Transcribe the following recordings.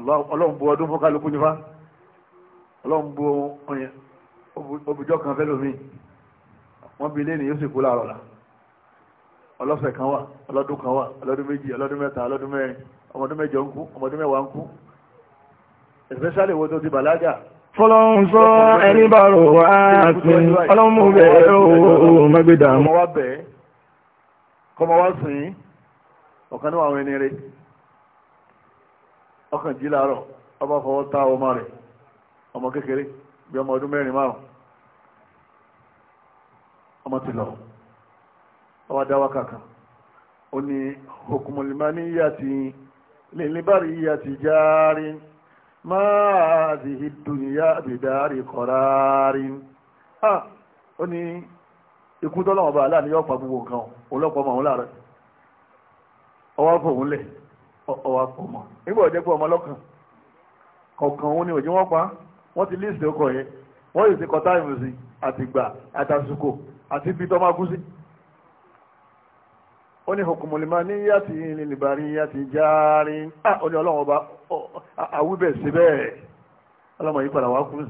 ọlọ́run bu ọdún fún kálukú nífà ọlọ́run bu ọyẹn obìjọ́ kan fẹ́ lómi wọ́n bí lẹ́nu yóò sì kú láàrọ̀ la ọlọ́sẹ̀ kan wà ọlọ́dún kan wà ọlọ́dún méjì ọlọ́dún mẹ́ta ọlọ́dún mẹ́rin ọmọdún mẹ́jọ ń kú ọmọdún mẹ́wàá ń kú especially wo tó ti bàlágà fọ́lọ́run sọ ẹni bá rò wá sin ọlọ́mú bẹ̀rẹ̀ ooo mẹ́gbẹ̀dàmú ọmọ wa bẹ̀ẹ́ kọ́mọ wa sìn ọ̀kan ní àwọn ẹni rẹ̀ ọkàn jí láàárọ̀ ọba fọwọ́ ta ọmọ rẹ̀ ọmọ kékeré bí ọmọ ọdún mẹ́rin márùn ọmọ ti lọ ọba dáwà kankan ó ní òkùnmọ̀lìmá ní yíyá ti lèlébàrí yíyá máa ó ní ikú aláàníyàn gbogbo nǹkan ọmọ ọwọ́ fòun lẹ̀ ọwà fọmọ nígbà ọjọ́ pé ọmọ lọ́kàn kọ̀ọ̀kan òun ni òjì wọ́n pa wọ́n ti líìsì ọkọ̀ yẹn wọ́n yìí ti kọta ìrìnsì àtìgbà àtàsùkò àti ibi O máa kú sí. ó ní hukumulima ní yàtì nìbàrí yàtì ó ní ọlọ́run ọba àwíbẹ̀ síbẹ̀ ọlọ́mọ yìí padà wá kú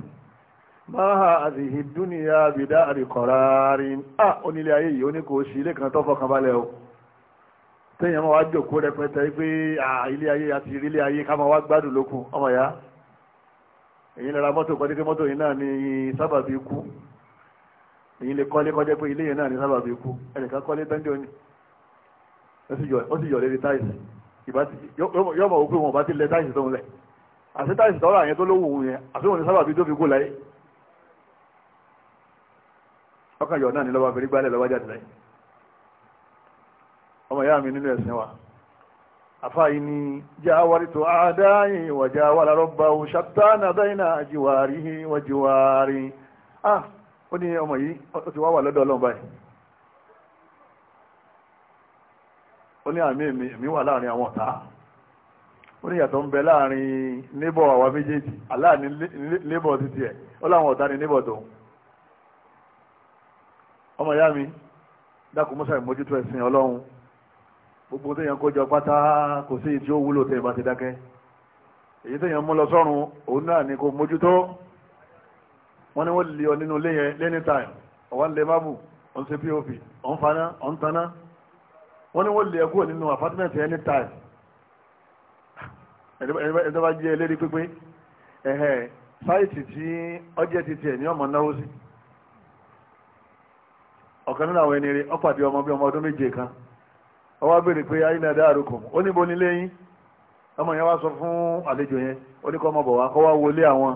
téèyàn máa wá jòkó rẹpẹtẹ pé ilé ayé àti ilé ayé ká máa wá gbádùn lókun ọmọ ya èyí lè ra mọ́tò kọ́ déké mọ́tò yìí náà ni sábàbí ikú èyí lè kọ́lé kọ́jẹ́ pé ilé yìí náà ni sábàbí ikú ẹnìkan kọ́lé tẹ́ńdé òní ó sì yọ̀ lérí táìsì yọ́ mọ̀ wípé wọn bá ti lẹ táìsì tó ń lẹ̀ àti táìsì tọ́ra yẹn tó lówó òun yẹn àti òun ni sábàbí tó fi kú láyé ọkàn yọ̀ náà ni lọ́wọ́ ọmọ ìyá mi ẹ̀sìn wa àfáàyí ni àádáyìn wàjá ò àjíwárí wàjíwárí ó ní ọmọ yìí ó ti wá wà lọ́dọ̀ ọlọ́run báyìí ó ní àmì èmi wà láàrin àwọn ọ̀tá ó ní ìyàtọ̀ ń bẹ láàrin níbọ̀ àwa méjèèjì aláàní níbọ̀ títí ẹ̀ ó láwọn ni níbọ̀ tòun ọmọ ìyá mi dákun mọ́sàmì ẹ̀sìn ọlọ́run gbogbo téèyàn kó jọ pátá kò sí ìdí ó wúlò téèyàn bá ti dákẹ́ èyí téèyàn mú lọ sọ́run òun náà ni kò mójútó wọ́n ní wọ́n lè ọ nínú ilé yẹn lẹ́ni ọ̀wá lè má bù ọ̀n ṣe pop ọ̀n faná ọ̀n taná wọ́n ní wọ́n lè ẹkú nínú apátímẹ́ǹtì ẹni táìm ẹni tó bá jẹ́ pípé ẹ̀hẹ́ sáìtì tí ọjẹ́ ti tiẹ̀ ní ọmọ náwó sí ọ̀kan nínú àwọn ọ̀pàdé ọmọ ọwọ́ béèrè pé ayé náà dáàrú kù ó níbo nílé yín ọmọ yẹn wá sọ fún àlejò yẹn ó ní kọ́ ọmọ bọ̀ wá kọ́ wá wọlé àwọn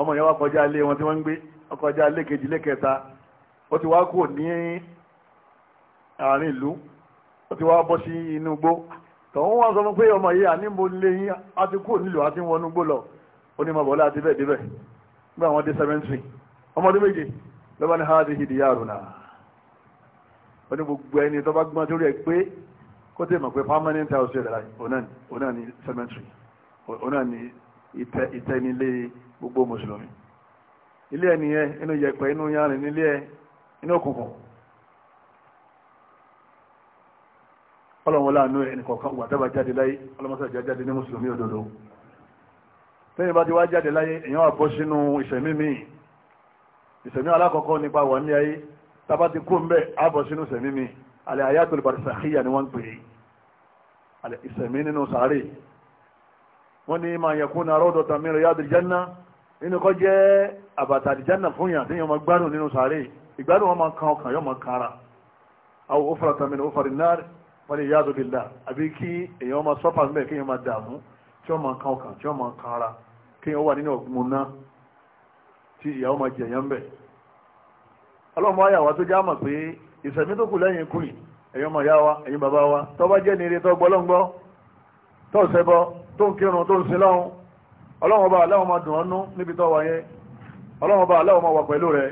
ọmọ yẹn wá kọjá ilé wọn tí wọ́n ń gbé ọkọjá ilé kejì ilé kẹta ó ti wá kú ní àárín ìlú ó ti wá bọ́ sí inú igbó tọ̀hún wá sọ fún pé ọmọ àníbo nílé yín á ti lọ ó ní mọ̀bọ̀lá àti bẹ́ẹ̀ débẹ̀ nígbà wọn dé sẹ́mẹ́ntì ó ní gbogbo ẹni tó bá gbọ́n tó rí ẹ pé kó tẹ̀ mọ̀ pé permanent house rẹ̀ ọ̀nà ní cemetery ọ̀nà ní ìtẹ́nilé gbogbo mùsùlùmí ilé ẹni yẹn inú yẹ̀pẹ̀ inú yanrìn nílé ẹ inú òkùnkùn ọlọ́run láàánú ẹni kọ̀ọ̀kan wà tẹ́bà jáde láyé ọlọ́mọsá ìjà jáde ní mùsùlùmí òdodo tẹ́yìn bá ti wá jáde láyé èèyàn wà bọ́ sínú ìṣẹ̀mí míì ìṣẹ̀mí alákọ̀ọ́kọ́ nípa wà ní ayé tàbá ti kó ń bẹ́ àbọ̀ sínú sẹ̀mí mi alẹ́ ayatul barisakhiya ni wọ́n ń pè é alẹ́ ìsẹ̀mí nínú sàárè wọ́n ní ma yakuna rawdatan min riyadil janna nínú kọ́ jẹ́ àbàtà àdìjánà fún yàn téèyàn máa gbádùn nínú sàárè ìgbádùn wọn máa kan ọkàn yóò máa kára aw hufratan min hufari nnar waliyadu billah àbí kí èèyàn máa sọ́fà ń bẹ̀ kí èèyàn máa dààmú tí wọ́n máa kan ọkàn tí wọ́n máa kára kí èèyàn wà nínú ọ̀gbun náà tí ìyàwó máa jẹ̀yàn bẹ̀ ọlọ́mọ ayà wa tó já mọ̀ pé ìsẹ̀mí tó kù lẹ́yìn ikú yìí ẹ̀yin ọmọ ìyá wa ẹ̀yin bàbá wa tó bá jẹ́ ní ire tó gbọ́ lọ́ngbọ́ tó ń ṣẹbọ tó ń kírun tó ń sin lọ́hun ọlọ́run ọba aláwọ̀ máa dùn ọ́nú níbi tó wà yẹn ọlọ́run ọba aláwọ̀ máa wà pẹ̀lú rẹ̀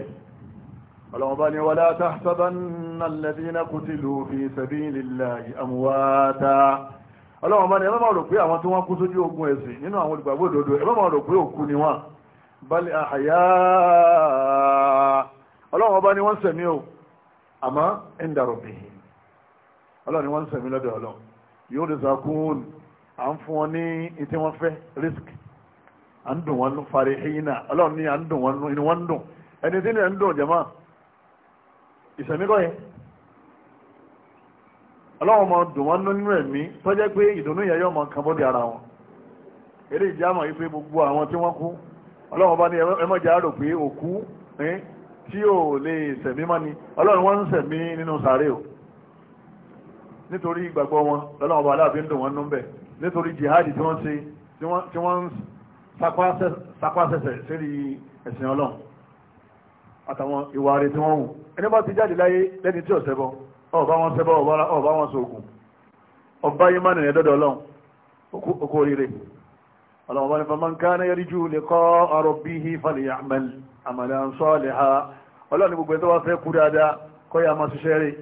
ọlọ́run ọba ni wala tahsabanna alladhina qutilu fi sabilillahi amwata ọlọ́run ọba ni ẹ má rò pé àwọn tí wọ́n kú sójú ogun ẹ̀sìn nínú àwọn olùgbàgbọ́ òdodo ẹ má rò pé òkú ni wọ́n bal ahya ọlọ́run ọba ni wọ́n ń sẹ̀mí o àmọ́ ń ni wọ́n ń sẹ̀mí lọ́dọ̀ ọlọ́run yóò lè sàkún à fún wọn ní ìtí wọ́n fẹ́ risk à ń dùn wọn fari ọlọ́run à ń wọn nú inú wọn ń dùn ẹni tí ń dùn yẹn wọn nú nínú ẹ̀mí pé ìdùnnú yẹn kan ara wọn eré ìjà mọ̀ yìí pé gbogbo àwọn tí wọ́n kú ọlọ́run ẹ jẹ́ àrò tí ò lè sẹ̀mí mọ́ ni ọlọ́run wọ́n ń sẹ̀mí nínú sàárè o nítorí ìgbàgbọ́ wọn lọ́lọ́run ọba aláàbí ń dùn wọn nú bẹ̀ nítorí jihadi tí wọ́n ṣe tí wọ́n ń sapásẹsẹ̀ sérí ẹ̀sìn ọlọ́run àtàwọn ìwà rẹ̀ tí wọ́n wù ẹni bá ti jáde láyé lẹ́ni tí ò ṣẹbọ ọba wọn ṣẹbọ ọba wọn sọ̀gùn ọba yìí má nìyẹn dọ́dọ̀ ọlọ́run okó oríire ọlọ́wọ́ bá ní faman kana yarju liqa'a rabbih falya'mal amalan salihan ọlọ́wọ́ ní gbogbo ẹ̀ tó wá fẹ́ kú dáadáa kó yá máa ṣiṣẹ́ rẹ̀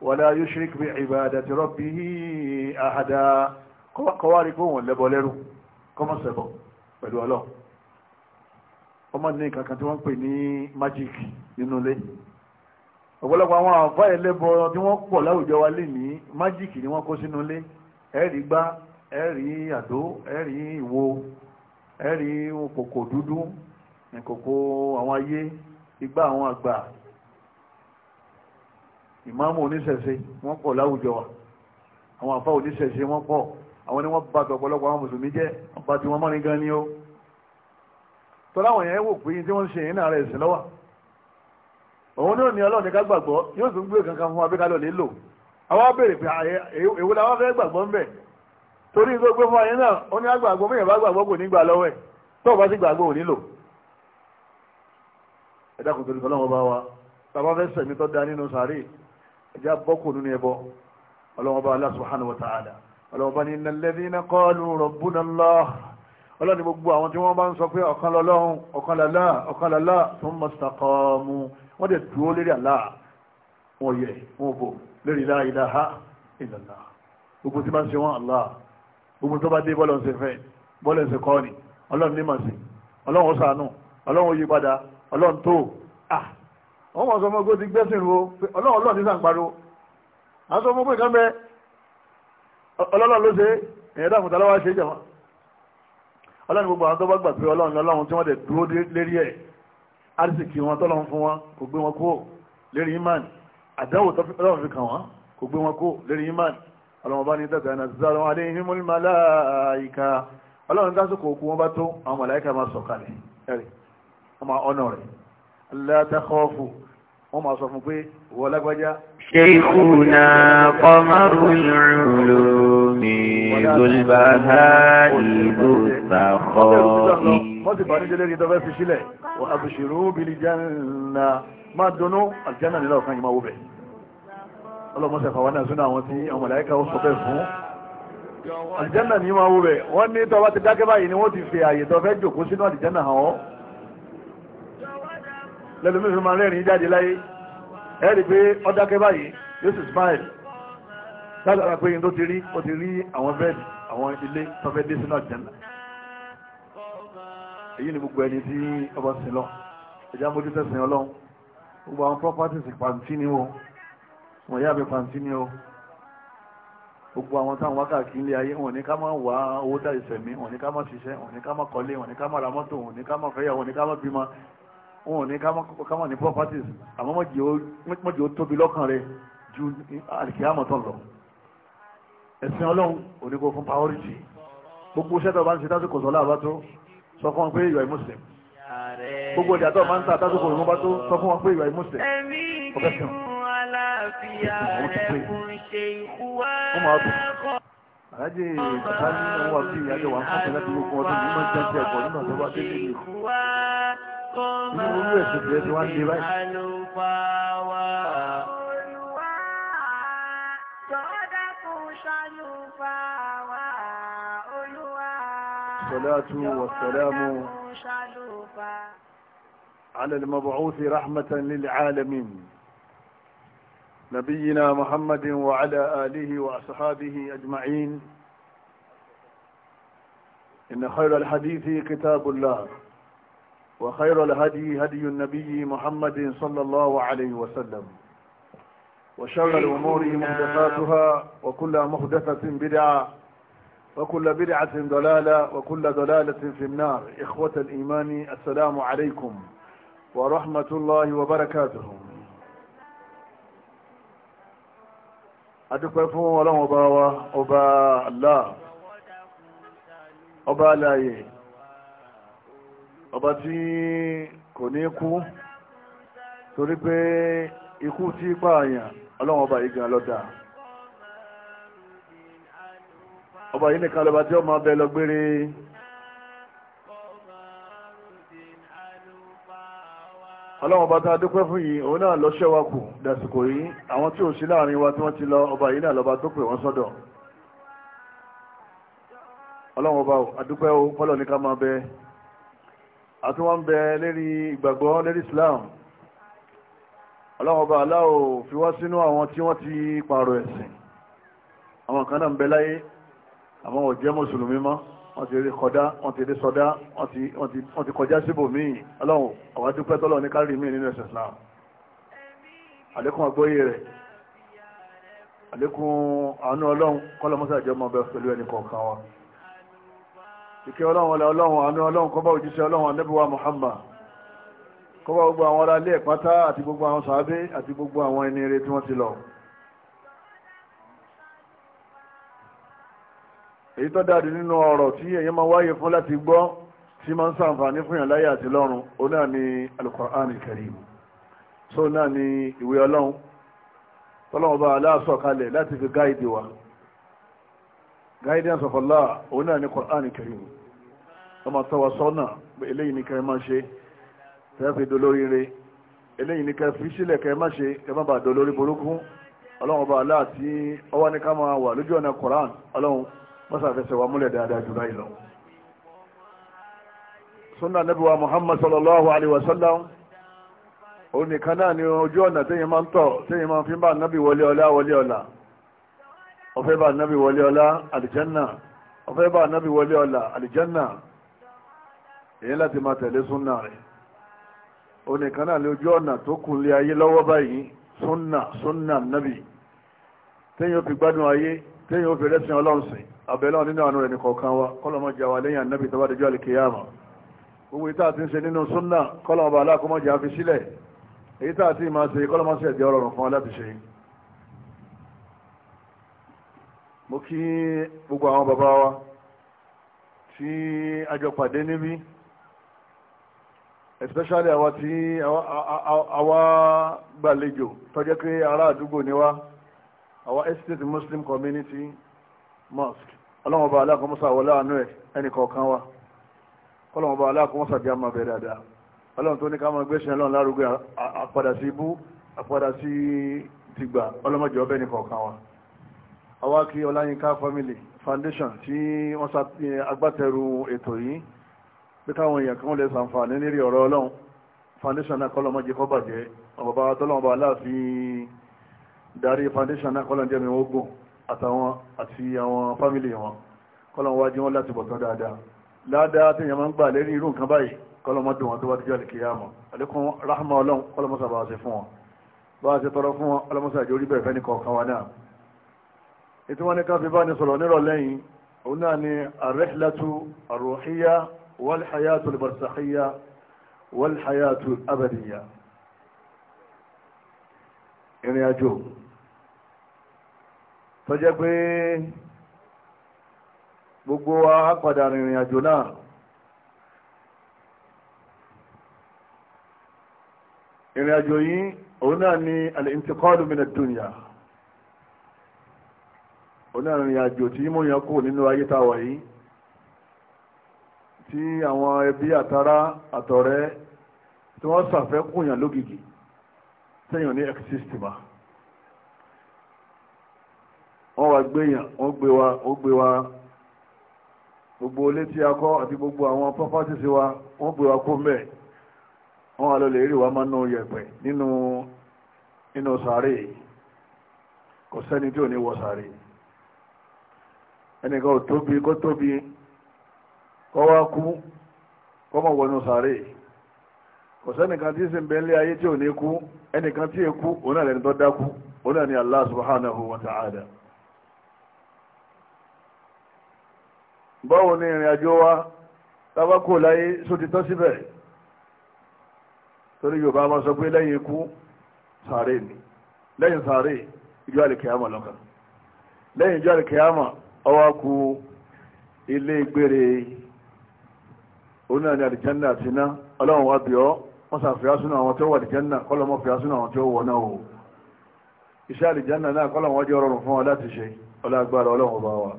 wala yushrik bi ibadati rabbih ahada kọwárí kó ọ̀pọ̀lọpọ̀ àwọn àfáà ẹlẹ́bọ tí wọ́n pọ̀ láwùjọ wa lè ní magic ni wọ́n kó sínú ilé ẹ̀ẹ́dì gbá ẹ̀rí àdó ẹ̀rí ìwo ẹ̀rí kòkò dúdú kòkò àwọn ayé igbá àwọn àgbà ìmáàmù oníṣẹ̀ṣe wọ́n pọ̀ láwùjọ wa àwọn àfá oníṣẹ̀ṣe wọ́n pọ̀ àwọn ni wọ́n bá tọ̀pọ̀lọpọ̀ àwọn mùsùlùmí jẹ́ ọba tí wọ́n mọ́ni gan ni ó tọ́láwọn yẹn wò pé tí wọ́n ṣe ìrìnà rẹ̀ sí lọ́wọ́ òun náà ni ọlọ́ọ̀ni ká gbàgbọ́ yóò tún gbé kankan fún abẹ́kálọ̀ lélò àwọn béèrè pé èwo làwọn fẹ́ gbàgbọ́ ń bẹ̀ torí gbogbo fún ayé náà ó ní agbàgbọ́ mẹ́yìn bá gbàgbọ́ kò ní gbà lọ́wọ́ ẹ̀ tó o bá sì gbàgbọ́ ò nílò ẹ dákun torí tọ́lọ́wọ́ bá wa tàbá fẹ́ sẹ̀mí tó da nínú sàárè ẹjá bọ́kù nínú ẹbọ ọlọ́wọ́ bá Allah subhanahu wa ta'ala ọlọ́wọ́ bá ní innal ladhina qalu rabbuna Allah ọlọ́ni gbogbo àwọn tí wọ́n bá ń sọ pé ọ̀kan lọ́lọ́run ọ̀kan làlá ọ̀kan làlá thumma istaqamu wọ́n dẹ̀ dúró lérí àlá wọn yẹ wọn bò lérí la ilaha illallah gbogbo ń ṣe wọn Allah gbogbo tó bá dé bọ́ọ̀lù ṣe fẹ́ bọ́ọ̀lù ṣe kọ́ ni ọlọ́run ní màsí ọlọ́run ṣàánú ọlọ́run yí padà ọlọ́run tó à wọ́n mọ̀ sọ fún ọgbó ti gbẹ́sìn ro ọlọ́run ọlọ́run ní sàǹparo àwọn sọ fún ọgbó ìkan bẹ ọlọ́run ló ṣe èèyàn dàkùn tá lọ́wọ́ ṣe jẹ̀wọ́ ọlọ́run gbogbo àwọn tó bá gbà pé ọlọ́run ọlọ́run tí wọ́n dẹ̀ dúró lérí ẹ̀ ọlọ́wọ́n bá ní tẹ̀tẹ̀ náà zaro aléhìmúl màláìka ọlọ́run dásìkò òkú wọn bá tó àwọn màláìka máa sọ̀kalẹ̀ ẹ̀rì ọmọ ọ̀nà rẹ̀ aláàtàkọ́ọ̀fù wọ́n máa sọ fún pé wọ́n lágbájá. ṣe ikú na kọmọrù ìrìnlò mi gulbata ìlú sàkọ́ wọ́n ti bá níjẹ́ lérí tọ́fẹ́ fi sílẹ̀ wọ́n àbùsùrù bìlì jẹ́ ńlá máa dunnú àjẹ́nà nílẹ̀ ọ̀kan yìí máa wó bẹ̀ ọlọ́mọsẹ̀ fàwọn náà sínú àwọn tí àwọn màláíkà ó sọ bẹ́ẹ̀ fún àlìjánà ní máa wo bẹ̀ wọ́n ní tọ́ bá ti dákẹ́ báyìí ni wọ́n ti fi àyè tó fẹ́ jòkó sínú àlìjánà hàn ọ́ lẹ́lùmí fi máa rẹ́rìn jáde láyé ẹ rí pé ó dákẹ́ báyìí yóò sì smile látara pé yín tó ti rí ó ti rí àwọn bẹ́ẹ̀dì àwọn ilé tó fẹ́ dé sínú àlìjánà èyí ni gbogbo ẹni tí ọba sin lọ ẹja mójútẹ́sìn ọlọ́run gbogbo àwọn properties pàǹtí ni wọn wọ́n yá bẹ́ pàǹtí ni ó gbogbo àwọn táwọn wákàkí ilé ayé wọ́n ní ká máa wá owó tá ìsẹ̀mí wọ́n ní ká máa ṣiṣẹ́ wọ́n ní ká máa kọ́lé wọ́n ní ká máa ra mọ́tò wọ́n ní ká máa fẹ́yàwó wọ́n ní ká máa bímọ wọ́n ní ká máa ní properties àmọ́ mọ́jì ó tóbi lọ́kàn rẹ̀ ju àlìkíyàmọ̀tàn lọ ẹ̀sìn ọlọ́run oníkó fún priority gbogbo ṣẹ́tọ̀ bá ń ṣe tásìkò sọ́lá àbá tó sọ fún wọn pé ìwà ìmúsìn gbogbo ìdàtọ̀ máa ń ta tásìkò ìmúbá tó sọ fún wọn pé ìwà ìmúsìn ọ̀fẹ́sìn àlájì bàbá ní òun wà bí ìyájọ wà ń fọ́n láti gbogbo ọdún yìí máa ń jáde ẹ̀kọ́ nínú ọ̀sẹ̀ wá délé mi. nínú olú ẹ̀sìn bẹ́ẹ̀ ni wọ́n ń lé báyìí. الصلاة والسلام على المبعوث رحمة للعالمين نبينا محمد وعلى آله وأصحابه أجمعين إن خير الحديث كتاب الله وخير الهدي هدي النبي محمد صلى الله عليه وسلم وشر الأمور محدثاتها وكل محدثة بدعة وكل بدعة ضلالة وكل ضلالة في النار إخوة الإيمان السلام عليكم ورحمة الله وبركاته adúpẹ́ fún ọlọ́run ọba wa ọba Allah ọba aláyè ọba tí kò ní kú torí pé ikú tí pààyàn ọlọ́run ọba yìí gan lọ́dà ọba yìí nìkan lọ́ba tí ó máa lọ gbére ọlọ́wọ́n bá tá dúpẹ́ fún yìí òun náà lọ ṣẹ́wà kù dàsìkò yìí àwọn tí ò sí láàrin wa tí wọ́n ti lọ ọba yìí náà lọ́ba tó pè wọ́n sọ́dọ̀ ọlọ́wọ́n bá adúpẹ́ o pọ́lọ̀ ní ká máa bẹ àti wọ́n ń bẹ lérí ìgbàgbọ́ lérí Islam ọlọ́wọ́n bá aláwò fi wá sínú àwọn tí wọ́n ti pààrọ̀ ẹ̀sìn àwọn kan náà ń bẹ láyé àwọn ò jẹ́ mùsùlùmí mọ́ wọ́n ti rí kọjá wọ́n ti rí sọdá wọ́n ti kọjá síbò míì ọlọ́run àwọn adúpẹ́ tọ́lọ́ ní kárí míì nínú ẹ̀sẹ̀ Islam àlékún àgbóyè rẹ̀ àlékún àánú ọlọ́run kọ́lọ́mọ́sá jẹ́ ọmọ bẹ pẹ̀lú ẹnì kọ̀ọ̀kan wa ìkẹ́ ọlọ́run ọlá ọlọ́run àánú ọlọ́run kọ́bá òjíṣẹ́ ọlọ́run Muhammad kọ́bá gbogbo àwọn ará ilé ẹ̀pátá àti gbogbo àwọn sàábé àti gbogbo àwọn èyí tó dáadé nínú ọ̀rọ̀ tí èyí máa wáyé fún láti gbọ́ tí máa ń sàǹfààní fún yàn láyé àti lọ́run ó náà ni alukur'an karim so náà ni ìwé ọlọ́run tọ́lọ́wọ́n bá aláàsọ kalẹ̀ láti fi gáìdì wa guidance of Allah ó náà ni kur'an karim ọmọ tọwọ́ sọ́nà eléyìí ni kẹrin máa ṣe tẹ́ fi dolórí re eléyìí ni kẹrin fi sílẹ̀ kẹrin máa ṣe kẹrin máa bá dolórí burúkú ọlọ́run bá aláàtí ọwọ́ ní ká máa wà lójú ọ̀nà kur'an ọlọ́run mọ́sá fẹsẹ̀ wa múlẹ̀ dáadáa jù báyìí lọ. sunna nabi wa muhammad sallallahu alayhi wa sallam òun nìkan náà ni ojú ọ̀nà téèyàn máa ń tọ̀ téèyàn máa fi ń bá nábì wọlé ọlá wọlé ọlá ọ̀fẹ́ bá nábì wọlé ọlá àlìjánà ọ̀fẹ́ bá nábì wọlé ọlá àlìjánà èyí láti máa tẹ̀lé súnà rẹ̀ òun nìkan náà ni ojú ọ̀nà tó kúnlé ayé lọ́wọ́ báyìí súnà súnà nábì téèyàn fi gbádùn ayé téèyàn fi rẹ́sìn ọlọ́run abẹ́lá nínú àánú rẹ̀ nìkọ̀ọ̀kan wa kọ́lọ̀mọ́ jà wà lẹ́yìn ànábì tó bá dẹjọ́ alìkìyàmà gbogbo ìta àti ń ṣe nínú súnnà kọ́lọ̀mọ́ aláàkọ́mọ́ jà fi sílẹ̀ èyí tá àti ìmá àwọn tí a especially àwa tí àwa gbàlejò tó jẹ́ pé ará àdúgbò ni wá estate muslim community mosque ọlọ́wọ́n bá aláàkọ́mọ́sá wọlé àánú ẹ̀ ẹnì kọ̀ọ̀kan wa ọlọ́wọ́n bá aláàkọ́mọ́sá bí a máa bẹ̀rẹ̀ dáadáa ọlọ́run tó ní ká máa gbéṣẹ́ ọlọ́run lárugẹ àpadà sí ibú àpadà sí tìgbà ọlọ́mọdé ọbẹ̀ ní kọ̀ọ̀kan wa àwa kí ọláyínká family foundation tí wọ́n sa agbátẹrù ètò yìí pé káwọn èèyàn kan lè sàǹfààní lérí ọ̀rọ̀ ọlọ́run foundation náà kọ́lọ́mọdé kọ́ bàjẹ́ ọ̀bọ̀bá tọ́lọ́mọba aláàfin darí foundation náà kọ́lọ́mọdé mi ó gùn àtàwọn àti àwọn fámílì wọn kọ́lọ̀wọ́ wájú wọn láti bọ̀tán dáadáa ládáa tí yẹn máa ń gbà lérí irú nǹkan báyìí kọ́lọ̀mọ́ dùn wọn tó wá díjọ́ àlìkìyà mọ̀ àlékún rahma ọlọ́run kọ́lọ̀mọ́ sábà ṣe fún wọn bá a ṣe tọrọ fún tó jẹ́ pé gbogbo wa á padà rìnrìn àjò náà ìrìn àjò yìí òun náà ni al-intiqal min ad-dunya òun náà rìnrìn àjò tí mú yàn kú nínú ayé tá wà yìí tí àwọn ẹbí àtàrà àtọ̀rẹ́ tí wọ́n ṣàfẹ́kùnyàn lógìkì sẹ́yìn ní exist ma. wọ́n wá gbéyàn wọ́n gbé wa ó gbé wa gbogbo ilé tí àti gbogbo àwọn properties wa wọ́n gbé wa kó wọ́n wá lọlẹ̀ wa máa nù yẹ̀pẹ̀ nínú nínú sàárè kò sẹ́ni tí ò ní wọ sàárè ẹnìkan ò tóbi kó tóbi kó wá kú kó mọ̀ wọnú sàárè kò sẹ́nìkan tí sì ń ayé tí ò ní kú ẹnìkan tí èkú òun náà tó dákú òun náà ni báwo ni ìrìn àjò wa tabako láyé sóti tán síbẹ̀ torí yorùbá máa sọ pé lẹ́yìn ikú sàárè ni lẹ́yìn sàárè ìjọ àlìkèyàmà lọ́kàn lẹ́yìn ìjọ àlìkèyàmà ku ilé ìgbére onílànà àlìjánná àti iná ọlọ́run wa bìọ́ wọ́n sàfihà sínú àwọn tí ó wà àlìjánná kọ́lọ́mọ́ fihà sínú àwọn tí ó wọ̀ náà o iṣẹ́ àlìjánná náà jẹ́ rọrùn fún wa láti ṣe ọlọ́run ọba wa.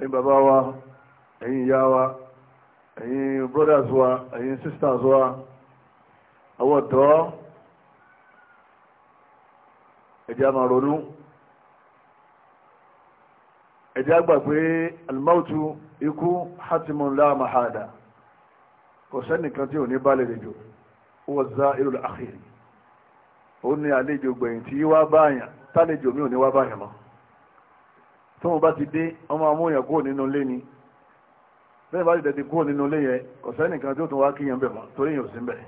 ẹ̀yin bàbá wa ẹ̀yin ìyá wa ẹ̀yin brothers wa ẹ̀yin sisters wa àwọn ọ̀dọ́ ẹ̀jẹ̀ àmà ronú ẹ̀jẹ̀ àgbà pé alimautu ikú hatimun mahada kò sẹ́nìkan tí ò ní bá lè jò ó wọ́n zá irú àkìrì ó ní àlejò gbẹ̀yìn tí wá báyàn tálejò mi ò ní wá báyàn mọ́. tó wọn bá ti dé ọmọ amóyàn kúrò nínú ilé ni bẹ́ẹ̀ bá ti tẹ̀tí kúrò nínú ilé yẹn kò sẹ́nìkan tí ó tún wá kíyàn bẹ̀ mọ́ torí yàn sí bẹ̀.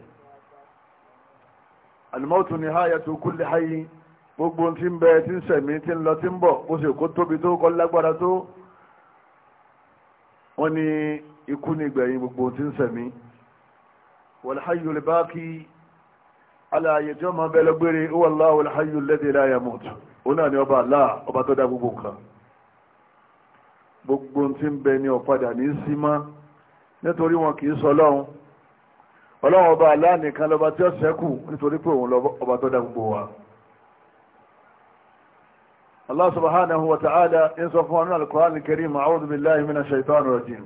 àlùmọ́tò ni háyà gbogbo ti ń bẹ tí ń sẹ̀mí ń lọ ti ń bọ̀ ó sì kó tóbi tó kọ́ lágbára gbogbo ń sẹ̀mí lè bá kí aláàyè tí wọ́n máa lọ́gbére ó wà láwọ̀ gbogbo tí ń bẹ ní ọ̀padà ní símá nítorí wọn kì í sọ ọlọ́run ọlọ́run ọba aláàníkan lọ́ba tí ó ṣẹ́kù nítorí pé òun ọba tó dá gbogbo wa Allah subhanahu wa ta'ala ń sọ fún ọ̀nà al-Qur'an al-Karim a'udhu billahi minash shaitani rajim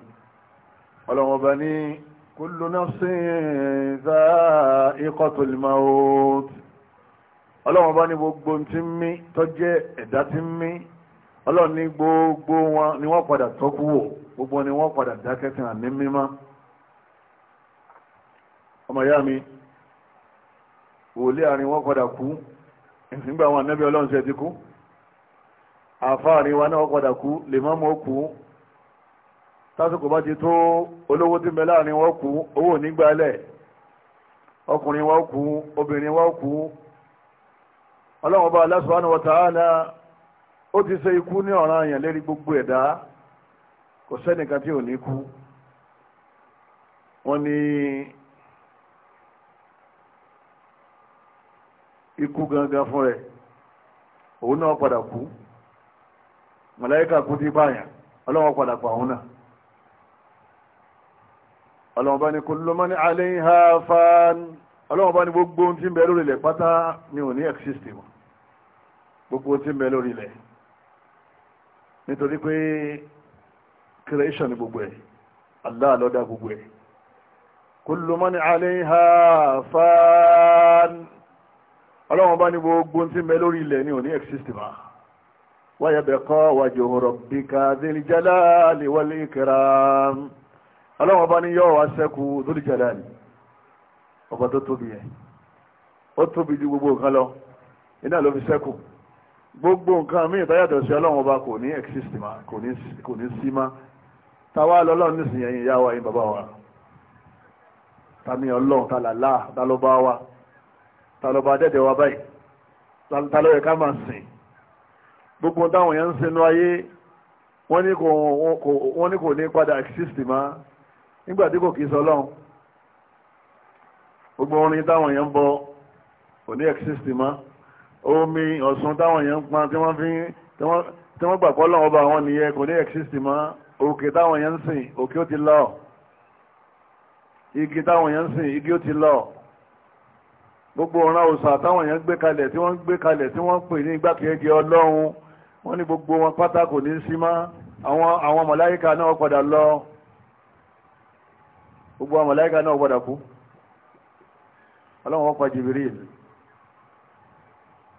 ọlọ́run ọba ní kullu nafsin dha'iqatul maut ọlọ́run ọba ní gbogbo tí ń mí tó ẹ̀dá tí ń mí ọlọ́run ní gbogbo wọn ni wọ́n padà tọ́kú wò gbogbo ni wọ́n padà dákẹ́ sí àní mímọ́ ọmọ ìyá mi wòlé àárín wọ́n padà kú nígbà wọn ànábì ọlọ́run ṣe ti kú àfáà àárín wa náà wọ́n padà kú lè má mọ́ kú tásìkò bá ti tó olówó tí ń bẹ láàrin wọ́n kú owó nígbàlẹ̀ ọkùnrin wọ́n kú obìnrin wọ́n kú ọlọ́run ọba Allah subhanahu wa ta'ala ó ti ṣe ikú ní ọ̀ràn àyàn lérí gbogbo ẹ̀dá kò sẹ́nìkan tí ò ní kú wọ́n ní ikú gangan fún rẹ̀ òun náà padà kú màláíkà kú tí báyàn ọlọ́wọ́ padà pa òun náà ọlọ́wọ́ bá ní kullu man alayha fan ọlọ́wọ́ bá ní gbogbo ohun tí ń bẹ lórí ilẹ̀ pátá ni ò ní exist mọ́ gbogbo ohun tí ń bẹ lórí ilẹ̀ nítorí pé creation ni gbogbo ẹ̀ Allah ló dá gbogbo ẹ̀ kullu man alayha fan ọlọ́wọ́n bá ní gbogbo tí mẹ́ lórí ilẹ̀ ní òní exist ma wa yabqa wajhu rabbika dhil jalali wal ikram ọlọ́wọ́n bá ní yọ́ wá sẹ́kù dhil jalali ọba tó tóbi ẹ̀ ó tóbi ju gbogbo nǹkan lọ iná ló fi sẹ́kù gbogbo nǹkan míì tó yàtọ̀ sí ọlọ́run ọba kò ní exist ma kò ní sí ma táwa lọ́lọ́run nísìnyí ẹ̀yìn ìyá wa yín bàbá wa tani ọlọ́run ta làlá ta ló bá wa ta ló bá dẹ́dẹ̀ wa báyìí ta ló yẹ ká máa sìn gbogbo táwọn yẹn ń sinú ayé wọ́n ní kò ní padà exist ma nígbà tí kò kì sọ ọlọ́run gbogbo orin táwọn yẹn ń bọ kò ní exist ma omi ọ̀sùn táwọn èèyàn ń pa tí wọ́n fi tí wọ́n gbàgbọ́ lọ́wọ́ bá wọn nìyẹn kò ní ẹ̀kísìtì mọ́ òkè táwọn èèyàn ń sìn òkè ó ti lọ igi táwọn èèyàn ń sìn igi ó ti lọ gbogbo ọ̀ràn òsà táwọn èèyàn gbé kalẹ̀ tí wọ́n gbé kalẹ̀ tí wọ́n pè ní igbákejì ọlọ́run wọ́n ní gbogbo wọn pátá kò ní sí mọ́ àwọn àwọn màláíkà náà padà lọ gbogbo àwọn màláíkà náà padà kú ọlọ́run wọ́n pa Jibril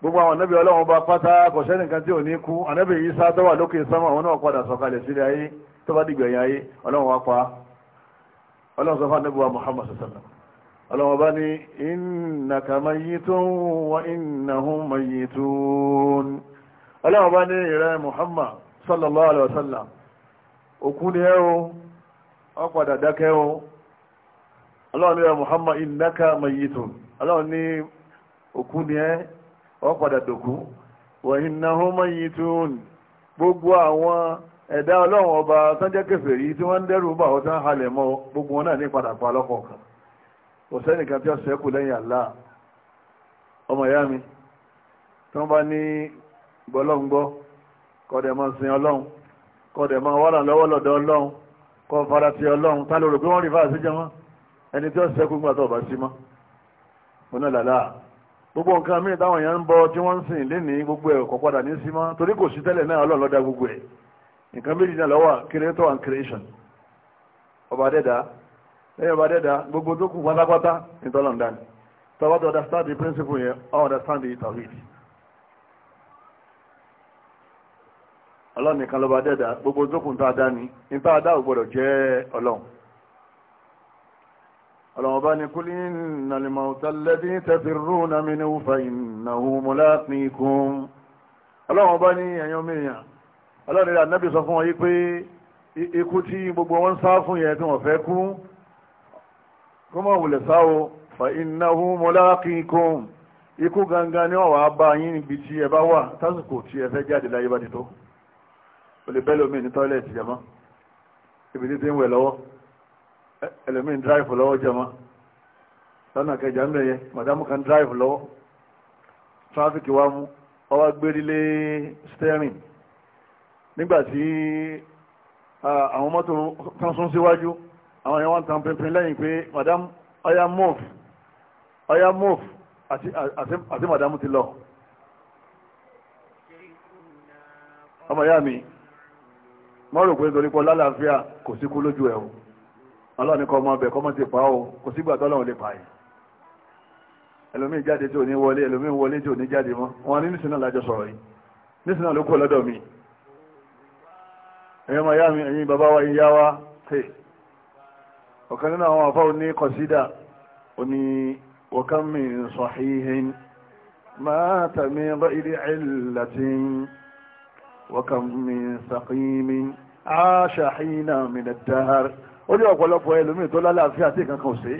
gbogbo àwọn ànábì ọlọ́run bá pátá kò sẹ́nìkan tí ò ní kú ànábì Ìsá tó wà lókè sánmà àwọn náà padà sọ̀kalẹ̀ sílẹ̀ ayé tó bá dìgbẹ̀yìn ayé ọlọ́run wá pa ọlọ́run sọ fún ànábì wa Muhammad sọ̀sọ̀nà ọlọ́run bá ní innaka mayyitun wa innahum mayyitun ọlọ́run bá ní ìrẹ́ Muhammad sallallahu alaihi wasallam òkú ni ẹ́ o ọ padà dákẹ́ o ọlọ́run ní ìrẹ́ Muhammad innaka mayyitun ọlọ́run ní òkú ni ẹ́ ọ padà dòkú wa innahum mayyitun gbogbo àwọn ẹ̀dá ọlọ́run ọba sánjẹ́ kèfèrí tí wọ́n ń dẹ́rù bà ọ́ tán halẹ̀ mọ́ gbogbo wọn náà ní padà pa lọ́kọ̀ọ̀kan kò sẹ́nìkan tí ó ṣẹ́kù lẹ́yìn Allah ọmọ ìyá mi tí wọ́n bá ní gbọ́lọ́ngbọ́ kọ́dẹ̀ máa sin ọlọ́run kọ́dẹ̀ máa wà lọ́wọ́ lọ́dọ̀ ọlọ́run kọ́ fara ti ọlọ́run tá lórí pé wọ́n rí fáà sí jẹ́ wọn ẹni tí ó ṣẹ́kù gbà tó ọba sí mọ́ onílàlá gbogbo nǹkan míì táwọn èèyàn ń bọ tí wọ́n ń sìn gbogbo ẹ̀ kọ̀ padà ní símọ́ torí kò sí tẹ́lẹ̀ náà Ọlọ́run ló gbogbo ẹ̀ nǹkan méjì náà creator and creation ọba dẹ́dà ọba dẹ́dà gbogbo tó kù pátápátá ìtọ́lọ̀ǹda ni tọ́wọ́ tó understand the principle yẹn understand the tawhid Ọlọ́run nìkan lọ́ba dẹ́dà gbogbo tó kù tá a ọlọ́wọ́n bá ní kúlí nàlìmọ̀ọ́tà lẹ́bí tẹ́fìrún náà mi ní ufa ìnáwó mọ́lápìnkún ọlọ́wọ́n bá ní ẹ̀yàn mìíràn ọlọ́run rẹ̀ ànábì sọ fún wọn yìí pé ikú tí gbogbo wọn sá fún yẹn tí wọ́n fẹ́ kú kó mọ̀ wùlẹ̀ sá o fa ìnáwó mọ́lápìnkún ikú gangan ni wọ́n wàá bá yín níbi tí ẹ bá wà tásìkò tí ẹ fẹ́ jáde láyé bá ti tó olè bẹ́ẹ̀ lómi ní tọ́ílẹ̀tì ẹlòmíín dráìfù lọ́wọ́ jẹma lọ́nà kẹjà ń bẹ̀yẹ màdámù kan dráìfù lọ́wọ́ tráfíkì wa mú ọwá gbérílé stẹ́rìn nígbàtí àwọn mọ́tò kan sún síwájú àwọn ẹ̀wọ̀n tan pinpin lẹ́yìn pé màdámù ọya move ọya move àti màdámù ti lọ ọmọ ìyá mi mọ́rò pé torípọ̀ lálàáfíà kò síkú lójú ẹ̀wọ̀n ọlọ́ni kọ́ ọmọ ọbẹ̀ kọ́ mọ́ ti pa ó kò sígbà tọ́lọ́run lè pa yìí ẹlòmíì jáde tí ò ní wọlé ẹlòmíì wọlé tí ò ní jáde mọ́ wọn ní nísìnyí náà lájọ sọ̀rọ̀ yìí nísìnyí náà ló kó lọ́dọ̀ mi ẹ̀yin ọmọ ìyá mi ẹ̀yin bàbá wa ìyá wa tè ọ̀kan nínú àwọn afọ́ ní kọ̀sídà ó ní wọ́kán mi sahihin máa tàmí ghairi illatin wọ́kán mi saqimin aṣàhínà min ad-dahr ó ní ọ̀pọ̀lọpọ̀ ẹlòmíì tó lálàáfíà tí nǹkan kan ò sí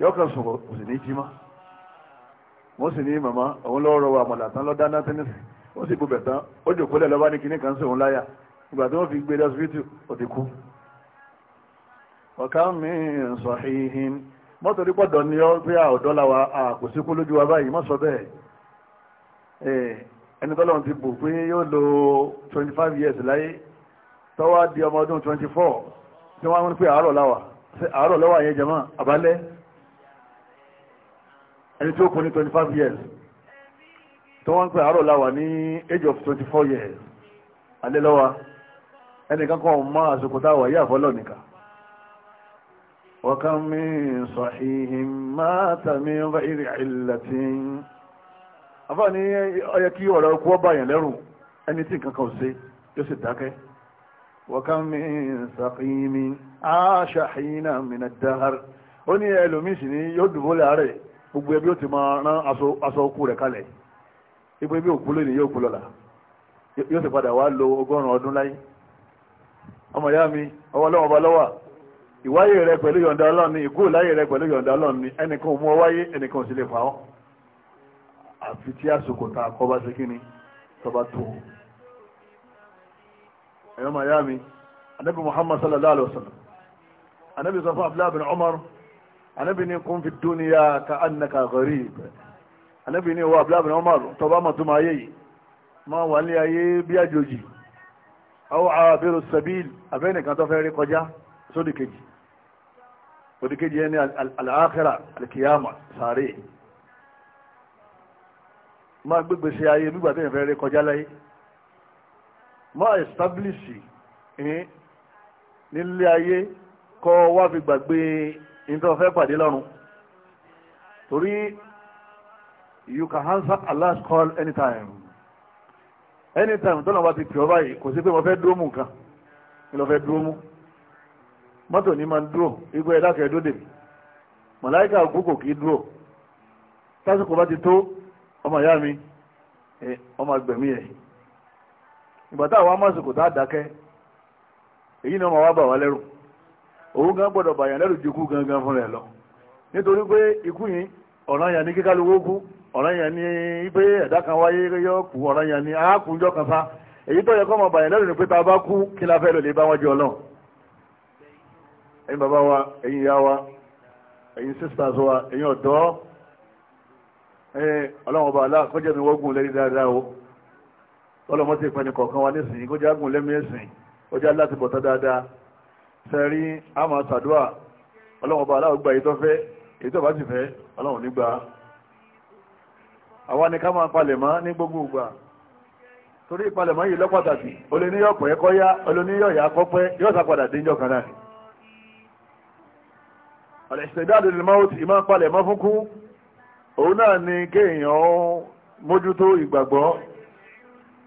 yóò kàn sùn kò sì ní jí mọ́ wọ́n sì ní màmá òun lọ́wọ́ rọwọ́ àmàlà tán lọ́dá náà tẹ́nìsì ó sì bubẹ̀ tán ó jòkólẹ̀ lọ́ba ní kinní kan sí òun láyà ìgbà tí wọ́n fi gbé lọ́sibítù ó ti kú. ọ̀ká mi ń sọ hihin mọ́tò rí pọ̀dọ̀ ní ọ́ pé àọ̀dọ́ la wa àkòsíkú lójú wa báyìí mọ́ sọ bẹ́ẹ̀ ẹni tọ́lọ́run ti bù pé yóò lo twenty five years láyé tọ́wọ́ di ọmọ ọdún twenty four tí wọ́n pè àárọ̀ láwà àárọ̀ lọ́wà yẹn jẹmọ́ àbálẹ́ ẹni tí ó kún ní 25 years tí wọ́n pè àárọ̀ láwà ní age of 24 years alẹ́ lọ́wà ẹnìkan kan mọ́ àsìkò táwà yí àfọ́lọ́ nìkan وكم من صحيح مات من غير علة afáà ní ọyẹ kí ọ̀rọ̀ ọkọ̀ báyàn lẹ́rùn ẹni tí nǹkan kan ò ṣe yóò sì dákẹ́ وكم من سقيم عاش حين من الدهر ó ní ẹlòmísì ní yóò dùbò láàárẹ̀ gbogbo ẹbí ó ti máa rán aṣọ okú rẹ̀ kalẹ̀ ipò ẹbí òkú lónìí yóò kú lọ́la yóò sì padà wá lo ọgọ́rùn-ún ọdún láyé ọmọ ìyá mi ọwọ́ lọ́wọ́ ọba lọ́wọ́ ìwáyé rẹ pẹ̀lú ni rẹ ọ ẹ̀yọ́ miami anabi muhammad sallallahu alaihi wasallam anabi sọ fún abdullahi bin umar anabi ní kún fi dúnìyà ka annaka gharib anabi ní wọ abdullahi bin umar tó bá mọ̀tún ayé yìí máa wà ní ayé bí àjòjì àwọn àbẹ̀rù sabil abẹ́nìkan tó fẹ́ rí kọjá sódì kejì sódì kejì ẹni al-akhira al-kiyama sàárè máa gbégbèsè ayé nígbà tó yẹn fẹ́ rí kọjá láyé Ma establish eh, nílé ayé kọ́ wá fi gbàgbé ìtọ́ fẹ́ pàdé lọ́run torí you can answer Allah's call anytime anytime tó náà bá ti pè ọ́ báyìí kò sí pé mo fẹ́ dúró mú nǹkan ni lọ fẹ́ dúró mú mọ́tò ní máa ń dúró igbó ẹ̀dá kẹ́ẹ̀dó dèbí màláìkà òkú kò kí dúró tásìkò bá ti tó ọmọ ìyá mi eh, ọmọ àgbẹ̀mí ẹ̀ ìgbà táwọn amásìkò tá a dákẹ́ èyí náà máa wá bà wá lẹ́rù òun gan gbọ́dọ̀ bàyàn lẹ́rù ju ikú gangan fúnra ẹ̀ lọ nítorí pé ikú yìí ọ̀ràn yẹn ní kíkálukú kú ọ̀ràn yẹn ní ipe ẹ̀dá kan wáyé yọ kú ọ̀ràn yẹn ní àákùnjọ́ kan fa èyí tó yẹ kọ́ máa bàyàn lẹ́rù ni pé tá a bá kú kí la fẹ́ lò lè bá wọn jọ lọ. ẹ̀yin bàbá wa ẹ̀yin ìyá wa ẹ̀yin sisters wa ẹ̀yin ọ̀dọ́ ọlọ́run ọba alá kọjá mi wọ́gùn lẹ́yìn dáadáa o ọlọ́mọ ti pẹ́ni kọ̀ọ̀kan wa nísìnyí kó jágùn lẹ́mí ẹ̀sìn ó já láti bọ̀tá dáadáa sẹ́rí àmà sàdúà ọlọ́mọba aláwọ̀ gba ètò fẹ́ ètò bá ti fẹ́ ọlọ́run nígbà àwa ni ká máa palẹ̀mọ́ ní gbogbo ìgbà torí ìpalẹ̀mọ́ yìí lọ́pàtàkì olóníyọ̀ pẹ́ kọ́yá olóníyọ̀ kọ́pẹ́ yóò sá padà dé njọ́kan náà àlẹ́sẹ̀dáàdì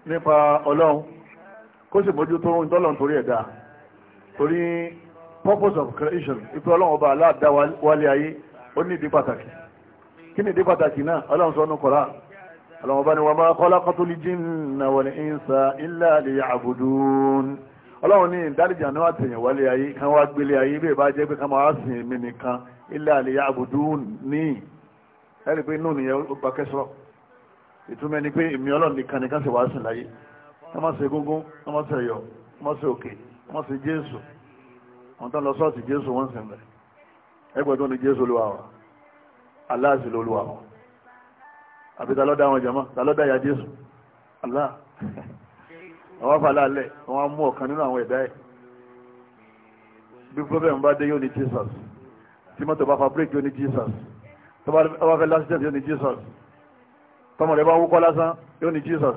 nípa ọlọ́run kó sì mójú tó ń tọ́lọ̀ torí ẹ̀dá torí purpose of creation ìpè ọlọ́run ọba aláàdá wálé ayé ó ní ìdí pàtàkì kí ni ìdí pàtàkì náà ọlọ́run sọ ọ́nù kọ̀ọ̀rá ọlọ́run ọba ni wa ma khalaqtul jinna wal insa illa liya'budun ọlọ́run ní ìdáríjà náà àtẹ̀yìn wálé ayé kan wá gbélé ayé bí ìbá jẹ́ pé ká máa sìn mí nìkan illa liya'budun ní ẹ̀rí pé inú nìyẹn ó gbà kẹsọ́rọ̀ ìtumọ̀ ni pé èmi ọlọ́run nìkan nìkan ṣe wàá sìn láyé wọ́n máa ṣe egungun wọ́n máa ṣe ẹ̀yọ̀ wọ́n máa ṣe òkè wọ́n máa ṣe jésù wọ́n tán lọ sọ́ọ̀tì jésù wọ́n sìn bẹ̀ ẹgbẹ̀dún ni jésù olúwa wọn aláàsì lolúwa wọn àbí ta lọ́dá wọn jẹ̀mọ́ ta lọ́dá ya jésù alá àwọn fàlà alẹ́ wọ́n á mú ọ̀kan nínú àwọn ẹ̀dá ẹ̀ bí problem bá dé yóò ní jesus tí mọ́tò bá fa break yóò ní jesus tó bá fẹ́ lásìtẹ̀sì yóò ní jesus tọmọ rẹ bá wúkọ́ lásán yóò ní Jesus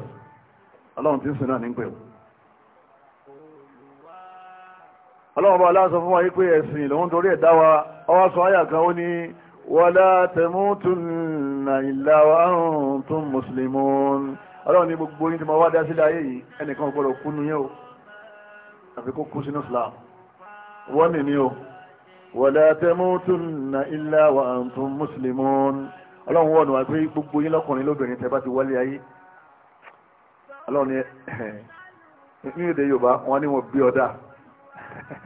ọlọ́run tí ń sìn náà ní pẹ̀lú ọlọ́run bá aláàsọ fún wa yí pé ẹ̀sìn lòun torí ẹ̀dá wa ọwá sọ ayà kan ó ní wala tamutunna illa wa antum muslimun ọlọ́run ní gbogbo yín tí mo wá dá sílẹ̀ ayé yìí ẹnìkan gbọ́dọ̀ kú nu yẹn o àfi kó kú sínú Islam wọ́n nì ní o wala tamutunna illa wa antum muslimun ọlọ́run wọ́n nù wá pé gbogbo yín lọ́kùnrin lóbìnrin tẹ́ bá ti wọlé ayé ọlọ́run ni ní èdè yorùbá wọ́n ní wọn bí ọ̀dà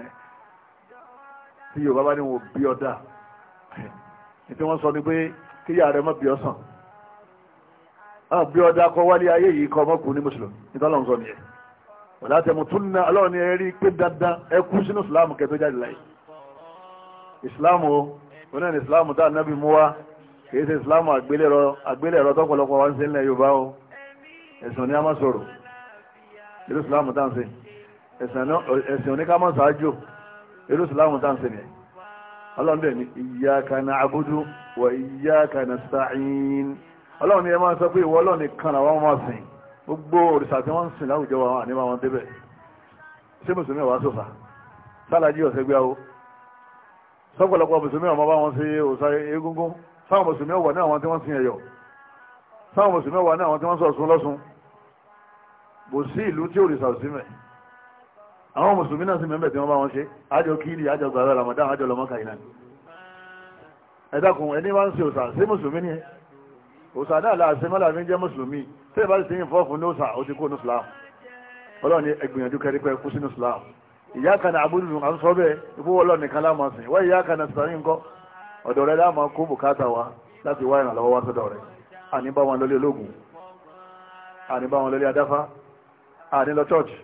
tí yorùbá bá ní wọn bí ọ̀dà tí wọ́n sọ ni pé kíyà rẹ̀ mọ́ bí ọ̀sán ah, bí ọ̀dà kọ wálé ayé yìí kọ ọmọkùnrin ní mùsùlùmí ní tọ́lọ́run sọ nìyẹn ọ̀dà tẹ̀mú tún ná ọlọ́run ni ẹ rí pé dandan ẹ kú sínú ìsìláàmù kẹtọ́ jáde láyé ìsìláàmù onáà ní ìsìláàmù tá kìí ṣe ìsìláàmù àgbélẹ̀rọ tọ́pọ̀lọpọ̀ wá ń ṣe nílẹ̀ Yorùbá o ẹ̀sìn ní a máa sọ̀rọ̀ irú ìsìláàmù tá ń ṣe ẹ̀sìn ní ká máa ṣáájú irú ìsìláàmù tá ń ṣe nìyẹn ọlọ́run dẹ̀ ní iyyaka na'budu wa iyyaka nasta'in ọlọ́run ni ẹ máa sọ pé ìwọ ọlọ́run nìkan làwọn máa sìn gbogbo òrìṣà tí wọ́n ń sìn láwùjọ wa ní máa wọn débẹ̀ ṣé mùsùlùmí wàá sọ̀fà sálájí ọ̀sẹ̀ gbé àwọ sọ́pọ̀lọpọ̀ mùsùlùmí ọmọ bá wọn ṣe sáwọn mùsùlùmí ọ̀wà náà àwọn tí wọ́n sin ẹ̀yọ̀ sáwọn mùsùlùmí ọ̀wà náà àwọn tí wọ́n sọ̀sùn lọ́sùn kò sí ìlú tí òrìṣà sí mẹ́ àwọn mùsùlùmí náà sì mẹ́mẹ́ tí wọ́n bá wọn ṣe àjọ kíìlì àjọ gbàrà ramadan àjọ lọmọ kàìnà ẹ dákun ẹni wá ń ṣe òsà sí mùsùlùmí ni òsà náà là ṣe mọ́là mi jẹ́ mùsùlùmí tí ìbá ti yìn fọ́ọ̀fù ní òsà ó ti kó ní islam ọlọ́run ni ẹgbìyànjú kẹrí pé kú sínú islam ìyá kan àbúrò àwọn sọ bẹ́ẹ̀ ìfowó ọlọ́run nìkan lámọ̀ sìn wọ́n ìyá kan sàrin nǹkan ọ̀dọ̀ rẹ láàmú kó bùkátà wa láti wá ìrànlọ́wọ́ wá sọ́dọ̀ rẹ àní bá wọn lólé ológun àní bá wọn lólé adáfá àní lọ chọ́ọ̀chì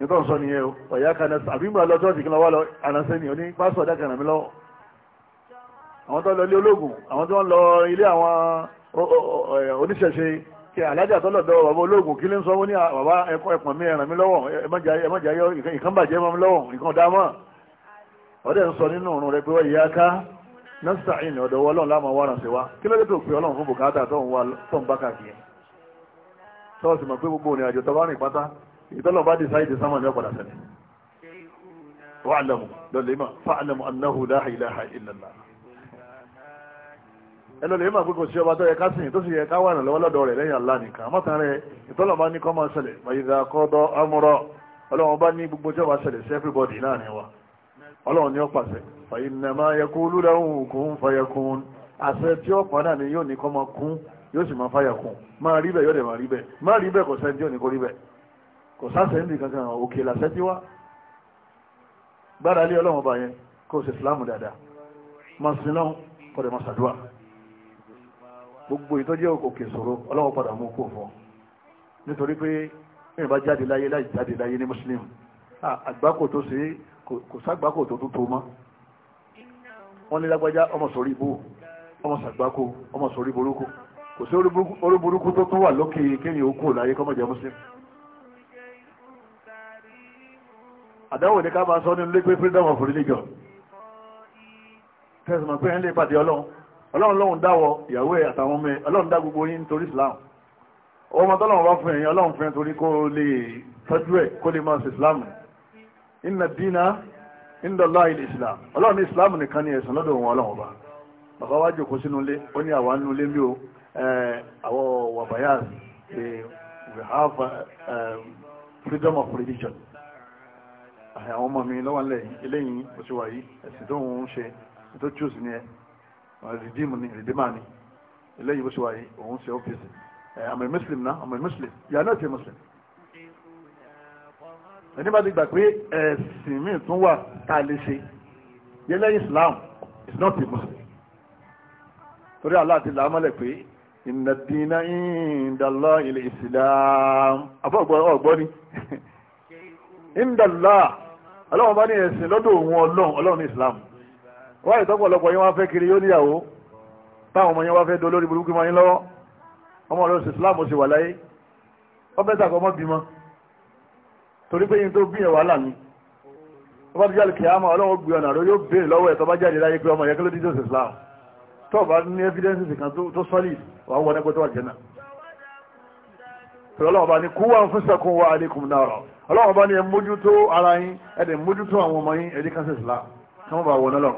nítorí sọ nìyẹn o ọ̀yá kanas àbí mú lọ chọ́ọ̀chì kí lọ wá lọ anasẹ́ ni oní pásọ̀ ọ̀dá kan ràn mí lọ́wọ́ àwọn tó lọ ilé ológun àwọn tó ń lọ ilé àwọn oníṣẹ̀ṣe kí alájà tó lọ́dọ̀ bàbá ológun kí ló ń sọ wọ́n ní bàbá ẹ̀kọ́ ẹ̀pọ̀n mi ràn mí lọ́wọ́ ẹ̀mọ́jà yọ ìkànbàjẹ́ mọ́ mi lọ́wọ́ ìkàn dámọ́ ọdẹ ń sọ nínú òrùn rẹ pé wọ́n yíyá ká nasta'in ọ̀dọ̀ wọ́n lọ́n láàmà wọ́n ránṣẹ́ wá kí ló dé tó pé ọlọ́run fún bùkátà tó ń wá tó ń bá káàkiri tọ́ọ̀sì mọ̀ pé gbogbo ònìyàjò tó bá rìn pátá ìtọ́lọ̀ bá dì sáyidì sámà ní ọ̀padà sẹ́lẹ̀ wa'lamu lọ́lẹ́mà fa'lamu annahu la ilaha illallah ẹlọ́lẹ́mà gbogbo sí ọba tó yẹ ká sìn tó sì yẹ ká wà lọ́wọ́ lọ́dọ̀ rẹ̀ ọlọ́run ni ó pàṣẹ fàyínàmá yẹkúlú lẹ́hùn kún fàyẹkún àṣẹ tí ó pọ̀ náà ni yóò ní kọ́ máa kún yóò sì máa fàyẹkún máa rí bẹ́ẹ̀ yóò dẹ̀ máa rí bẹ́ẹ̀ máa rí bẹ́ẹ̀ kò sẹ́ni tí ò ní kó rí bẹ́ẹ̀ kò sáṣẹ́ níbi kankan òkè làṣẹ tí wá gbára lé ọlọ́run ọba yẹn kó o ṣe ìsìlámù dáadáa máa sin náà kọ́ dẹ̀ máa ṣàdúrà gbogbo ìtọ́jú òkè ìṣòro ọlọ́run padà mú kó fún ọ nítorí pé ìrìnbá jáde láyé láì jáde láyé ní mùsùlùmí àgbákò tó ṣe kò ságbákò tó tó tó mọ́ wọ́n ní lágbájá ọmọ sórí ibú ọmọ sàgbákò ọmọ sórí burúkú kò sí orí burúkú tó tún wà lókè kéyìn okú láyé kọ́mọ̀ jẹ́ muslim àdáwò ní ká máa sọ nínú lẹ́gbẹ́ freedom of religion tẹ́sùmọ̀ pé ẹ̀ ń lè pàdé ọlọ́run ọlọ́run lọ́hùn dáwọ ìyàwó ẹ̀ àtàwọn ọmọ ẹ̀ ọlọ́run dá gbogbo yín nítorí islam ọmọ tọ́lọ́run bá fún ẹ̀yìn ọlọ́run fún ẹ̀ torí kó lè tọ́jú ẹ̀ kó lè máa ṣe islam inna dina inda Allah ilẹ̀ islam ọlọ́run islam nìkan ní ẹ̀sán lọ́dọ̀ wọn ọlọ́run ọba bàbá wájú kò sínú ilé ó ní àwa nínú ilé mi ò àwọ̀ wàbáyà we have eh, um, freedom of religion àwọn ọmọ mi lọ́wọ́ ńlẹ̀ eléyìí oṣù wáyé ẹ̀sìn tó ń ṣe tó choose ni ẹ rìdíìmù ni rìdíìmà ni eléyìí oṣù wáyé òun ṣe ọ́fíìsì I'm Muslim now I'm Muslim you are not Muslim ẹni bá ti gbà pé ẹ̀sìn míì tún wà tá lè ṣe yẹ Islam is not a Muslim torí Allah ti làámọ́lẹ̀ pé inna dina indallah ilẹ̀ Islam àbọ̀gbọ́ ni indallah ọlọ́run bá ní ẹ̀sìn lọ́dọ̀ òun ọlọ́run ọlọ́run Islam wáyé tọ́pọ̀lọpọ̀ yín wá fẹ́ kiri yóò níyàwó táwọn ọmọ yẹn wá fẹ́ dolórí burúkú mọ́ yín lọ́wọ́ ọmọ ọlọ́run Islam ó sì wà láyé ọ torí pé yín tó bí yẹn wàhálà ni tó bá ti jáde kìámà ọlọ́wọ́ gbé ọ̀nà rẹ yóò béèrè lọ́wọ́ ẹ̀ tó bá jáde láyé pé ọmọ yẹn kí ló dé jọ́sẹ̀ Islam tó bá ní evidence kan tó solid wà wọ́n ẹgbẹ́ tó wà jẹ́nà pẹ̀lú ọlọ́wọ́ bá ní kúwà ń fúnṣẹ́kùn wa alaykum nara ọlọ́wọ́ bá ní ara yín ẹ mójútó àwọn ọmọ yín ẹ̀dí kánṣẹ́ Islam kí wọ́n bá wọ́n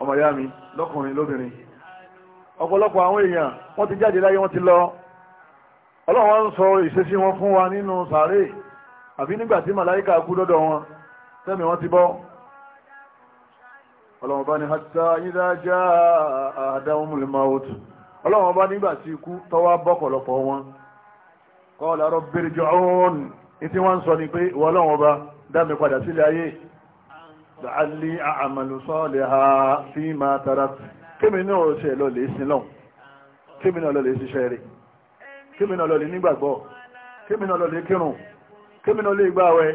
ọmọ yá mi lọ́kùnrin lóbìnrin ọ̀pọ̀lọpọ̀ àwọn èèyàn wọ́n ti jáde láyé wọ́n ti lọ ọlọ́wọ́n ń sọ ìṣesí wọn fún wa nínú sàárè àbí nígbà tí màláíkà kú dọ́dọ̀ wọn tẹ́mi wọn ti bọ́ ọlọ́wọ́n bá ní hatta idha jaa ahdahumul maut ọlọ́wọ́n bá nígbà tí ikú tọ́wá bọ́kọ̀lọpọ̀ wọn qala rabbi rji'un ìtí wọ́n ń sọ ni pé ìwọ ọlọ́wọ́n bá dá mi padà sílé ayé la'alli a'malu salihan fima tarak kémi náà ṣe lọ lè sin lọ kémi náà lọ lè ṣiṣẹ́ rẹ̀ kémìnà lọ lè nígbàgbọ́ kémìnà lọ lè kírun kémìnà lè gbààwẹ̀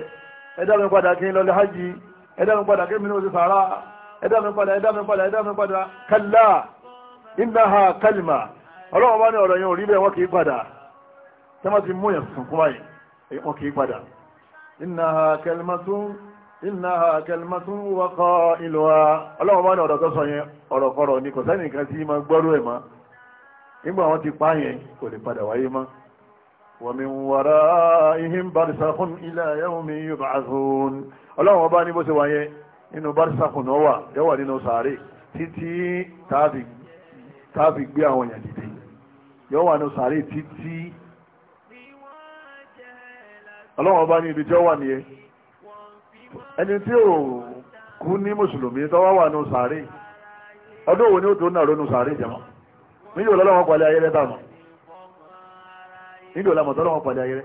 ẹ̀dá mi padà kí n lọ lè hajj ẹ̀dá mi padà kémìnà ó sì fara ẹ̀dá mi padà ẹ̀dá mi padà ẹ̀dá mi padà kálá innaha kalima ọlọ́wọ́ bá ní ọ̀rọ̀ yẹn ò rí bẹ́ẹ̀ wọ́n kì í padà tẹ́mọ́ ti mú yẹn sunkún báyìí wọ́n kì í padà innaha kalimatun innaha kalimatun wa qailuha bá ní ọ̀rọ̀ tó sọ yẹn ọ̀rọ̀ kọ̀rọ̀ ni kò sẹ́nìkan nígbà wọn ti pa yẹn kò lè padà wáyé mọ́ wa min waraihim barzakhun ila yawmi yub'athun ọlọ́run ọba ní bó ṣe wà yẹn nínú barzakhun náà wà yẹ́wà nínú sàárè títí táàbì gbé àwọn èèyàn dìde yọ́wà nínú sàárè títí ọlọ́run ọba ní ibi tí ó wà nìyẹn ẹni tí ò kú ní mùsùlùmí tó wá wà nínú sàárè ọdún wo ni tó náà ronú sàárè jẹmọ́ nílò lọ́lọ́wọ́ pàdé ayẹrẹ bá mọ̀ nílò lámọ̀ tọ́lọ́wọ́ pàdé ayẹrẹ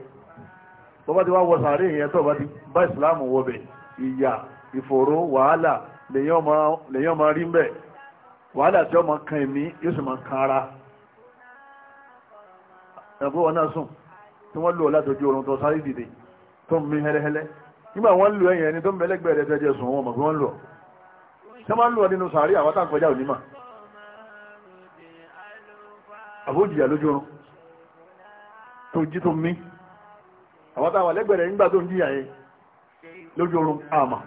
bọ́ bá ti wá wọ sàárè yẹn tó bá ti bá ìsìláàmù wọbẹ̀ ìyà ìfòòró wàhálà lèyàn máa rí mbẹ̀ wàhálà tí ó máa kan ẹ̀mí yóò sì máa kan ara ẹ̀fọ́ wọn náà sùn tí wọ́n lò látọjú oorun tó sáré dìde tó ń mi hẹ́lẹ́hẹ́lẹ́ nígbà wọ́n lò ẹ̀yìn ẹni tó ń bẹ́lẹ́gbẹ̀ẹ́ rẹ̀ tẹ́jẹ́ sùn wọn mọ̀ àbójìyà lójú oorun tó jí tó mí àwọn táwà lẹ́gbẹ̀rẹ̀ nígbà tó ń jíyà yẹn lójú oorun àmà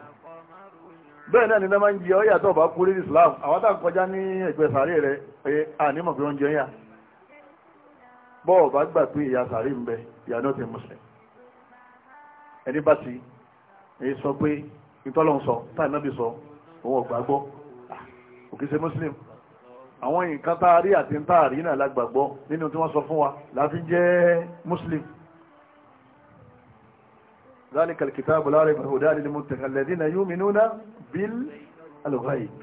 bẹ́ẹ̀ náà ni náà máa ń jẹ ọ́yà tó bá kú lórí Islam àwọn táà kọjá ní ẹgbẹ́ sàárè rẹ̀ pé ànímọ̀ pé oúnjẹ yà bọ́ọ̀ bá gbà pé ìyá sàárè ń bẹ ìyá náà ti mùsùlùm ẹni bá ti sọ pé ìtọ́lọ́ sọ táà náà bí sọ òun ọ̀gbà gbọ́ ah, òkè ṣe mùsùlùm àwọn nǹkan táàrí àti táàrí náà lágbàgbọ́ nínú tí wọ́n sọ fún wa láti jẹ́ muslim ذلك الكتاب لا ريب هدى للمتقين الذين يؤمنون بالغيب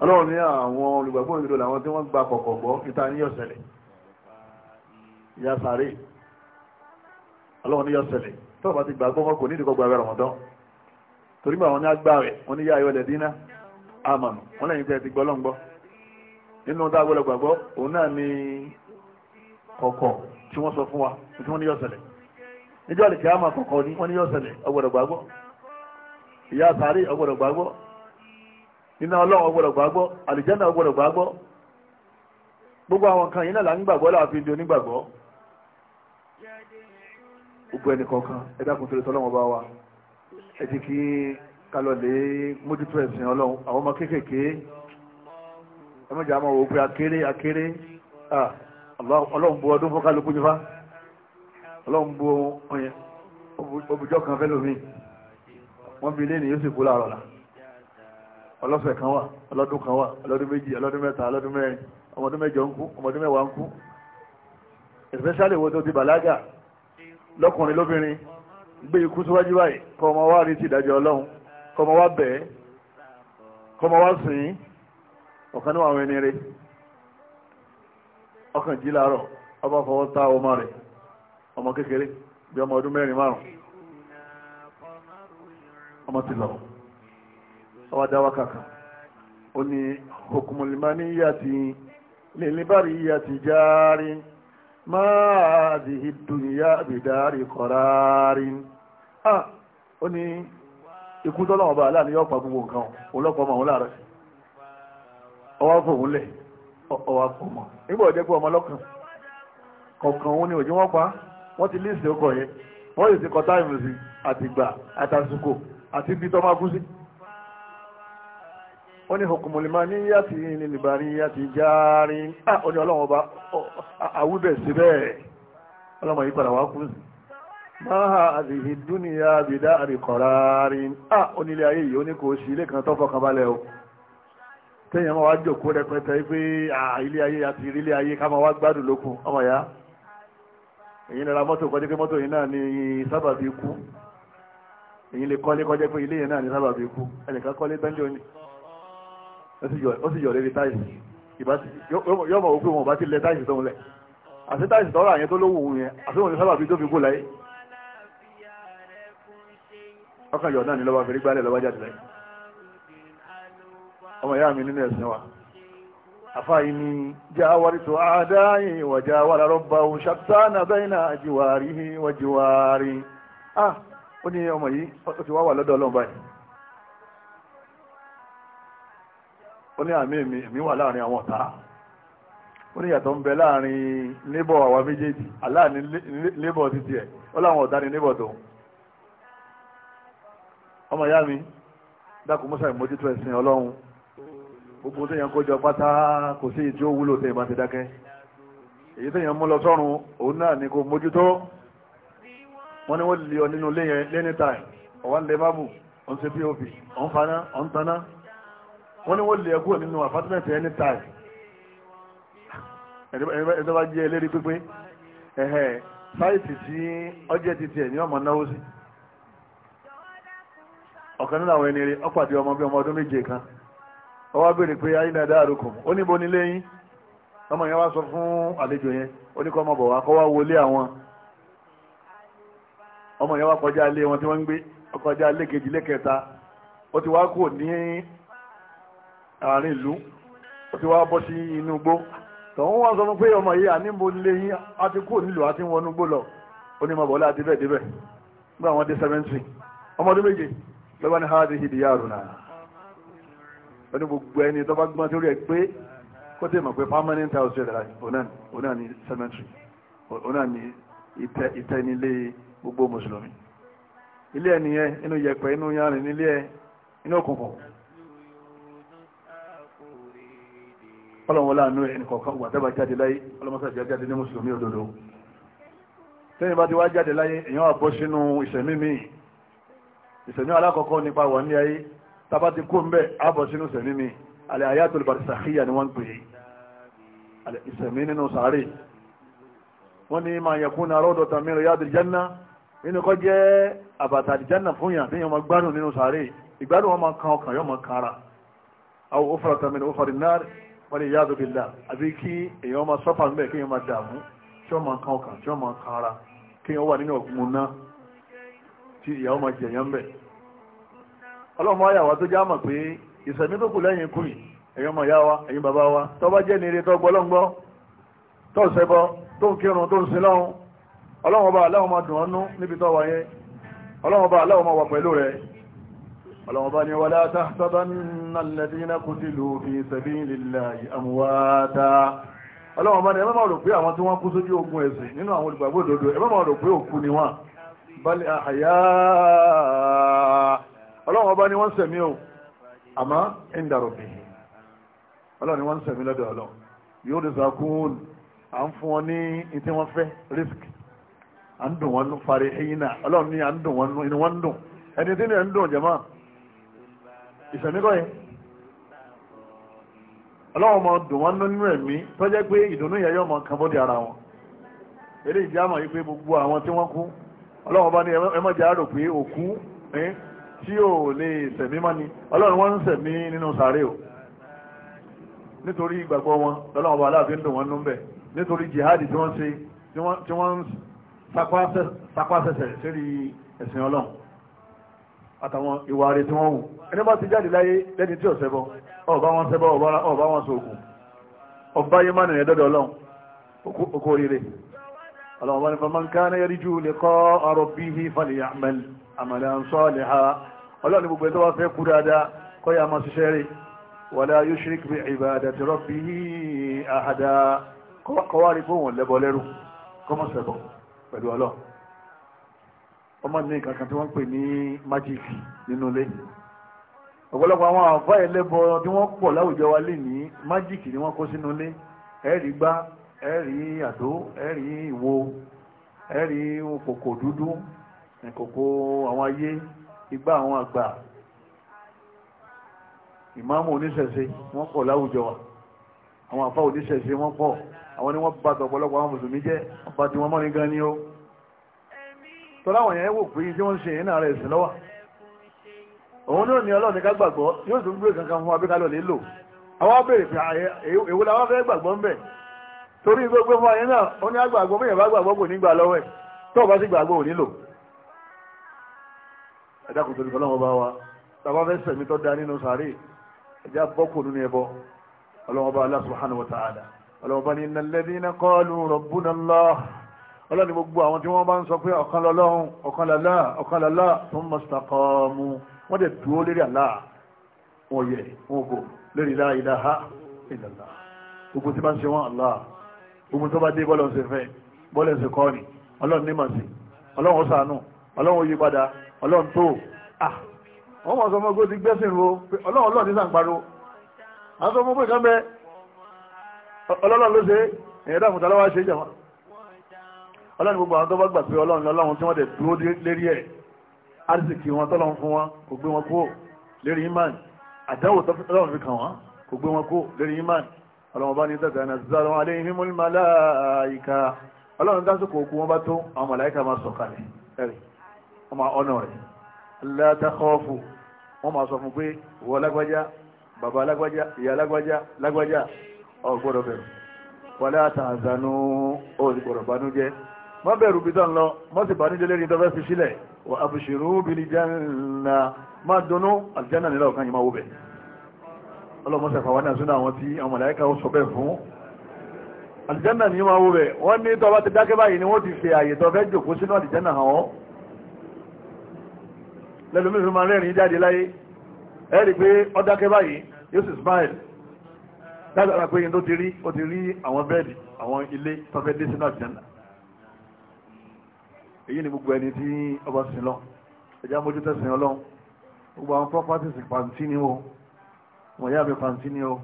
ọlọ́run ní àwọn olùgbàgbọ́ ìlú làwọn tí wọ́n gba kọ̀kọ̀ gbọ́ níta ní yọ̀sẹ̀lẹ̀ ìyá sàárè ọlọ́run ní yọ̀sẹ̀lẹ̀ tó bá ti gbàgbọ́ wọn kò ní torí bá wọn ní agbára wọn ní yá ayọ̀ lẹ́dínà àmàmù wọn lẹ́yìn tẹ́ ti gbọ́ nínú ọdọ a gbọ́dọ̀ òun náà ni kọkọ tí wọ́n sọ fún wa tí wọ́n ní yóò ṣẹlẹ̀ níjọ́ àlèkè àmà ni wọ́n ní yóò ṣẹlẹ̀ ọgbọ̀dọ̀ gbàgbọ́ ìyá sàárè ọgbọ̀dọ̀ nínú ọlọ́run ọgbọ̀dọ̀ gbàgbọ́ gbogbo àwọn kan yìí náà là ń láàfin di gbogbo ẹ dákun bá wa ẹ ti kí mójútó àwọn ọmọ ẹmọ́jà àmọ́ wò pé akéré akéré ọlọ́run bu ọdún fọ́kálukú nífà ọlọ́run bu ọyẹn obùjọ́ kan fẹ́ lómi wọ́n bí ilé ní yóò sì kú láàrọ̀ la ọlọ́sẹ̀ kan wà ọlọ́dún kan wà ọlọ́dún méjì ọlọ́dún mẹ́ta ọlọ́dún mẹ́rin ọmọdún mẹ́jọ ń kú ọmọdún mẹ́wàá ń kú especially wo tó ti bàlágà lọ́kùnrin lóbìnrin gbé ikú síwájú báyìí kọ́ ọmọ wa rí ti ìdájọ́ ọlọ́run kọ́ ọmọ wa bẹ̀ẹ́ kọ́ ọmọ wa sìn ín ọ̀kan ní àwọn ẹni rẹ̀ ọkàn jí láàárọ̀ ọba fọwọ́ tá ọmọ rẹ̀ ọmọ kékeré bí ọmọ ọdún mẹ́rin márùn ọmọ ti lọ ọwá dáwà kàkà ó ní okùnmọ̀lìmá ní yíyà ti lèlébàrí yíyà ti jáárí máa ah ó ní ikú tọ́lọ́wọ́ bá aláàníyàn pa gbogbo nǹkan ọlọ́pàá ọmọ òun láàárẹ̀ ọwọ́ fòun lẹ̀ ọwọ́ ọmọ nígbà ọjọ́ pé ọmọ lọ́kàn kọ̀ọ̀kan òun ni òjò wọn pa wọ́n ti líìsì ọkọ̀ yẹn wọ́n sì ti kọ táìmù sí àtìgbà àtàsùkò àti ibi tó máa kú sí ní hukumulima ní yàtì ní ti yàtì járí ó ní ọlọ́run ọba àwúbẹ̀ síbẹ̀ ọlọ́mọ yìí padà wá kú sí máa àdìhì bìdá ó ayé yìí ó ní kò sí ilé kan tó tẹ́yìn ọmọ wa jòkó rẹpẹtẹ pé ilé ayé àti ilé ayé ká máa wá gbádùn lókun ọmọ ya èyí nira mọ́tò kọjá pé mọ́tò yìí náà ni sábàbí ikú èyí lè kọ́lé kọjá pé ilé yẹn náà ni sábàbí ikú ẹnìkan kọ́lé tẹ́ńjọ́ ni ó sì yọ̀ lórí táìsì yóò mọ̀ wípé wọn bá ti lẹ táìsì tó ń lẹ̀ àti táìsì tọ́rọ àyẹn tó lówó òun yẹn àti òun ní sábàbí tó fi kú láyé ọkàn yọ̀ náà ni lọ́wọ́ fi rí gbálẹ̀ lọ́wọ́ jáde láyé ọmọ ìyá mi nínú ẹ̀sìn wa àfáàyí ni jáwárìtò wà jáwárà rọ́bà òun ṣàtánà wà jíwárí ah ó ní ọmọ yìí ó ti wá wà lọ́dọ̀ ọlọ́run báyìí ó ní àmì èmi wà láàrin àwọn ọ̀tá ó ní ń bẹ láàrin níbọ̀ àwa méjèèjì aláàní níbọ̀ títí ẹ̀ ó láwọn ọ̀tá ni níbọ̀ tó ọmọ mi dákun mọ́sàmì mójútó ẹ̀sìn ọlọ́run gbogbo téèyàn kó jọ pátá kò sí ìjó wúlò téèyàn bá ti dákẹ́ èyí téèyàn mú lọ sọ́run òun náà ni kò mójútó wọ́n ni wọ́n lè ọ nínú lẹ́ni táì ọ̀wá lè má ọ̀n ṣe pop ọ̀n faná ọ̀n taná wọ́n ní wọ́n lè nínú ẹni táì ẹ̀dọ́ bá jẹ́ pípé sáìtì ọjẹ́ ní ọmọ náwó sí ọ̀kan nínú àwọn ẹni ọ wa bèrè pé ayé náà dáàrúkùn ó níbo nílé yín ọmọ yẹn wá sọ fún àlejò yẹn ó ní kọ́ ọmọ bọ̀ wá kọ́ wá wọlé àwọn ọmọ yẹn wá kọjá ilé wọn tí wọ́n ń gbé kọjá ilé kejì ilé kẹta ó ti wá kò ní àárín ìlú ó ti wá bọ́ sí sọ fún pé ọmọ yìí àníbo nílé yín á ti nílò á lọ ó ní àti bẹ́ẹ̀ débẹ̀ nígbà wọn dé sẹ́mẹ́ntì wọ́n ní gbogbo ẹni tó bá gbọ́n tó rí ẹ pé kó tẹ̀ mọ̀ pé permanent house rẹ̀ ọ̀nà ní cemetery ọ̀nà ní ìtẹ́nilé gbogbo mùsùlùmí ilé ẹni yẹn inú yẹ̀pẹ̀ inú yanrìn nílé ẹ inú òkùnkùn ọlọ́wọ́lá àánú ẹni kọ̀ọ̀kan wà tẹ́bà jáde láyé ọlọ́mọsàjá jáde ní mùsùlùmí òdodo tẹ́yìn bá ti wá jáde láyé èèyàn àbọ́ sínú ìṣẹ̀mí mi ìṣẹ̀mí alákọ̀ọ́kọ́ nípa wà ní ayé tàbá ti kó ń bẹ́ àbọ̀ sínú sẹ̀mí mi alẹ́ àyàtò ìbàdìsàkíyà ni wọ́n ń pè é ìsẹ̀mí nínú sàárè wọ́n ní máa yẹ kún arọ́ dọ̀tà mi rẹ̀ àdìjánná nínú kọ́ jẹ́ àbàtà àdìjánná fún yàn tí yàn máa gbádùn nínú sàárè ìgbádùn wọn máa kan ọkàn yóò máa kan àwọn òfòrò tàmí ní òfòrò náà wọ́n ní yàtò bìlà àbí kí èèyàn máa sọ́fà ń kí èèyàn máa dààmú tí wọ́n máa kan ọkàn tí wọ́n máa kan kí èèyàn wà nínú ọ̀gbun náà tí ìyàwó máa jẹ̀yàn bẹ́ẹ̀ ọlọ́run máa yà wá tó já mọ̀ pé ìsẹ̀mí tó kù lẹ́yìn ikú yìí ọmọ ìyá wa ẹ̀yin bàbá wa tó bá jẹ́ ní eré tó gbọ́ lọ́ngbọ́ tó ń ṣẹbọ tó ń kírun tó ń sin lọ́hun ọlọ́run ọba aláwọ̀ máa dùn ọ́nú níbi tó wà yẹn ọlọ́run aláwọ̀ máa wà pẹ̀lú rẹ̀ ọlọ́run ọba ni wala tahsabanna alladhina qutilu fi sabilillahi amwata ọlọ́run ọba ni ẹ má máa rò pé àwọn tí wọ́n kú sójú ogun ẹ̀sìn nínú àwọn olùgbàgbọ́ òdodo ẹ máa rò pé òkú ni wọ́n bal ahya ọlọ́run ọba ni wọ́n sẹ̀mí o àmọ́ ń ni wọ́n sẹ̀mí lọ́dọ̀ yóò sàkún à ń fún wọn ní ìtí wọ́n fẹ́ risk à ń dùn wọn fari ẹyin náà ọlọ́run ni à ń dùn wọn inú wọn dùn ẹni tí ẹ̀ ń dùn jẹ̀mọ́ ìsẹ̀mí yẹn ọlọ́run ọmọ dùn wọn nínú ẹ̀mí tọ́jẹ́ pé ìdùnnú ìyá yọmọ ara wọn eré ìjà mọ̀ tí ò lè sẹ̀mí mọ́ ni ọlọ́run wọ́n ń sẹ̀mí nínú sàárè o nítorí ìgbàgbọ́ wọn lọ́lọ́run bá aláàbí ń dùn wọn nú bẹ̀ nítorí jihadi tí wọ́n ṣe tí wọ́n ń sapásẹsẹ̀ sérí ẹ̀sìn ọlọ́run àtàwọn ìwà rẹ̀ tí wọ́n wù ẹni bá ti jáde láyé lẹ́ni tí ò ṣẹbọ ọba wọn ṣẹbọ ọba wọn sóògùn ọba yé má nìyẹn dọ́dọ̀ ọlọ́run òkú oríire ọlọ́wọ́ ní faman kana yarju liqa'a rabbihi falya'mal amalan salihan ọlọ́wọ́ ní gbogbo ẹ̀ tó wá fẹ́ kú dáadáa kọ́ ya máa ṣiṣẹ́ rẹ̀ wala yushrik bi ibadati rabbihi ahada kọ́wárí fún wọn lẹ́bọ lẹ́rú kọ́mọ̀sẹ̀bọ̀ pẹ̀lú ọ̀pọ̀lọpọ̀ àwọn àfáà ẹlẹ́bọ tí wọ́n pọ̀ láwùjọ wa lè ní májíìkì ni wọ́n kó sínú ilé ẹ̀ẹ́dì gbá ẹ̀rí àdó ẹ̀rí ìwo ẹ̀rí kòkò dúdú kòkò àwọn ayé igbá àwọn àgbà ìmáàmù oníṣẹ̀ṣe wọ́n pọ̀ láwùjọ wa àwọn àfá oníṣẹ̀ṣe wọ́n pọ̀ àwọn ni wọ́n bá tọ̀pọ̀lọpọ̀ àwọn mùsùlùmí jẹ́ wọ́n bá ti wọ́n mọ́ ní gan ni ó tọ́láwọ̀n yẹn wò pé tí wọ́n ṣe iná rẹ̀ sí lọ́wọ́ òun náà ni ọlọ́ọ̀ni ká gbàgbọ́ yóò tún gbé kankan fún abẹ́kálọ̀ lélò àwọn abẹ́rẹ̀ pé èwo làwọn fẹ́ gbàgbọ́ ń bẹ̀ torí gbogbo ọmọ yẹn náà ó ní àgbàgbọ́ mẹ́yìn bá gbàgbọ́ kò ní gbà lọ́wọ́ ẹ̀ tó o bá sì gbàgbọ́ ò nílò ẹ̀dá kò tóbi ọlọ́run bá wa tàbá fẹ́ sẹ̀mí tó da nínú sàárè ẹ̀dá bọ́kù nínú ẹbọ ọlọ́run bá Allah subhanahu wa ta'ala ọlọ́run bá ní innal ladhina qalu rabbuna Allah ọlọ́ni gbogbo àwọn tí wọ́n bá ń sọ pé ọ̀kan lọ́lọ́run ọ̀kan lọ́lá ọ̀kan lọ́lá thumma istaqamu wọ́n dẹ̀ dúró lérí Allah wọ́n yẹ wọ́n bò lérí la ilaha illallah gbogbo tí bá ń ṣe wọ́n Allah gbogbo tó bá dé bọ́lọ̀ ṣe fẹ́ bọ́lọ̀ ṣe kọ́ ni ọlọ́run ní màsí ọlọ́run sànù ọlọ́run yí padà ọlọ́run tó ah wọ́n mọ̀ sọ fún ọgbọ́n ti gbẹ́sìn ro ọlọ́run ọlọ́run ní sàǹparó àwọn sọ fún ọgbọ́n kan bẹ ọlọ́run ló ṣe èyàn dàmú tá lọ́wọ́ ṣe jẹ̀wọ́ ọlọ́run gbogbo àwọn tó bá gbà pé ọlọ́run tí wọ́n dẹ̀ dúró lérí ẹ̀ arísìkì wọn tọ́lọ́run fún wọn kò gbé wọn kó lérí imán àdáwò tọ́lọ́run fi kàn wọn kò gbé wọn kó lérí imán ọlọ́wọ́n bá ní tatanazzalu alayhimul malaika ọlọ́run dásìkò òkú wọn bá tó àwọn màláìka máa sọ̀kalẹ̀ ẹ̀rì wọ́n máa ọ̀nà rẹ̀ la takhafu wọ́n máa sọ fún pé ìwọ lágbájá bàbá lágbájá ìyá lágbájá lágbájá ò gbọ́dọ̀ bẹ̀rù wala tahzanu ó sì gbọ́dọ̀ banújẹ́ má bẹ̀rù bí tán lọ má sì banújẹ́ lérí tó fẹ́ fi sílẹ̀ wa abshiru bil janna má dunnú àlìjánà nílẹ̀ ọ̀kan yìí má wó bẹ̀rẹ̀ ọlọ́mọsẹ̀ fàwọn náà sínú àwọn tí àwọn màláíkà ó sọ bẹ́ẹ̀ fún àlìjánà ní máa rẹ̀ wọ́n ní tọ́ ti dákẹ́ báyìí ni wọ́n ti ṣe àyè tọ́ fẹ́ jòkó sínú àlìjánà hàn ọ́ lẹ́lùmí fi máa rẹ́rìn jáde láyé ẹ rí pé ó dákẹ́ báyìí yóò sì smile látara pé yín tó ti rí ó ti rí àwọn bẹ́ẹ̀dì àwọn ilé gbogbo àwọn properties pàǹtí ni wọn wọ́n yá mi pàǹtí ni ó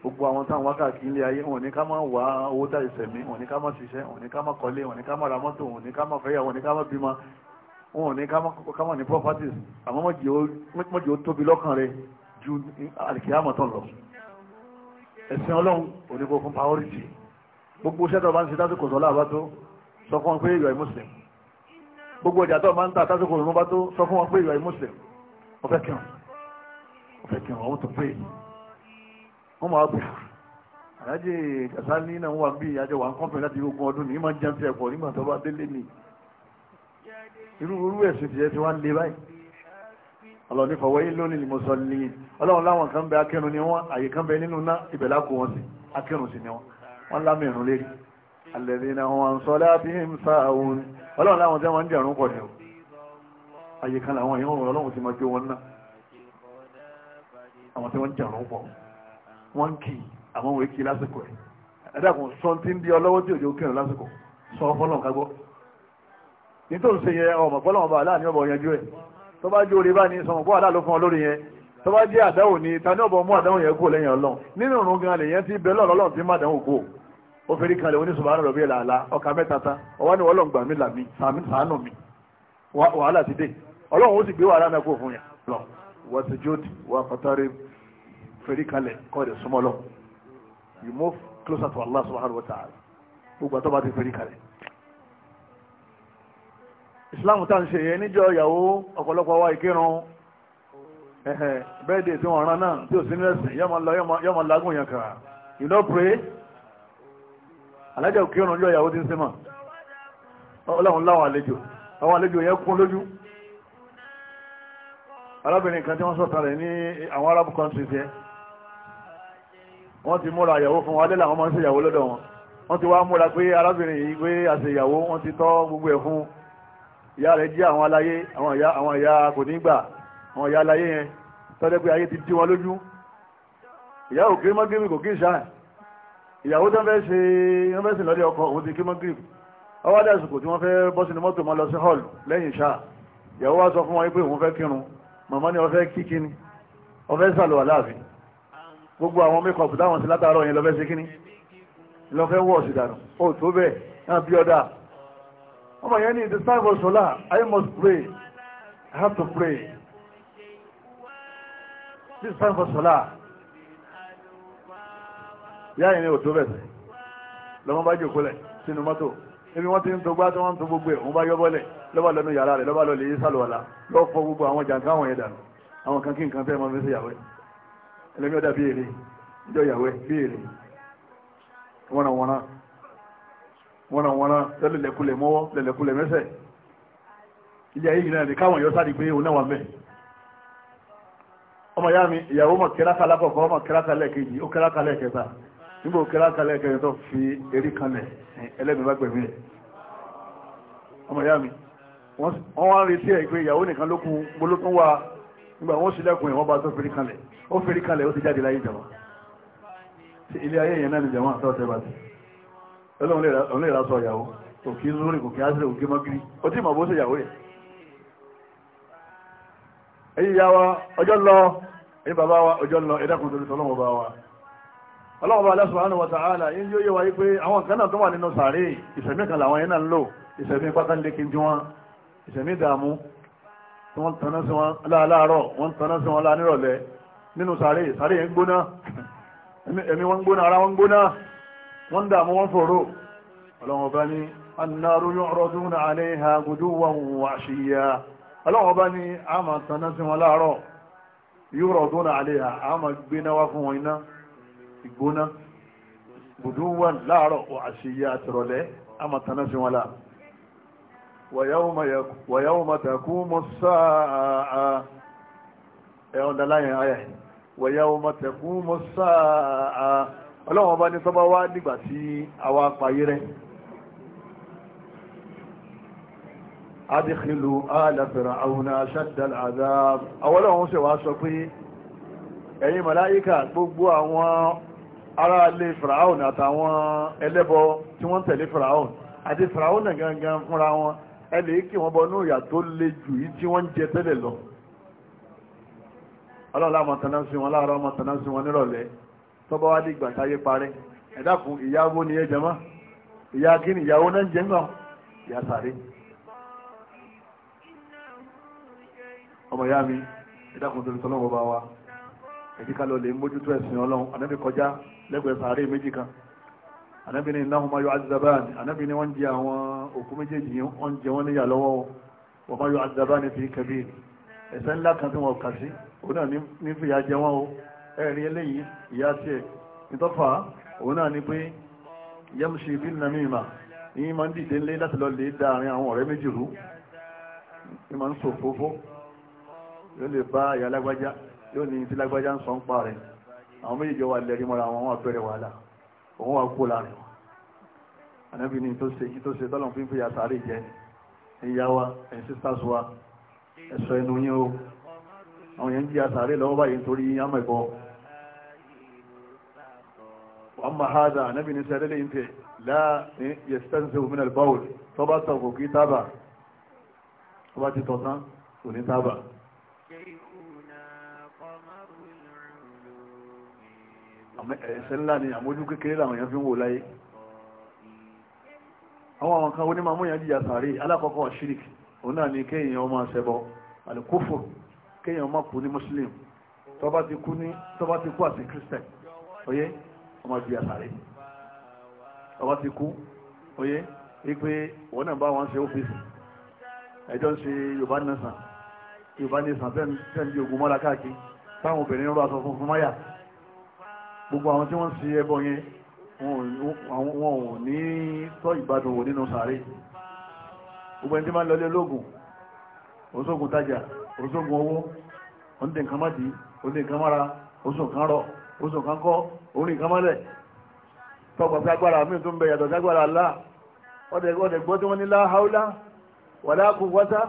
gbogbo àwọn táwọn wákàtí ilé ayé wọ́n ní ká máa wá owó tá ìsẹ̀mí wọ́n ní ká máa ṣiṣẹ́ wọ́n ní ká máa kọ́lé wọ́n ní ká máa ra mọ́tò wọ́n ní ká máa fẹ́yàwó wọ́n ní ká máa bímọ wọ́n ní ká máa ní properties àmọ́ mọ́jì ó tóbi lọ́kàn rẹ̀ ju àlìkìyàmọ̀tàn lọ ẹ̀sìn ọlọ́run oníkó fún priority gbogbo iṣẹ́ tó bá ń ṣe tásìkò sọ́lá àbá tó sọ fún wọn pé ìyọ̀ muslim gbogbo ọjà tó bá ń ta tásìkò sọ́lá àbá tó sọ fún wọn pé ìyọ̀ muslim second I want to pray wọ́n máa bẹ̀ àyájẹ́ Kasali náà wà bí àjọ wà ń kọ́pẹ́ láti ogún ọdún ní máa ń jẹun ti ẹ̀kọ́ nígbà tó bá délé ni irú irú ẹ̀sìn tiẹ̀ ti wá ń le báyìí ọlọ́run ní fọwọ́ yín lónìí ni mo sọ ní ọlọ́run láwọn kan bẹ akẹ́rùn ni wọ́n àyè kan bẹ nínú ná ibẹ̀ lákò wọn sí akẹ́rùn sí ni wọ́n wọ́n lámì ìrún lérí alladhina hum salatihim sahun ọlọ́run láwọn tẹ́ wọ́n ń jẹ̀rún pọ̀ ní o àyè kan làwọn yìí wọ́n ọlọ́run ti máa gbé wọn náà àwọn tí wọ́n jàrún bọ̀ wọ́n ń kì í àwọn òwe kì í lásìkò ẹ̀ ẹ̀dàkùn sọ ti ń di ọlọ́wọ́ tí òjò kírun lásìkò sọ fọlọ́n ká gbọ́ nítorí ṣe yẹn ọmọ fọlọ́n ọba aláàní ọba ọ̀yanjú ẹ̀ tó bá jó orí bá ní sọmọ fún aláàlú fún ọlórí yẹn tó bá jẹ́ àdáwò ni ta ní ọba mú àdáwò yẹn kó lẹ́yìn ọlọ́run nínú òrùn gan lèyẹn ti bẹ lọ́rọ̀ ọlọ́run ti má dáwò kó ó fi rí kalẹ̀ oníṣùbára rẹ̀ bí ẹ̀ làálá ọkà mẹ́ta tán ọwọ́ ni ọlọ́run gbà mí là mí sàánù mi wàhálà ti dé ọlọ́run ó sì gbé wàhálà náà kó fún yẹn lọ wasujud waqtarib fèrè kalẹ̀ kọ́ rẹ̀ súnmọ́ lọ you move closer to Allah subhanahu wa ta'ala gbogbo àtọ́ bá ti fèrè kalẹ̀ islam tá n ṣe yẹn níjọ ìyàwó ọ̀pọ̀lọpọ̀ wa ìkírun bẹ́ẹ̀dẹ̀ tí wọ́n ran náà tí ò sí nílẹ̀sìn yọmọ lágùn yẹn kàrà you no pray alájà òkírun níjọ ìyàwó ti ń sẹ́mọ̀ ọlọ́run láwọn àlejò àwọn àlejò yẹn kún lójú arábìnrin kan tí wọ́n sọ̀tà rẹ̀ ní àwọn arab countries yẹ wọ́n ti múra ìyàwó fún wa lẹ́la wọn máa ń ṣèyàwó lọ́dọ̀ wọn wọ́n ti wá múra pé arábìnrin yìí pé àṣeyàwó wọ́n ti tọ́ gbogbo ẹ̀ fún ìyá rẹ̀ jí àwọn aláyé àwọn ìyá kò ní gbà àwọn ìyá aláyé yẹn tọ́jẹ́ pé ayé ti dí wọn lójú ìyá ò kí mọ́gírì kò kí ìṣá ìyàwó tó ń fẹ́ ṣe wọ́n fẹ́ sìn lọ́dẹ ọkọ òun ti kí mọ́gírì ọwọ́ dẹ̀ sùkò tí wọ́n fẹ́ bọ́ sínú mọ́tò mọ́ lọ sí hall lẹ́yìn ìṣá ìyàwó wá sọ fún wọn pé òun fẹ́ kírun màmá ni ọfẹ́ kíkíní ọfẹ́ sàlọ̀ aláàfin gbogbo àwọn mẹ́kọ̀ọ̀pù táwọn sí látàárọ̀ yẹn lọ́fẹ́ sí kíní lọ́fẹ́ wọ̀ sí dànù ó tó bẹ́ẹ̀ náà bí ọ̀dà ọmọ yẹn ní it is time for sola I must pray I have to pray it time for sola yáà yẹn ni ò tó bẹ́ẹ̀ sẹ́ lọ́mọ bá jòkó lẹ̀ sínú mọ́tò níbi wọ́n ti ń togbá tí wọ́n ń to gbogbo ẹ̀ òun bá yọ bọ́lẹ̀ lọ́ba lọ́nu yàrá rẹ̀ lọ́ba lọ́lẹ̀ yé sálùwàlá lọ́fọ́ gbogbo àwọn jàǹkà àwọn yẹn dànù àwọn kan kí nǹkan fẹ́ mọ́ fi ṣe yàwẹ́ ẹlẹ́mí ọ̀dà bíi èrè ìjọ yàwẹ́ bíi èrè wọ́nàwọ́nà wọ́nàwọ́nà lẹ́lẹ̀kulẹ̀ mọ́wọ́ lẹ́lẹ̀kulẹ̀ mẹ́sẹ̀ ilé ayé yìí náà ni káwọn yọ sáré pé òun náà wà mẹ́ ọmọ yá mi ìyàwó mọ̀ kíráka lápọ̀ fọ́ ọmọ kíráka ó kíráka lẹ́ẹ̀kẹta nígbà òkè látàlẹ́ kẹrin tó fi erí kanlẹ̀ ẹlẹ́mìí bá gbẹ̀mí ẹ̀ ọmọ ìyá mi wọ́n wá ń retí ẹ̀ pé ìyàwó nìkan ló kún gbóló tó wà nígbà wọ́n sílẹ̀kùn ìwọ́n bá tó fèrí kanlẹ̀ ó fèrí kanlẹ̀ ó ti jáde láyé jẹ̀mọ́ tí ilé ayé yẹn náà ni jẹ̀mọ́ àtọ́ tẹ́ bá ti ọlọ́run lè rásọ ìyàwó kò kí lórí kò kí ásírẹ̀ kò kí mọ́gírí ó tí mọ̀ bó ṣe ìyàwó rẹ̀ ẹ̀yìn ìyá wa ọjọ́ lọ ẹ̀yìn bàbá wa ọjọ́ lọ ẹ̀dàkùn ọlọ́run bá subhanahu wa ta'ala yín yóò yé wa pé àwọn kan náà tó wà nínú sàárè ìṣẹ̀mí kan làwọn yẹn náà ń lò ìṣẹ̀mí pákánlẹ́kì tí wọ́n ìṣẹ̀mí ìdààmú tí wọ́n tanná sí wọn láàárọ̀ wọ́n tanná sí wọn láàárọ̀ nínú sàárè sàárè yẹn gbóná ẹ̀mí wọn gbóná ara wọn gbóná wọ́n dààmú wọn fòró ọlọ́run bá a máa tanná sí wọn láàárọ̀ yu'raduna 'alayha a máa gbéná wá fún wọn iná ìgbóná bùdú wà láàárọ̀ àṣeyẹ àtìrọ̀lẹ́ àmàtàná sí wọn láà wàyáwó màtàkú mọ́ sáà ẹ̀hùn dáláyìn ayẹ̀ wàyáwó màtàkú mọ́ sáà ọlọ́wọ́n bá ní tọ́bá wá dìgbà tí àwa payé rẹ̀ adìkìlù alàfẹ́ràn àwọn aṣáàdàlà àdáàbò àwọn ọlọ́wọ́n sì wá sọ pé ẹ̀yin màláíkà gbogbo àwọn ara lè firaun àtàwọn ẹlẹ́bọ tí wọ́n tẹ̀lé firaun àti firaun náà gangan fúnra wọn ẹ lè kí wọ́n bọnú ìyà tó le jù yìí tí wọ́n ń jẹ tẹ́lẹ̀ lọ ọlọ́ọ̀lá mọ̀tánná sí wọn láàárọ̀ mọ̀tánná sí wọn nírọ̀lẹ́ tọ́bọ́ wá dìgbà táyé parẹ́ ẹ dákun ìyàwó ni ẹ jẹmọ́ ìyá kí ni ìyàwó náà ń jẹ́ ńgbà ìyá sàárè ọmọ ìyá mi ẹ dákun tó lè sọ lọ́wọ́ bá wa ẹ̀jíkà lọ lè mójútó ẹ̀sìn ọlọ́run ànábì lẹ́gbẹ̀ẹ́ sàárè méjì kan anábì ní iná ọmọ yóò azabani anábì ní wọ́n jẹ àwọn òkú méjèèjì wọ́n jẹ wọ́n níyà lọ́wọ́ wọ́n máa yóò azabani fi kẹbí ẹ̀ṣẹ̀ ńlá kan tí wọ́n kà sí òun náà ní fìyà jẹ wọ́n o ẹ̀rí eléyìí ìyá tiẹ̀ nítọ́fà òun náà ni pé yẹ́mùsì bí nàmímà ní máa ń dìde ńlé láti lọ lè dá àárín àwọn ọ̀rẹ́ méjì rú ní máa ń sòfófó yóò lè bá ìyá àwọn méjìjọ wà lẹ́rí mọ́ra wọn wọ́n bẹ̀rẹ̀ wàhálà òun wà kó láàrin wọn ànábì ní tó ṣe tó ṣe tọ́lọ̀ fífi àtàrí jẹ ìyá wa ẹ̀yìn sisters wa ẹ̀sọ́ ẹnu yín o àwọn yẹn ń jí àtàrí lọ́wọ́ báyìí nítorí àmọ̀ wọ́n máa ha dà ànábì ní sẹ́rẹ́ lẹ́yìn tẹ̀ láà ní yẹ̀sítẹ́sì ẹ̀ṣẹ̀ ńlá ni àmójú kékeré làwọn èèyàn fi ń wò láyé àwọn àwọn kan onímọ̀ amóyàn jíjà sàárè alákọ̀ọ́kọ́ shirik òun náà ni kéèyàn ọmọ ṣẹbọ àlùkúfò kéèyàn ọmọ kú ní muslim tó bá ti kú ní tó bá ti kú àti christian oyé ọmọ jíjà sàárè tó bá ti kú oyé wípé wọn náà bá wọn ṣe ọ́fíìsì ẹjọ́ ń ṣe yorùbá nìsan yorùbá nìsan tẹ́ǹdì ogun mọ́lá káàkiri táwọn obìnrin rọ aṣọ funfun máyà gbogbo àwọn tí wọ́n ṣe ẹbọ yẹn wọn ò ní tọ́ ìgbádùn wò nínú sàárè gbogbo ẹni tí máa ń lọlé ológun òṣògùn tajà òṣògùn owó oúnjẹ nǹkan má dì oúnjẹ nǹkan mára oṣù kan rọ oṣù kan kọ orin nǹkan mọ́lẹ̀ tọgbà sí agbára mí tó ń bẹ yàtọ̀ sí agbára Allah ọdẹ gbọ́ tí wọ́n ní la haula wala quwwata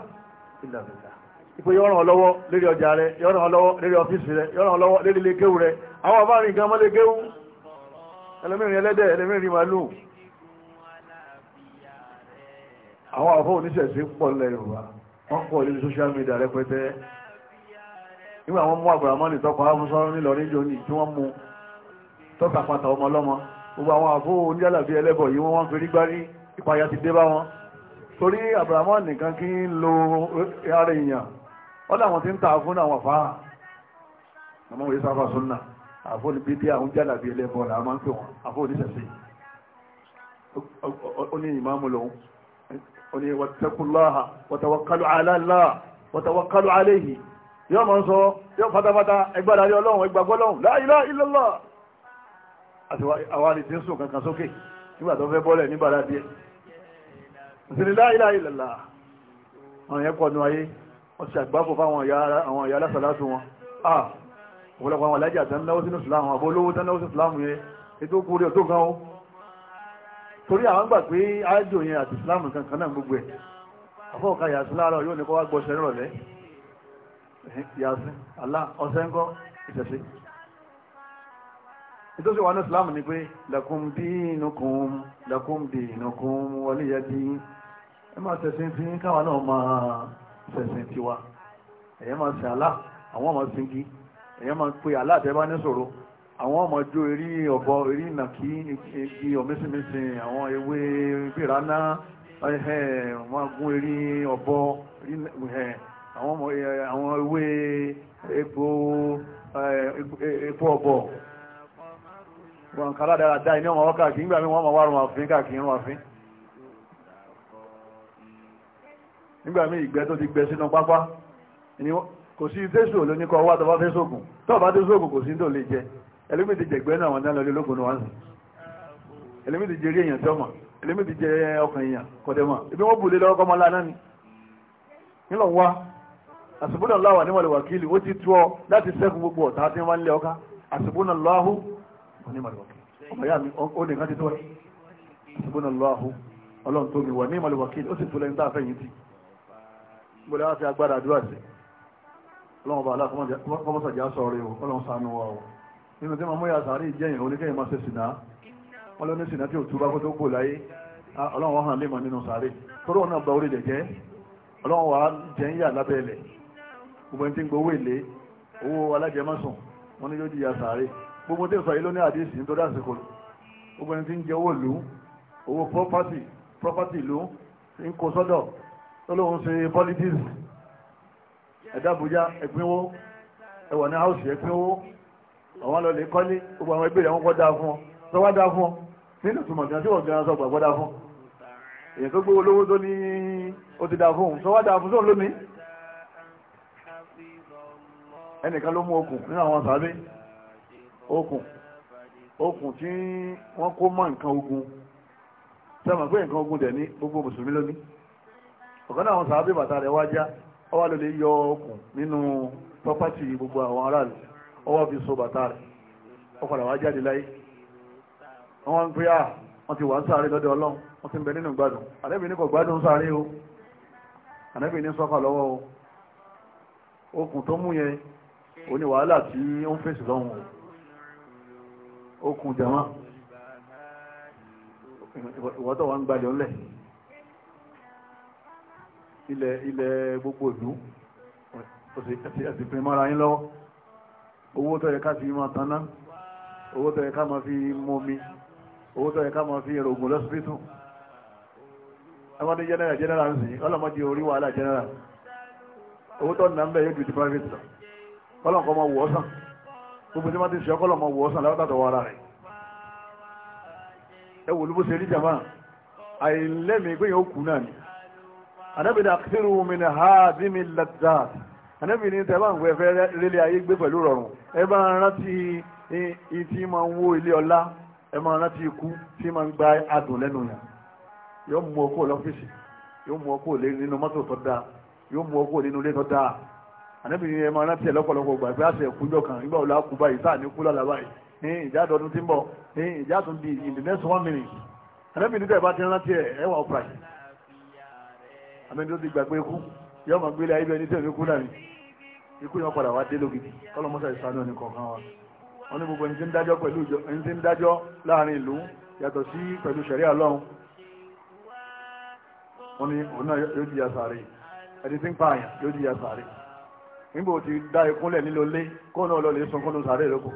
illa billah ìpè yọ ràn lọ́wọ́ lérí ọjà rẹ yọ ràn lọ́wọ́ lérí ọ́fíìsì rẹ yọ ràn lọ́wọ́ lérí ilékéwù rẹ àwọn ọba rìn gan mọ́lékéwù ẹlẹ́mìnrin ẹlẹ́dẹ̀ ẹlẹ́mìnrin màálù àwọn àfọ oníṣẹ̀sí pọ̀ lẹ́yìn wa wọ́n pọ̀ lórí social media rẹpẹtẹ nígbà wọn mú àgbàràmọ́nì tọ́pọ̀ áfúnṣọ́rọ́ nílọrin jòní tí wọ́n mú tọ́ta pàtà ọmọ ọlọ́mọ gbogbo àwọn àfó oníjàlàbí ti dé bá wọn torí àgbàràmọ́nì kan kí ń lo ara èèyàn ó láwọn tí ń ta àfún àwọn àfáà àmọ́ wòye sáfà súnà àfún ní bídí àwọn jálàbí ẹlẹ́bọ̀ là máa ń pè wọn àfún oníṣẹ̀ṣẹ̀ ó ní ìmáàmù lòun ó ní wàtẹ́kùláhà wàtàwàkálù aláàlá wàtàwàkálù aléhì yóò máa ń sọ yóò fatafata ẹgbàdà rí ọlọ́run ẹgbàgbọ́ lọ́run la ilaha illallah àti àwọn àrètí ń sùn kankan sókè nígbà tó fẹ́ bọ́lẹ̀ nígbà láti ẹ̀ òsì la ilaha illallah àwọn yẹn pọ̀ ayé wọ́n ti àgbáfò fáwọn ìyá alásàlásù wọn ah ọ̀pọ̀lọpọ̀ àwọn alájà tán náwó sínú ìsìláàmù àbó olówó tán náwó sínú ìsìláàmù yẹn ètò kúrò rẹ̀ tó gan ó torí àwọn gbà pé ájò yẹn àti ìsìláàmù kankan náà gbogbo ẹ̀ afọ́ọ̀ka yàsín láàárọ̀ yóò ní kọ́ wá gbọ́sẹ̀ rọ̀lẹ́ yàsín alá ọ̀sẹ̀ ńkọ́ ìṣẹ̀ṣe nítorí wà ní ìsìláàmù ni pé lakum dinukum lakum dinukum waliya din ẹ máa tẹ̀sí fi káwa náà máa sẹ̀sìn tiwa ẹ̀yẹ́ máa sin àlá àwọn máa sin kí ẹ̀yẹ́ máa pe àlá àtẹ́bá ní sọ̀rọ̀ àwọn máa jó erí ọ̀bọ erí ìnàkí igi ọ̀mísìmísìn àwọn ewé bìrànà máa gún erí ọ̀bọ àwọn ewé epo epo ọ̀bọ wọn kàlá dáadáa iná wọn káàkiri nígbà mi wọn máa wá rùn àfin káàkiri rùn àfin. nígbà mí ìgbẹ́ tó ti gbẹ sínú pápá kò sí tẹ́sù ló ní kọ́ wá tọ́ bá fẹ́ sóògùn tọ́ bá tẹ́ sóògùn kò sí tó lè jẹ ẹlẹ́mì ti jẹ̀gbẹ́ náà wọn náà lọ́lẹ́ lógun wọn sí ẹlẹ́mì ti jẹ eré èèyàn tí ẹlẹ́mì ti jẹ ọkàn èèyàn kọ́tẹ́ mọ́ ibi wọ́n bùlé lọ́wọ́ kọ́mọlá náà ni nílò wá àsìbúnà láwà níwọ̀lẹ̀ wàkílì ó ti tú ọ láti sẹ́kù gbogbo ọ̀tá tí wọ́n lé ọká àsìbúnà láhù onímọ̀lẹ̀ wàkílì ọmọ ìyá mi gbọ́dọ̀ láti agbára àdúrà sí ọlọ́run bá aláàkọ́mọ́sàjá sọ rẹ̀ ọlọ́run sànú wa o nínú tí ma mú yà sàárì jẹ́yìn oníkẹ́yìn máa ṣe sìnà wọ́n lọ́ní sìnà tí ò túbá kó tó kò láyé ọlọ́run hàn lè mọ̀ nínú sàárì tóró náà gba orí jẹ̀jẹ́ ọlọ́run wà jẹ́ ń yà lábẹ́ ilẹ̀ gbogbo ẹni tí ń gbowó èlé owó alájẹmọ́sùn wọn ni yóò di yà sàárì gbogbo tí ń sọ yìí ló ní àdéhìsì nítorí àsìkò gbogbo ẹni tí ń jẹ owó ìlú owó property property ìlú ń kó sọ́dọ̀ olóhun ṣe politics ẹ̀dá Àbújá ẹ̀pínwó ẹ̀wọ̀n ní house ẹ̀pínwó àwọn lọ lè kọ́lé gbogbo àwọn ẹgbẹ́ ìyàwó kọ́dá fún ọ tó wá dá fún ọ nínú ìtumọ̀ gan tí wọ́n gan sọ gbàgbọ́ dá fún èyàn tó gbé olówó tó ní ó ti dá fún òun tó wá dá fún sóun lómi ẹnìkan ló mú okùn nínú àwọn sàbí okùn okùn tí wọ́n kó mọ́ nǹkan ogun sẹ́mọ̀ pé nǹkan ogun dẹ̀ ní gbogbo mùsùlùmí lónìí ọ̀kan àwọn sàábì bàtà rẹ̀ wájá ọwá ló lè yọ okùn nínú pọ́pátì gbogbo àwọn aráàlú ọwọ́ fi so bàtà rẹ̀ ọkọ̀ àwọn ajáde láyé wọ́n ń pè á wọ́n ti wà ń sáré lọ́dọ̀ ọlọ́run wọ́n ti ń bẹ nínú gbádùn ànábì ní kò gbádùn sáré o ànábì ní sọ́kà lọ́wọ́ o okùn tó mú yẹn ò ní wàhálà tí ó ń fèsì lọ́hùn o okùn jàmá ìwọ́tọ̀ wà ń gbalẹ̀ ńlẹ̀ ilẹ̀ ilẹ̀ gbogbo ìlú ẹ̀sìn pin mọ́ra yín lọ́wọ́ owó tó yẹ ká fi máa taná owó tó ká máa fi mọ́mi owó tó ká máa fi rògùn lọ́sibítù ẹwọ́n ní jẹ́nẹ́rà jẹ́nẹ́rà ń sìn ọlọ́mọdé orí wàhálà jẹ́nẹ́rà owó tó nà ń bẹ̀ yóò ju ti private lọ kọ́lọ̀kọ́ gbogbo anábì ní akérò mi ní ha bí mi lẹ́dà anábì ní tẹ́ bá ń gbẹ́fẹ́ rẹ́lẹ̀ ayé gbé pẹ̀lú rọrùn ẹ bá rántí ìtì máa ń wó ilé ọlá ẹ máa rántí ikú tí máa ń gba adùn lẹ́nu yàn yóò mú ọkọ̀ lọ́fíìsì yóò mú ọkọ̀ lé nínú mọ́tò tó dáa yóò mú ọkọ̀ nínú ilé tó dáa anábì ní ẹ máa rántí ẹ lọ́pọ̀lọpọ̀ gbà pé àṣẹ ìkújọ kan nígbà wo la kú báyìí sáà ní kú lọ́la báyìí ní ìjà àdọ́dún tí ń bọ̀ ní ìjà àtúndì in the next one minute anábì àmì tó ti gbàgbé ikú yóò máa gbélé ayé bí ẹni tẹ̀lé ikú náà ni ikú yẹn padà wá dé lógidi kọ́lọ́ mọ́sá ìsánú ẹni kọ̀ọ̀kan wa wọn ní gbogbo ẹni tí ń dájọ́ pẹ̀lú ìjọ ẹni tí ń dájọ́ láàrin ìlú yàtọ̀ sí pẹ̀lú sẹ̀rí àlọ́run wọn ni òun náà yóò di àsàrè ẹni tí ń pa àyàn yóò di àsàrè nígbà tí dá ikúnlẹ̀ nílò lé kóun náà lọ lè sun kóun sàrè lóko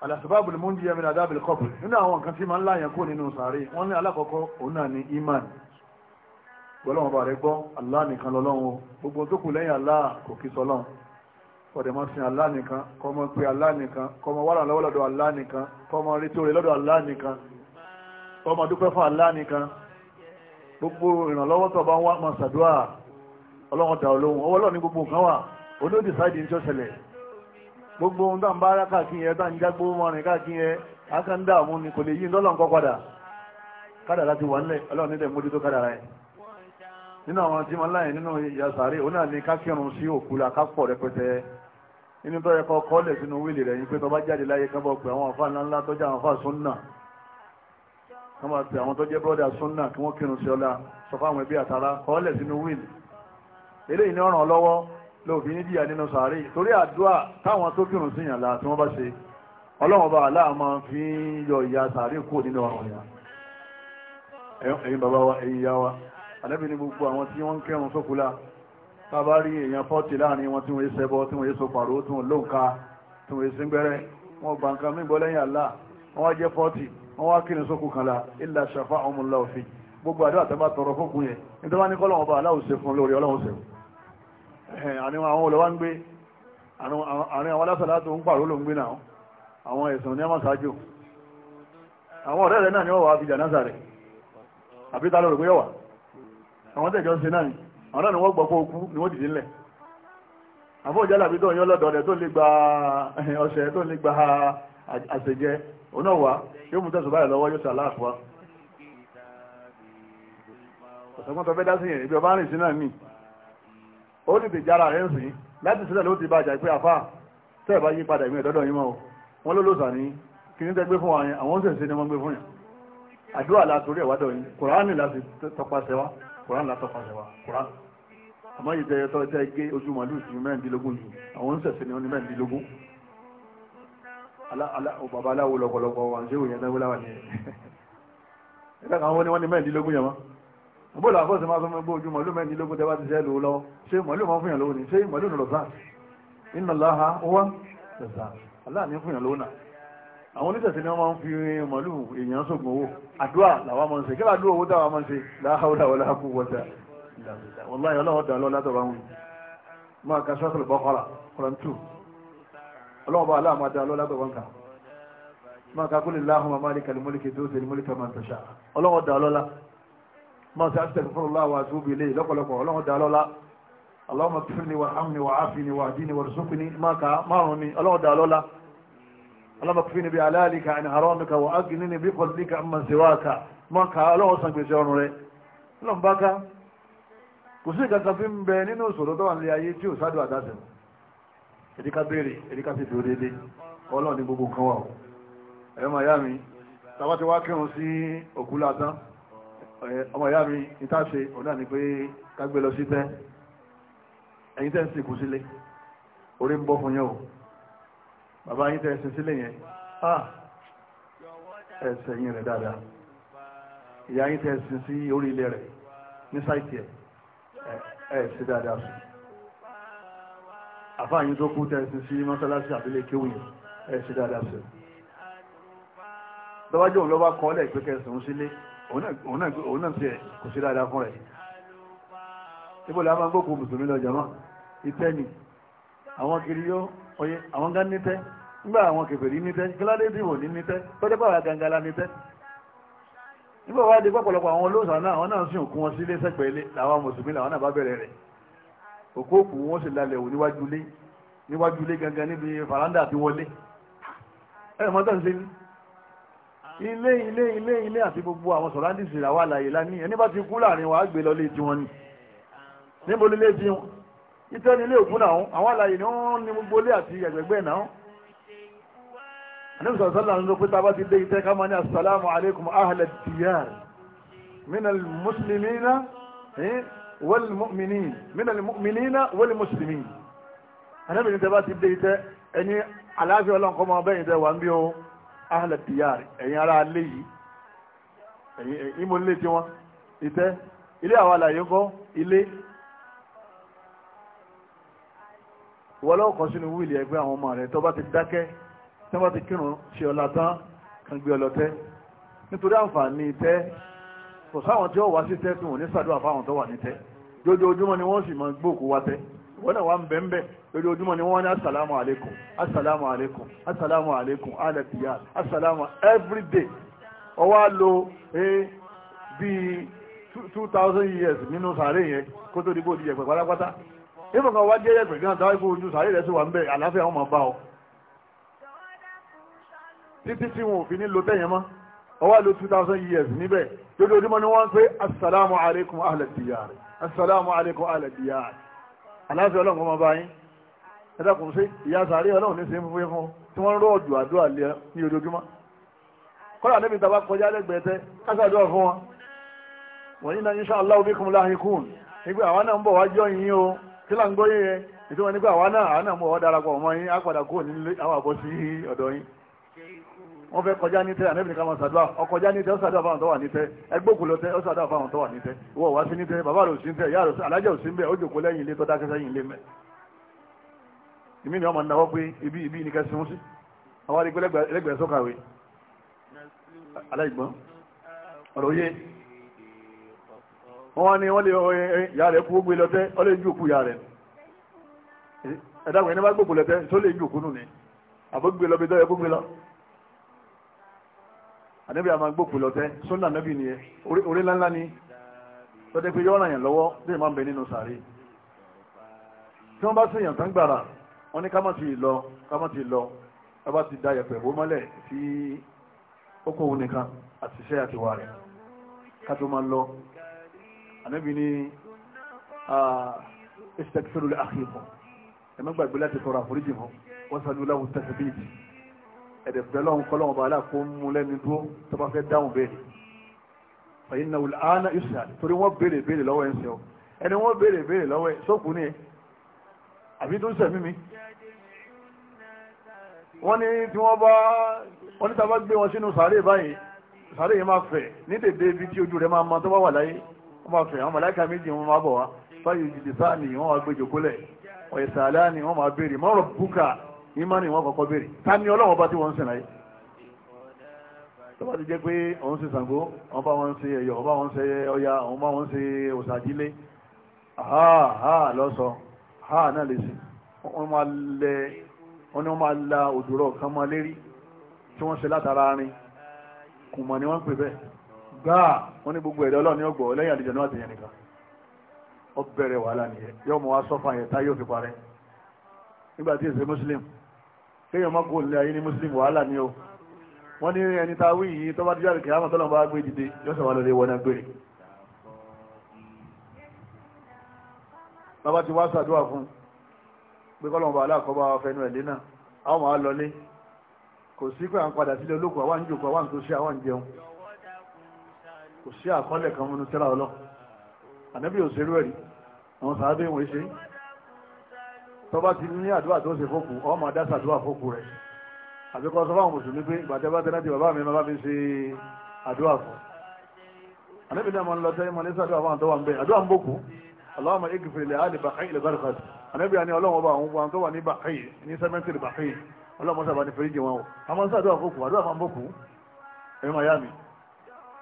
alàsùbáàbù ni mo ń di ẹmí adábìlì kọ́pù nínú àwọn nǹkan tí máa ń láyàn kó nínú sàrè wọn ní alákọ̀ọ́kọ́ òun náà ni imani gbọ́lọ́wọ́n bá rẹ gbọ́ Allah nìkan lọ́lọ́wọ́ gbogbo tó kù lẹ́yìn Allah kò kí sọlọ́n ọ̀dẹ̀ máa sin Allah nìkan kọ́ mọ́ pé Allah nìkan kọ́ mọ́ wàrà lọ́wọ́ lọ́dọ̀ Allah nìkan kọ́ mọ́ retí orí lọ́dọ̀ Allah nìkan kọ́ mọ́ dúpẹ́ fún Allah nìkan gbogbo ìrànlọ́wọ́ tó bá ń wá máa ṣàdúrà ọlọ́run dà olóhùn ọwọ́ lọ́ọ̀ ní gbogbo nǹkan wà olóòdì sáìdì ń ṣọṣẹlẹ̀ gbogbo ohun tá ń bá ara káàkiri yẹn tá ń jágbó mọrin káàkiri yẹn á kàn dààmú ni kò lè yí ń lọ́lọ́ nǹkan padà kádàrá ti wà ńlẹ̀ ọlọ́run ní tẹ̀ mójútó kádàrá yẹn nínú àwọn tí ma láyé nínú yasare òun náà ní ká kírun sí òkú la ká pọ̀ rẹpẹtẹ nínú tó yẹ kọ́ kọ́lẹ̀ sínú wíìlì rẹ̀ yín pé tó bá jáde láyé ká bọ̀ pé àwọn àfa ńlá ńlá tó jẹ́ àwọn àfa súnà ká máa pè àwọn tó jẹ́ bọ́dà súnà kí wọ́n kírun sí ọlá sọ fún àwọn ẹbí àtàrà kọ́lẹ̀ sínú wíìlì eléyìí ní ọ̀ràn lọ́wọ́ lóòfin ní jìyà sàárè torí àdúrà táwọn tó kírun sí yàn la tí wọ́n bá ṣe ọlọ́run ọba aláà máa fi ń yọ ìyà sàárè kúrò nínú ọ̀ràn yà bàbá wa ẹ̀yin yá wa ànábì ní gbogbo àwọn tí wọ́n ń kẹrùn sókúlá tàbá rí èèyàn fọ́tì láàrin wọn tí wọ́n ṣẹbọ tí wọ́n so pàró tí wọ́n lóǹka tí wọ́n síngbẹ́rẹ́ wọn gbà nǹkan mímbọ́ lẹ́yìn àlá wọn wá jẹ́ fọ́tì wọn wá kírun sókù kan la ilà ṣàfà ọmọlá òfin gbogbo àdó àtàbà tọrọ fókun yẹn nítorí wọn ní kọ́ lọ́wọ́ bá aláwọ̀ ṣe fún lórí ọlọ́wọ́ ṣe àwọn olùwà ń gbé àrin àwọn alásàlá tó ọ̀rẹ́ rẹ̀ náà ni wọ́n wà á fi jà náà sàrẹ̀ àbí ta pé yọ̀ àwọn tẹ̀jọ́ ń ṣe náà ni àwọn náà ni wọ́n gbọ́ pé okú ni wọ́n dìde ńlẹ̀ àfọ̀jẹ́ làbí tó ń yọ lọ́dọ̀ rẹ̀ tó lè gba eh, ọ̀sẹ̀ tó lè gba àṣejẹ òun náà wá yóò mú tẹ̀sùn báyìí lọ́wọ́ yóò ṣe aláàfọ́ ọ̀sẹ̀kún tó fẹ́ dá sí yẹn ibi ọba rìn sí náà nì ó tètè jára rẹ̀ ń sìn láti sílẹ̀ ló ti bàjẹ́ pé àfà tẹ́ẹ̀ bá yí padà ìmú ẹ̀dọ́dọ̀ yín mọ́ wọn ló lòsàn ní kí ní tẹ́ gbé fún wa yẹn àwọn ó sì ń ṣe ni wọ́n gbé fún yẹn àdúrà la torí ẹ̀wádọ̀ yín kùránì la sì tọpasẹ̀ wa koran látọ̀ kan ṣẹwa koran àmọ́ ìjẹyẹ tó ẹjẹ́ gé ojú màálù sí mẹ́rìndínlógún yìí àwọn oníṣẹ̀ṣẹ̀ ni wọ́n ní mẹ́rìndínlógún bàbá aláwo lọ́pọ̀lọpọ̀ wà ń ṣéwò yẹn náwó láwà ní ẹ̀ka kan wọ́n ní wọ́n ní mẹ́rìndínlógún yẹn mọ́ bóòlù àfọ́sẹ̀ máa sọmọ bóòjú màálù mẹ́rìndínlógún tẹ́ bá ti ṣe lò lọ ṣé màálù máa fúnyàn lówó ni ṣé màálù nù lọ́sàn Inna Allaha huwa lọ́sàn aláàní fúnyàn lówó náà àwọn oníṣẹ̀sí ni wọ́n máa ń fi màálù èèyàn sógun owó àdúrà làwọn máa ń ṣe kí làdúrà owó táwọn máa ń ṣe láhàúlà wọlé àkú wọta wọláyà ọlọ́wọ́ dà lọ látọ̀ báwọn máa ka sọ́sọ̀lù bọ́ kọ́ra kọ́rọ̀ntù ọlọ́wọ́ bá aláàmà dà lọ látọ̀ bánkà máa ka kúlè láhùn máa ní kàlímọ́lìkì tó ṣe nímọ́lìkà máa ń tọ̀ṣà ọlọ́wọ́ dà lọ́la máa ṣe اللهم اكفني بحلالك عن حرامك واغنني بفضلك عمن سواك ما كان الله سان بيسي ọ̀run rẹ̀ ọlọ́run bá ká kò sí ìkàkà fi ń bẹ nínú ìṣòro tó wà nílé ayé tí ò sádùn àdásẹ̀ èdíká béèrè èdíká sì dúró dédé ọlọ́run ní gbogbo kan wà ó ẹ̀rọ ọmọ ìyá mi tàbá ti wá kírun sí òkú látán ọmọ ìyá mi ní tá a ṣe òun náà ni pé ká gbé lọ sí tẹ́ ẹ̀yin tẹ́ ń sìnkú sílé orí ń bọ́ fún yẹn o bàbá yín tẹ̀sẹ̀ sílẹ̀ yẹn ah, ẹsẹ̀ yín rẹ̀ dáadáa ìyá yín tẹ̀sẹ̀ sí orí ilé rẹ̀ ní sáìtì ẹ̀ ẹ̀sẹ̀ dáadáa sùn àfáà yín tó kú tẹ̀sẹ̀ sí mọ́sálásí àbílẹ̀ kéwìyàn ẹ̀sẹ̀ dáadáa sùn tọ́wájú òun ló bá kọ́ lẹ̀ pé kẹsàn-án sílé òun náà ti ẹ̀ kò sí dáadáa fún rẹ̀ níbo la máa ń gbókùn mùsùlùmí lọ jọmọ́ ìtẹ́ni àwọn kiri yóò oye àwọn gan nítẹ́ nígbà àwọn kèfèrí nítẹ́ kíládé dìbò ní nítẹ́ tọ́jọ́ pàwọ́ gangala nítẹ́ nígbà wá di pọ̀pọ̀lọpọ̀ àwọn olóòsàn náà àwọn náà sì òkú wọn sílé sẹ́pẹ̀ ilé làwọn mùsùlùmí làwọn náà bá bẹ̀rẹ̀ rẹ̀ òkú òkú wọn sì lalẹ̀ wò níwájú ilé níwájú ilé gangan níbi faranda àti wọlé ẹ̀ mọ́tò ń ṣe ní ilé ilé ilé ilé àti gbogbo àwọn sọ̀rọ̀ títẹ́ ní ilé ògùn náà àwọn àlàyé ni wọ́n ní gbogbo ilé àti ẹgbẹ̀gbẹ̀ náà àníbi sọ̀rọ̀ sọ́lá ń lọ pé tábà ti dé ìtẹ́ ká máa ní asalaamu alaykum ahlẹ̀ diyar minal muslimina wal mu'minin minal mu'minina wal muslimin àníbi ní tábà ti dé ìtẹ́ ẹni aláàfin ọlọ́run kọ́ máa bẹ́yìn tẹ́ wà ń bí o ahlẹ̀ diyar ẹ̀yin ara alẹ́ yìí ìmọ̀lẹ́ tiwọn ìtẹ́ ilé àwọn àlàyé ńkọ́ ilé ìwọ lọ́wọ́ kan sínú wíìlì ẹgbẹ́ àwọn ọmọ rẹ̀ tó bá ti dákẹ́ tó bá ti kírun ṣe ọ̀la tán kan gbé ọlọ́tẹ́ nítorí àǹfààní tẹ́ kò sáwọn tí ó wá sí tẹ́ tí wọ́n ní sàdúrà fáwọn tó wà ní tẹ́ lójoojúmọ́ ni wọ́n sì máa gbóòkú wá tẹ́ ìwọ náà wà ń bẹ̀ ń bẹ̀ lójoojúmọ́ ni wọ́n ní asàlámù àlékún asàlámù àlékún asàlámù àlékún alẹ́tìyà asàlámù everyday ọwọ́ á lo bíi two thousand years nínú sàárè yẹn kó tó di bó pátápátá nígbà kan wá jẹ́yẹ̀ pẹ̀lú náà táwọn ojú sàárè rẹ̀ sì wà ń bẹ̀ àlàáfíà wọn máa bá ọ títí tí wọn ò fi ní lo tẹ̀yẹ̀ mọ́ ọwọ́ lo two years níbẹ̀ lójoojúmọ́ ni wọ́n ń pé asalaamu aleykum ahlẹ̀ diyaari asalaamu aleykum àlàáfíà ọlọ́run kọ́ máa bá yín ẹ̀dàkùn sí ìyá sàárè ọlọ́run ní sẹ́yìn fún tí wọ́n ń rọ́ ọ̀dù àdúrà lé ní ojoojúmọ́ kọ́lá níbi tàbá kọjá lẹ́gbẹ̀ẹ́ tẹ́ kásàdúrà fún wọn wọ́n yín náà insha Allah bikum lahikun nígbà àwọn náà ń bọ̀ wájọ́ yín o kí là ń gbọ́ yẹn ètò wọn nígbà wa náà àwọn àmọ́ darapọ̀ ọmọ yín á padà kúrò nílé àwọn àbọ̀ sí ọdọ yín wọ́n fẹ́ kọjá ní tẹ́ ànẹ́bìnrin ká máa ṣàdúrà ọkọjá ní tẹ́ ó ṣàdúrà fáwọn tó wà ní tẹ́ ẹgbókù lọ tẹ́ ó ṣàdúrà fáwọn tó wà ní tẹ́ ìwọ wá sí ní tẹ́ bàbá rò sí tẹ́ ìyá rò sí alájà ò sí ń ó jòkó ni pé ibi ibi ni kẹsì ń sí àwọn wọ́n ní wọ́n lè ìyá rẹ̀ kú ó gbé lọ́tẹ́ ó lè ju òkú ìyá rẹ̀ ẹ̀dàgbọ̀n ẹni bá gbòkú lọ́tẹ́ tó lè ju òkú nù ní àbó gbé lọ́bi tó yẹ kó gbé lọ. ànábì àmà gbòkú lọ́tẹ́ sọ́nà ànábì nìyẹn orí ńláńlá ni tọ́jú pé yọ́ọ̀ràn yàn lọ́wọ́ bí ìmọ̀ bẹ nínú sàárè tí wọ́n bá sèèyàn tán gbàrà wọ́n ní kámọ́ ti lọ kámọ́ ti lọ ẹ bá ti da yẹ̀pẹ̀ bó mọ́lẹ̀ sí okòwò nìkan àtìṣe àtiwà rẹ̀ ká tó máa lọ ànábì ní ah, istaghfiru li akhikum ẹ má gbàgbé láti tọrọ àforíjì hàn wọ́n sanu láwùjọ tẹ̀síbíyìí ẹ̀dẹ̀ bẹ́ẹ̀ lọ́hùn kọ́lọ́hùn bàálà kó mú lẹ́nu dúró tó bá fẹ́ dáhùn béèrè fàyín náà àánà israel torí wọ́n béèrè béèrè lọ́wọ́ ẹ̀ńsẹ̀ o ẹni wọ́n béèrè béèrè lọ́wọ́ ẹ̀ sókù ni ẹ̀ àbí tó ń sẹ̀mí mi wọ́n ní tí wọ́n bá wọ́n ní tá a bá gbé wọn sínú sàárè báyìí sàárè yìí máa fẹ̀ ní dèdè ibi tí ojú rẹ̀ máa ma tó bá wà láyé wọ́n máa fẹ̀ àwọn màláìka méjì wọn máa bọ̀ wá fáyọ̀ jìdì sáàni wọ́n máa gbéjò kólẹ̀ ọ̀yẹ̀sàlá ni wọ́n máa béèrè mọ́rọ̀ búkà ìmọ̀ ni wọ́n kọ́kọ́ béèrè ta ni ọlọ́wọ́ bá tí wọ́n ń sìn láyé tó bá ti jẹ́ pé òun ṣe Ṣàngó òun bá wọn ṣe ẹ̀yọ̀ òun bá wọn ṣe Ọya òun bá wọn ṣe òṣàjílé ha ha lọ́sọ ha náà lè sìn wọ́n máa lẹ wọ́n ni wọ́n máa la òdòrọ̀ gbáà wọ́n ní gbogbo ẹ̀dọ́ ọlọ́ni ọgbọ̀ lẹ́yìn àlejò ti tẹ̀yẹ nìkan ó bẹ̀rẹ̀ wàhálà nìyẹn yóò mọ̀ wá sọ́fà yẹn tá yóò fi parẹ́ nígbà tí èsè muslim kéèyàn má kó lè ayé ní muslim wàhálà ni o wọ́n ní ẹni tá wí yìí tó bá díjà kìí àmọ́ tọ́lọ́ bá gbé dìde yóò sọ̀rọ̀ wọn gbére bàbá fún pé fẹnu kò sí àkọọ́lẹ̀ kan múnú tẹ́lá ọlọ́ ànábì ò ṣerú ẹ̀rí àwọn sàábé wọn ṣe tó bá ti ní àdúrà tó ṣe fókù ọmọ adá sàdúrà fókù rẹ̀ àbíkọ́ sọ fáwọn mùsùlùmí pé ìgbàtẹ́ bá tẹ́lá ti bàbá mi máa fi ṣe àdúrà fún ànábì náà máa ń lọ tẹ́lẹ̀ máa ní sàdúrà fáwọn tó wà ń bẹ àdúrà ń bòkù Allahumma igfir li ali bàkàyè lè bàrẹ̀ kàtì ànábì àni ọlọ́wọ́ bá àwọn wọn tó wà ní bàkàyè ní sẹ́mẹ́ntì bàkàyè ọlọ́mọ sábà ní fèrèjì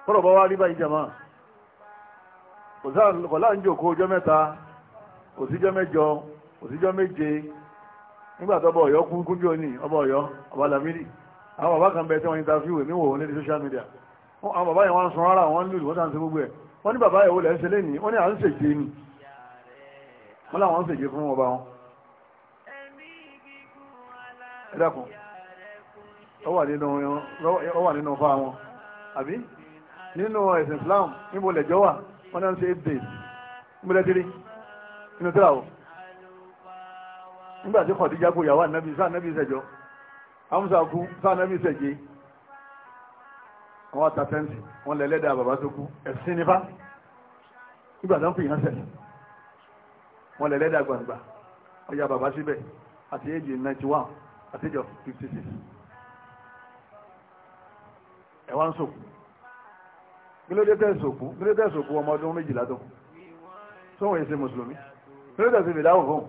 tọ́rọ̀ bá wá rí báyìí jẹ̀mọ́ kò láà ń jòkó ọjọ́ mẹ́ta kò síjọ́ mẹ́jọ kò síjọ́ méje nígbà tó ọba ọ̀yọ́ kú kúndí òní ọba ọ̀yọ́ ọba lamidi àwọn bàbá kan bẹ tí wọ́n interview èmi wò ní social media àwọn bàbá yẹn wọ́n ń sun ara wọ́n lùlù wọ́n tàǹsí gbogbo ẹ̀ wọ́n ní bàbá ìwò lẹ̀ ń ṣe lẹ́nìí wọ́n ní à ń ṣèjé ni wọ́n láwọn ń ṣèjé fún ọba wọn ẹ̀dàkùn ó wà nínú fa wọn àbí nínú ẹ̀sìn Islam níbo lẹ̀jọ́ wà wọ́n náà ń ṣe eight days níbo lẹ́tìrí inú tíra o nígbà tí kọ̀díjà kò yàwó ànábì sáà ànábì ìṣẹ̀jọ́ amúsà kú sáà ànábì ìṣẹ̀jẹ́ àwọn àtàtẹ́ǹtì wọn lẹ́lẹ́dà bàbá tó kú ẹ̀sìn nípa nígbà tó ń fi ìhánṣẹ́ wọn lẹ́lẹ́dà gbàǹgbà ọjà bàbá síbẹ̀ àti èjì 91 àtijọ́ 56 ẹ̀wọ̀n sọ̀kù kílódé tẹ̀sọ̀kú kílódé tẹ̀sọ̀kú ọmọ ọdún méjìlá tó sóhun èsè mùsùlùmí kílódé tẹ̀sọ̀ fìdáwò fún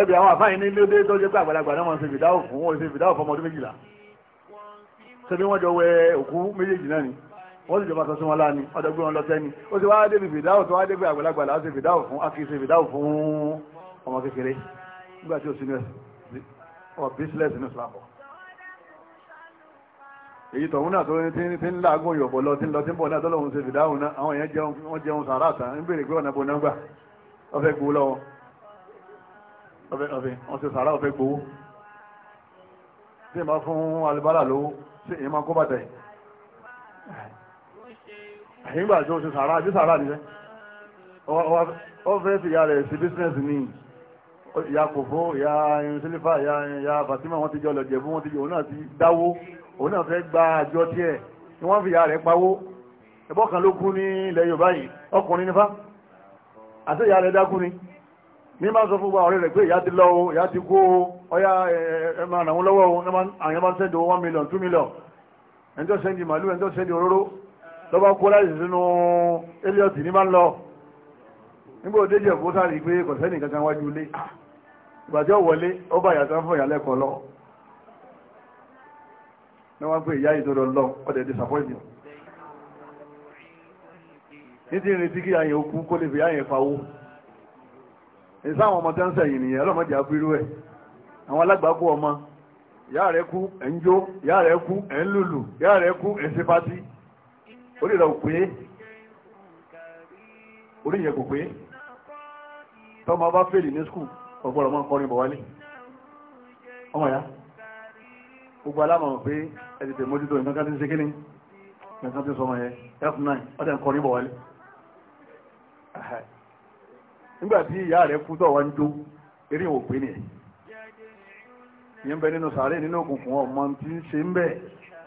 ẹbí àwọn àfáàyìn ní lóde tó jẹ́ pé àgbàlagbà náà wọ́n ṣe fìdáwò fún wọn ṣe fìdáwò fún ọmọ ọdún méjìlá ṣebí wọ́n jọ wẹ òkú méjèèjì náà ni wọ́n sì jọba sọ sí wọn láàánú ọdọ gbé wọn lọ tẹ́ni ó sì wáá débi fìdáwò tó wáá débi àgbàlagbà làá ṣe fìdáwò fún a kì í ṣe fìdáwò fún ọmọ kékeré nígbà tí ò sínú ẹ̀ ọ̀ bísílẹ̀ sínú ìsìlámù èyí tọ̀hún náà tó ní tí ń láàgùn yòbọ̀ lọ tí ń lọ tí ń bọ̀ náà tó lọ́hún ṣe fìdáhùn náà àwọn èèyàn jẹun wọ́n jẹun sàárà tán ń béèrè pé ọ̀nà bò náà gbà ọ̀fẹ́ gbowó lọ́wọ́ ọ̀fẹ́ wọ́n ṣe sàárà ọ̀fẹ́ gbowó tí ìmọ̀ fún alibálà lówó sí ìmọ̀ kó bàtẹ̀ ìgbà tí ó ṣe sàárà àbí sàárà nìyẹn ọ̀fẹ́ fi ìyá rẹ̀ sí bísínẹ́sì ní ìyá kòfó ìyá irin sílífà ìyá Fatima wọ́n ti jọ lọ̀jẹ̀ fún wọ́n ti jọ náà ti dáwó òun náà fẹ́ gba àjọ tiẹ̀ ni wọ́n fi ìyá rẹ̀ pawó ẹ̀bọ́ kan ló kú ní ilẹ̀ Yorùbá yìí ọkùnrin nífá àti ìyá rẹ̀ dákú ni ní máa sọ fún wa ọ̀rẹ́ rẹ̀ pé ìyá ti lọ o ìyá ti kú o ọyá ẹ máa lọ́wọ́ o àyàn bá ń sẹ́ndì one million two million ẹni tó sẹ́ndì màálù ẹni tó sẹ́ndì òróró lọ́ba kú láì sínú Elliot ní máa ń lọ nígbà òde jẹ̀ fún sáré pé kò sẹ́nì kankan wájú ilé ìgbà tí ó wọlé ó bá ìyàtọ̀ fún ìyàlẹ́kọ̀ọ́ lọ ní wọ́n pé ìyá ìtòrò lọ ọdẹ̀ disappoint you ní ti rìn tí kí àyẹ̀ okú kó lè fi àyẹ̀ fawó ìsá àwọn ọmọ tẹ́ńsẹ̀ yìí nìyẹn ọlọ́mọdé abirú ẹ̀ àwọn alágbàkú ọmọ ìyá rẹ̀ kú ẹ̀ ń jó ìyá rẹ̀ kú ẹ̀ ń lùlù ìyá rẹ̀ kú ẹ̀ ń ṣe pátí orí rẹ̀ ò kò pé tọ́mọ bá fèlì ní skul ọ̀gbọ́n ọmọ kọrin bọ̀ wálé ọmọ ya gbogbo alámọ̀ pé ẹ̀tẹ̀tẹ̀ mójútó nǹkan kan tí ń ṣe kíní nǹkan tí ń sọmọ yẹn f9 ọdẹ nǹkan oníbọ̀ wọlé nígbà tí ìyá rẹ̀ kú tọ̀ wá ń jó eré ìwò pé nìyẹn ìyẹn bẹ nínú sàárè nínú òkùnkùn ọmọ tí ń ṣe ń bẹ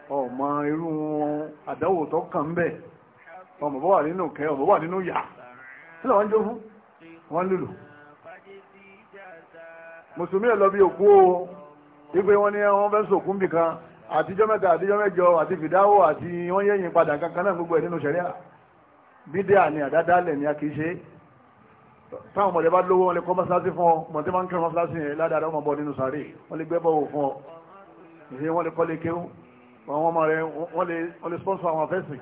ọmọ irú àdáwò tó kàn ń bẹ ọmọ bọ́ wà nínú kẹ ọmọ wà nínú yà tí làwọn jó fún wọn lùlù mùsùlùmí ẹ̀ lọ bí òkú o wípé wọ́n ní wọ́n fẹ́ sòkún bì kan àtijọ́ mẹ́ta àtijọ́ mẹ́jọ àti fìdáwò àti wọ́n yẹ̀yìn padà kankan náà gbogbo ẹ̀ nínú sẹ̀ríà bídíà ni àdádálẹ̀ ni a kì í ṣe táwọn mọ̀lẹ́ bá lówó wọn lè kọ́ mọ́sálásí fún ọ mọ̀tí máa ń kírun mọ́sálásí yẹn ládàá wọn bọ̀ nínú sàárè wọ́n lè gbẹ́bọ̀ wò fún ọ ìṣe wọ́n lè kọ́lé kéwú àwọn ọmọ rẹ wọ́n lè sponsor àwọn afẹ́sìn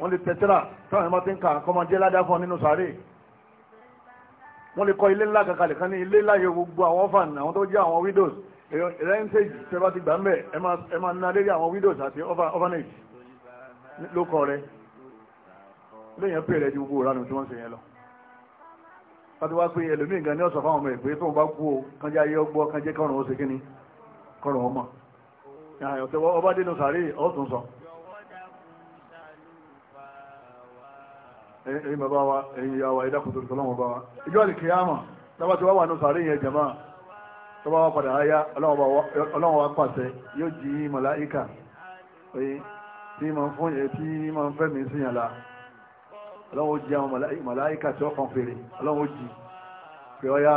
wọ́n lè tẹ̀tẹ́rà táwọn ẹ̀ máa ti ń kà kọ́mọ ládàá fún ọ nínú sàárè wọ́n lè kọ́ ilé ńlá kankalẹ̀ kan ní ilé ńlá yóò gbogbo àwọn fan àwọn tó jẹ́ àwọn widows rẹ́ńtẹ́jì tẹ́bá ti gbà ń bẹ̀ ẹ máa ná lérí àwọn widows àti orphanage ló kọ́ rẹ léèyàn pè rẹ ju gbogbo ìranù tí wọ́n ṣe yẹn lọ. wọ́n ti wá pé ẹlòmíì gan ní ọ̀sán fáwọn ọmọ ìpè tóun bá kú o kánjá ayé ọgbọ́ kánjẹ́ kọrùn ó ṣe kíní kọrùn ọmọ. ọba dénú sàárè ọ̀tún ẹ̀yin bàbá wa ẹ̀yin ìyá wa ẹ̀dá kòtò kìyàmà lọ́wọ́ wọ́n wà ní sàárè yẹn jẹ̀mọ́ tọ́wọ́ padà ayá ọlọ́wọ́ pàṣẹ yóò jí màláíkà tí ma ń fún yẹn tí ma ń fẹ́ mi sí yàn la ọlọ́wọ́ jí àwọn màláíkà tí wọ́n kàn fèrè ọlọ́wọ́ jí pé ọya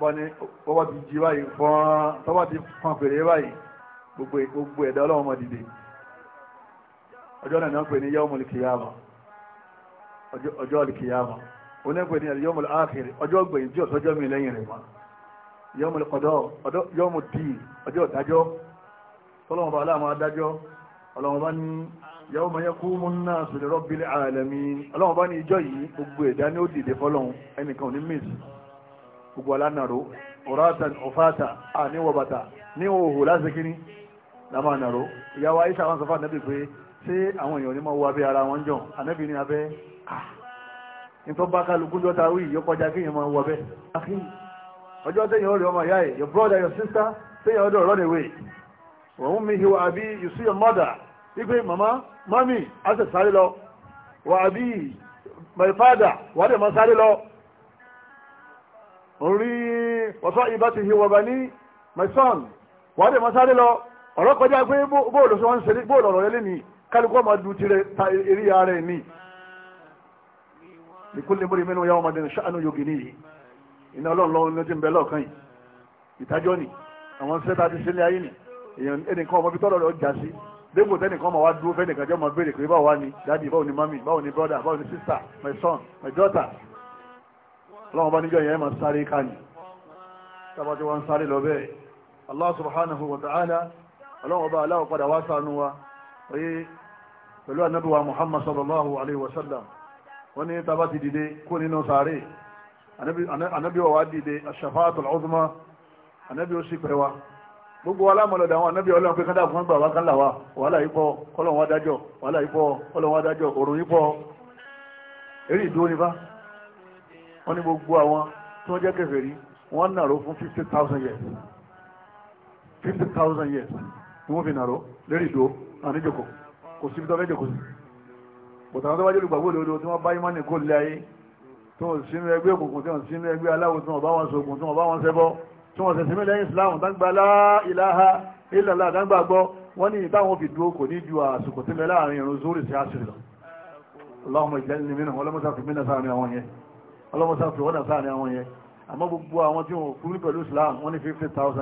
bọ́wọ́ ti jí báyìí fọ́n tọ́wọ́ ti ọjọ́ náà ni pè ní yawmul kiyama ọjọ́ alìkìyàmà onígbè ní yọ́mù ààfẹ́rẹ́ ọjọ́ gbẹ̀yìn tí ọ̀sọ́jọ́ mi lẹ́yìn rẹ̀ wá yọ́mù kọ̀dọ̀ yọ́mù dì ọjọ́ ìdájọ́ tọ́lọ́wọ́n bá aláàmọ́ adájọ́ ọlọ́wọ́n bá ní yàwó ma yẹ́kú mú náà sọ̀rọ̀ rọ́bìlì àlẹ́mí ọlọ́wọ́n bá ní ìjọ yìí gbogbo ẹ̀dá ní ó dìde fọ́lọ́hun ẹnìkan ní mìs gbogbo alánàró ọ̀rátàn ọ̀fáàtà àníwọ̀bàtà ní òhò lásìkíní lámànàró ìyàwó àyíṣà wọn sọ fún ànábì pé ṣé àwọn èèyàn ní máa wọ abẹ́ ara wọn jọ ànábì abẹ́ Ah. nǹkan bá kálukú jọ́ta wí ìyọ́kọjá kéèyàn máa wọ ọjọ́ tẹ̀yìn ọ̀rẹ́ ọmọ ìyá ẹ̀ your brother your sister your ọ̀dọ̀ run away. wọ́n mi hi wà abi you see your mother wípé mama mami a sì sáré lọ wà my father wà dẹ̀ máa sáré lọ. orí ti hi wà bá ní my son wà dẹ̀ máa sáré lọ ọ̀rọ̀ kọjá pé bóòlù sọ wọn ṣe bóòlù ọ̀rọ̀ rẹ lé kálukú ọmọ tirẹ̀ ta eré ara ẹ̀ ìkúlé múrí mẹ́nu yàwó ọmọdé ṣáánú yogi níyì iná ọlọ́run lọ́wọ́ ní ó ti ń bẹ lọ́ọ̀kan yìí ìtajọ́ ni àwọn sẹ́ta ti sílé ayé ni èèyàn ẹnìkan ọmọ bí tọ́lọ̀ rẹ̀ ọjà sí débò tẹ́nìkan máa wá dúró fẹ́nìkan jẹ́ ọmọ béèrè pé báwo wá ni dáàdi báwo ni mami báwo ni brother báwo ni sister my son my daughter ọlọ́run bá níjọ́ yẹn máa sáré ká ni tábàtí wọ́n ń sáré lọ bẹ́ẹ̀ Allah subhanahu wa ta'ala ọlọ́run ọba aláwọ̀ padà wá sànú wa oye pẹ̀lú anábìwá Muhammad sallallahu alayhi wa sallam wọ́n ní tàbá ti dìde kó nínú sàárè anábí ọ̀wá dìde aṣàfáàtọ̀ ọ̀dúnmọ́ anábí ó sì pẹ́ wa gbogbo alámọ̀lọ́dà àwọn anábí ọlọ́run pé kádà fún gbà wá kálà wa wàhálà yìí pọ̀ kọ́lọ̀wọ́ adájọ́ wàhálà yìí pọ̀ kọ́lọ̀wọ́ adájọ́ òrùn yìí pọ̀ eré ìdúró nípa wọ́n ní gbogbo àwọn tí wọ́n jẹ́ kèfèrí wọ́n nàró fún fifty thousand years fifty thousand years ni wọ́n fi nàró lérí ìdúró àníjòkó kò síbi tó fẹ́ jòkó sí òtàwọn tó wájú olùgbàgbọ́ òdodo tí wọ́n bá ìmánì kó lé ayé tí wọ́n sínú ẹgbẹ́ òkùnkùn tí wọ́n sínú ẹgbẹ́ aláwọ̀ tí wọ́n bá wọn sọ̀gùn tí wọ́n bá wọn ṣẹbọ tí wọ́n sẹ̀sìn mílẹ̀ ìsìláàmù dáńgbà láìláha ìlàlá dáńgbà gbọ́ wọ́n ní ìtàwọn fi dúró kò ní ju àsìkò tí mẹ́lá àárín ìrun zórí sí àṣírí lọ Allahumma ij'alni minhum ọlọ́mọsáfì mí náà sáàrin àwọn yẹn ọlọ́mọsáfì wọ́n náà sáàrin àwọn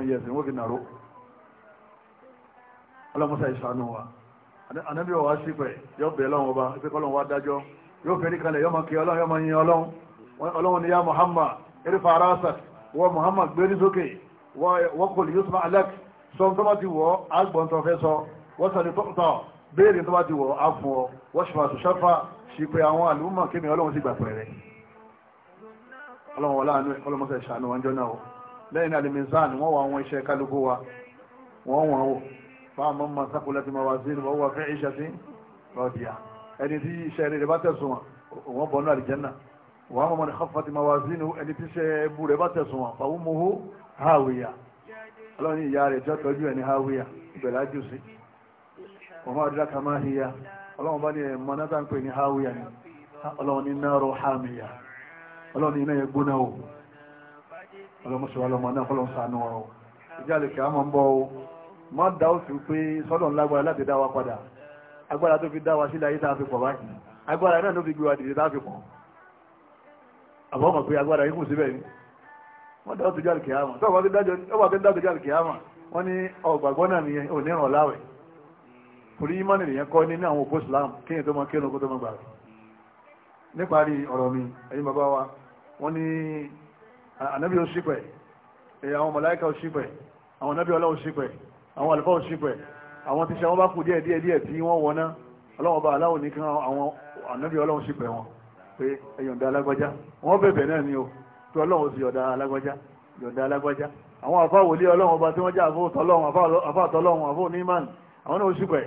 years ni wọ́n fi nàró ọlọ́mọsá ànábì ọ̀wá sípẹ̀ yóò bẹ̀ lọ́wọ́ ọba ife kọ́ lọ́wọ́ adájọ́ yóò fẹ́ níkalẹ̀ yóò ma kí ọlọ́run yóò ma yin ọlọ́run ọlọ́run ni ya muhammad erifa farasa wọ muhammad gbérí sókè wọ́n alak sọ tó ti wọ́ agbọ̀n tó n'i ti afọ wọ́n ṣe fàṣọ ṣáfà lẹ́yìn wa wọ́n wọ́n wò fáwọn mọ́ sákòlẹ́tì mawazin wọ́n wà fẹ́ iṣẹ́ sí rọ́díà ẹni tí iṣẹ́ rẹ̀ bá tẹ̀sùn wọn bọ̀ ní àlìjẹ́nà wọ́n mọ́ ní khaffati mawazin ẹni tí iṣẹ́ bú rẹ̀ bá tẹ̀sùn wọn fàwọn mọ́hó háwìyà ọlọ́ni ìyá rẹ̀ tí ó tọ́jú ẹni háwìyà ìbẹ̀rẹ̀ ájú sí wọ́n máa dúdá kama hìyà ọlọ́run bá ní ẹ̀mọ́ náà ń pè ní háwìyà ni ọlọ́run ní náàrọ̀ hàmìyà ọlọ́run iná yẹ gbóná o ọlọ́mọṣẹ́wà lọ́mọ náà fọlọ́n sànú ọ̀rọ̀ ìjà lè kí á mọ̀ ń bọ́ o má dá ó fi pé sọ́dọ̀ ńlágbára láti dá wa padà agbára tó fi dá wa sílẹ̀ ayé tá a fi pọ̀ báyìí agbára náà ló fi gbé wa dìde tá a fi pọ̀ àbọ̀ mọ̀ pé agbára yìí kù síbẹ̀ ni wọ́n dá ó tójú àlùkè àmà tó ọba fi dá tójú àlùkè àmà wọ́n ní ọgbàgbọ́ náà nìyẹn ò ní ràn láwẹ̀ torí ìmánì nìyẹn kọ́ nínú àwọn òpó Islam kéèyàn tó máa kéèyàn kó tó máa gbà rẹ̀ níparí ọ̀rọ̀ mi ẹ̀yin bàbá wa wọ́n ní ànábì ó ṣípẹ̀ àwọn màláíkà ó ṣípẹ̀ àwọn ànábì ọlá ó ṣípẹ̀ àwọn àlùfáà òṣìpẹ̀ àwọn tíṣà wọn bá kù díẹ̀ díẹ̀ díẹ̀ tí wọ́n wọná ọlọ́wọ́n bá aláwọ̀ ní kan àwọn ànábì ọlọ́run ṣìpẹ̀ wọn pé ẹ̀yọ̀ǹda alágbájá wọ́n bẹ̀bẹ̀ náà ni o pé ọlọ́run sì yọ̀ǹda alágbájá yọ̀ǹda alágbájá àwọn àfáà wòlíì ọlọ́run ọba tí wọ́n jẹ́ àfọ́tọ́lọ́run àfọ́tọ́lọ́run àfọ́ onímàn àwọn náà ṣìpẹ̀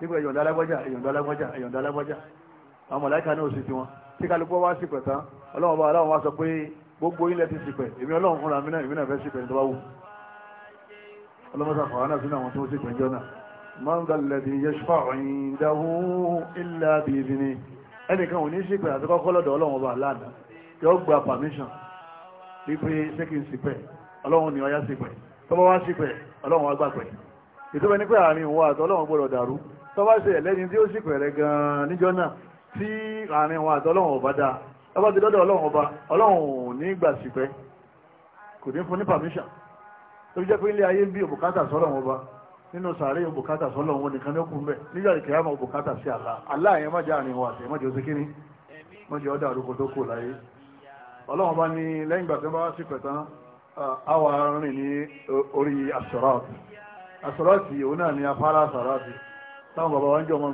nígbà ẹ̀yọ̀ǹda alágbájá ẹ̀yọ̀ǹda alágbájá ẹ̀yọ̀ǹda alágbájá àwọn mọ̀láìka náà sì tiwọn tí kálukú wá ṣìpẹ̀ tán aláwọ̀ wá sọ pé gbogbo ilẹ̀ ti ṣìpẹ̀ èmi ọlọ́run fúnra mi náà fẹ́ ṣìpẹ̀ nítorí wá wù اللهم fàwọn náà sínú àwọn tó من ṣètò ìjọ náà man dalladhi yashfa'u indahu illa bi'izni ẹnìkan ò ní ṣe pé àtọ́kọ́ kọ́lọ́dọ̀ ọlọ́run ọba aláàdá yóò gba permission wípé ṣé kí n sì pẹ̀ ọlọ́run ni ọyá sì pẹ̀ tọ́bọ́ wá sì pẹ̀ ọlọ́run àgbà pẹ̀ ìtọ́bẹ ní pé àárín òun àti ọlọ́run gbọ́dọ̀ dàrú tọ́bá ṣe ẹ̀lẹ́ni tí ó sì pẹ̀ rẹ̀ gan-an níjọ́ náà tí àárín òun àti ọlọ́run ọba dáa tọ́bá ti dọ́dọ̀ ọlọ́run ọba ọlọ́run ò ní gbà sí pẹ́ kò ní fún ní permission tó jẹ́ pé ilé ayé ń bí òbùkátà sọ́lọ̀ wọn bá nínú sàárè òbùkátà sọ́lọ̀ wọn nìkan ní òkun bẹ́ẹ̀ nígbà ìkẹyàmọ̀ òbùkátà sí àlá àlá yẹn má jẹ́ àrìn wọn àti ẹ̀mọ́jẹ́ oṣù kínní mọ́jẹ́ ọ̀dà àrùkọ tó kù láyé ọlọ́run bá ní lẹ́yìn ìgbà tí wọ́n bá sì pẹ̀tán àwa rìn ní orí asọ́rọ́ọ̀tì asọ́rọ́ọ̀tì òun náà ní afárá asọ́rọ́ọ̀tì táwọn bàbá wa ń jẹ́ ọmọ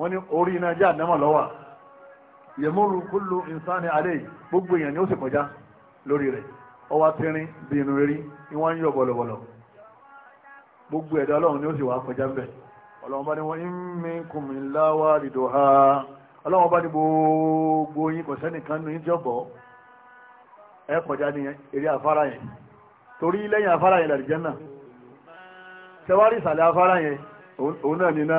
wọ́n ní orí iná jẹ́ àdámọ̀ lọ́wọ́ yẹmúrú kúlù ìsáni alẹ́ gbogbo èèyàn ni ó sì kọjá lórí rẹ̀ ọwọ́ tínrín bí inú rírí ni wọ́n ń yọ bọ̀lọ̀bọ̀lọ̀ gbogbo ẹ̀dá ọlọ́run ni ó sì wà kọjá ń bẹ̀ ọlọ́run bá ní wọ́n ń mí kùnmí láwá dìdò ha ọlọ́run bá ní gbogbo yín kò sẹ́nìkan ní ìjọbọ̀ ẹ kọjá ní eré afárá yẹn torí lẹ́yìn afárá yẹn làdìjẹ́ náà ṣẹwárí ìsàlẹ̀ afárá yẹn òun náà níná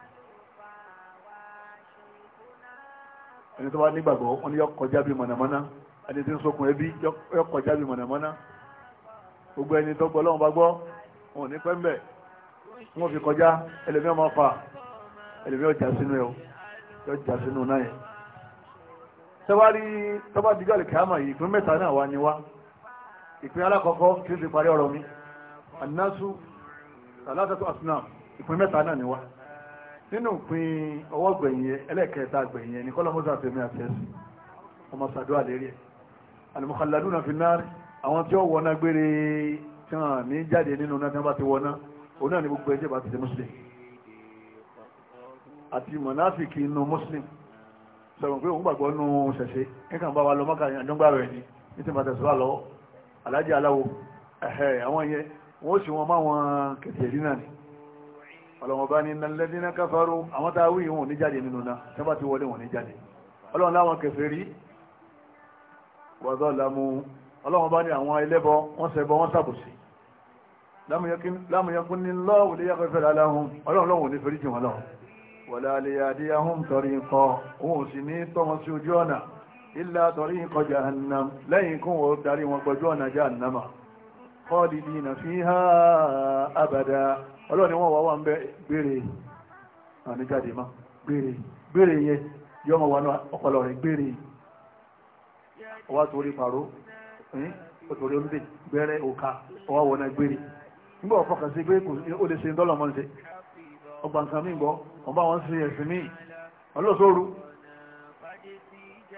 ẹni tó bá nígbàgbọ́ wọn ni yọ kọjá bí mọ̀nàmọ́ná ẹni tí ń sokùn ẹbí yọ kọjá bí mọ̀nàmọ́ná gbogbo ẹni tó gbọ́ lọ́wọ́n bá gbọ́ wọn ò ní pẹ́ mbẹ̀ wọn fi kọjá ẹlẹ́mí ọmọ fà ẹlẹ́mí ọjà sínú ẹ̀ yọ jà sínú náà tẹ́wárí tọ́ba díjọ́ lè kíámà ìpín mẹ́ta náà wá ní ìpín alákọ̀ọ́kọ́ kí ó ti parí ọ̀rọ̀ mi ànásù tàlátàtù àsùnà ìpín mẹ́ta náà ní nínú pin ọwọ́ gbẹ̀yìn ẹlẹ́kẹta gbẹ̀yìn ẹni kọ́lọ́ mọ́sá fẹ́mi àfẹ́sì ọmọ sàdúrà lérí ẹ̀ al-mukhalladuna fi an-nar àwọn tí ó wọná gbére tí wọ́n ní jáde nínú náà tí wọ́n bá ti wọná òun náà ni gbogbo ẹjẹ́ bá ti ṣe muslim àti mọ̀náfìkì inú muslim sọ̀rọ̀ pé òun gbàgbọ́ nù ṣẹ̀ṣẹ̀ nǹkan bá wa lọ mọ́kà àdúgbà rẹ̀ ni ní ti bàtẹ̀ sọ́wọ́ lọ́wọ́ alájẹ́ aláwo ẹ̀hẹ̀ àwọn yẹn wọ́n sì ọlọ́wọ́n bá ní lẹ́dínà káfàró àwọn tá a wí wọn ò ní jáde nínú náà sábà ti wọlé wọn ò ní jáde ọlọ́wọ́n láwọn kèfèrí wàzọ́ lamu ọlọ́wọ́n bá ní àwọn ẹlẹ́bọ wọ́n ṣẹbọ wọ́n ṣàbòsí lámùyẹkún ní lọ́wọ́ lè yàgbẹ́ fẹ́ra láhùn ọlọ́wọ́n lọ́wọ́ ní fẹ́rí jì lọ wọ̀lá alẹ́ àdí tọrí nǹkan òun ò sì ní tọ́mọ sí ojú ọ̀nà ilá tọrí nǹkan jahannam lẹ́yìn kún wọ́n darí wọn gbọ́jú ọ̀nà jahannama khalidina fiha abada ọlọ́ni wọ́n wà wà ń bẹ́ gbére àní jáde má gbére gbére yẹ yọ ọmọ wà ní ọpọlọ rẹ̀ gbére ọwá torí pàró ọtọ̀rẹ́ olùdè gbẹ́rẹ́ òka ọwá wọ̀nà gbére nígbà sí ó lè ọgbà nǹkan mí gbọ́ wọn sí ẹ̀sìn mí ọlọ́sọ́rù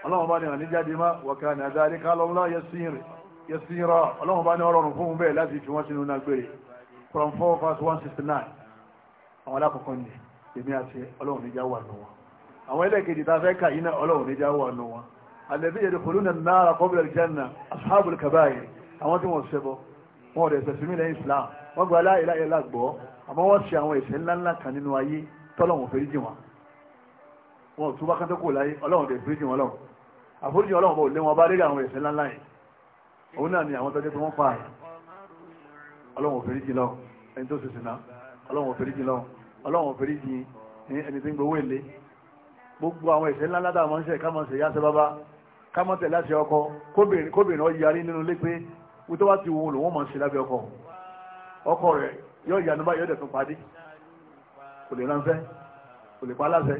ọlọ́wọ́n bá ní àní jáde má wọ̀kà ní yẹsìnyọrọ ọlọ́run bá ní ọ̀rọ̀ ọ̀rùn fún bẹ́ẹ̀ láti fi wọ́n sínú náà gbére from four past one sixty nine àwọn alákọ̀ọ́kọ́ ni èmi àti ọlọ́run níjà wà nù wọn àwọn ẹlẹ́kejì tá a fẹ́ kà yín náà ọlọ́run níjà wà nù wọn àlẹ́bí yẹn kò lónà náírà kọ́bílẹ̀ jẹ́nà asáàbùl kàbáyé àwọn tí wọ́n ṣe bọ́ wọn ò dẹ̀ ṣẹ̀ṣin mí lẹ́yìn Islam wọ́n gba aláìláyé lágbọ́ àmọ́ wọ́n ṣe àwọn ìṣẹ́ ńláńlá kan nínú ayé tọ́lọ́wọ̀n fèrè jì wọn wọn ò túbọ̀ kán tó kù láyé ọlọ́run dẹ̀ fèrè jì wọn lọ́wọ́ àforíjì ọlọ́run bò lé wọn bá lé àwọn òun náà ni àwọn tọ́jú tí wọ́n pa ọlọ́run òfèrè jì lọ ẹni tó ṣèṣìn náà ọlọ́run òfèrè jì lọ ọlọ́run òfèrè jì ní ẹni tí ń gbowó èlé gbogbo àwọn ìṣẹ́ ńlá ládàá máa ṣe kámọ̀ ṣe yáṣẹ́ bábá kámọ̀ ọkọ kóbìnrin ọyẹ arí nínú lé pé tó bá ti wo lòun ṣe lábẹ́ ọkọ ọkọ yóò báyọ̀ padì kò lè ránṣẹ́ kò lè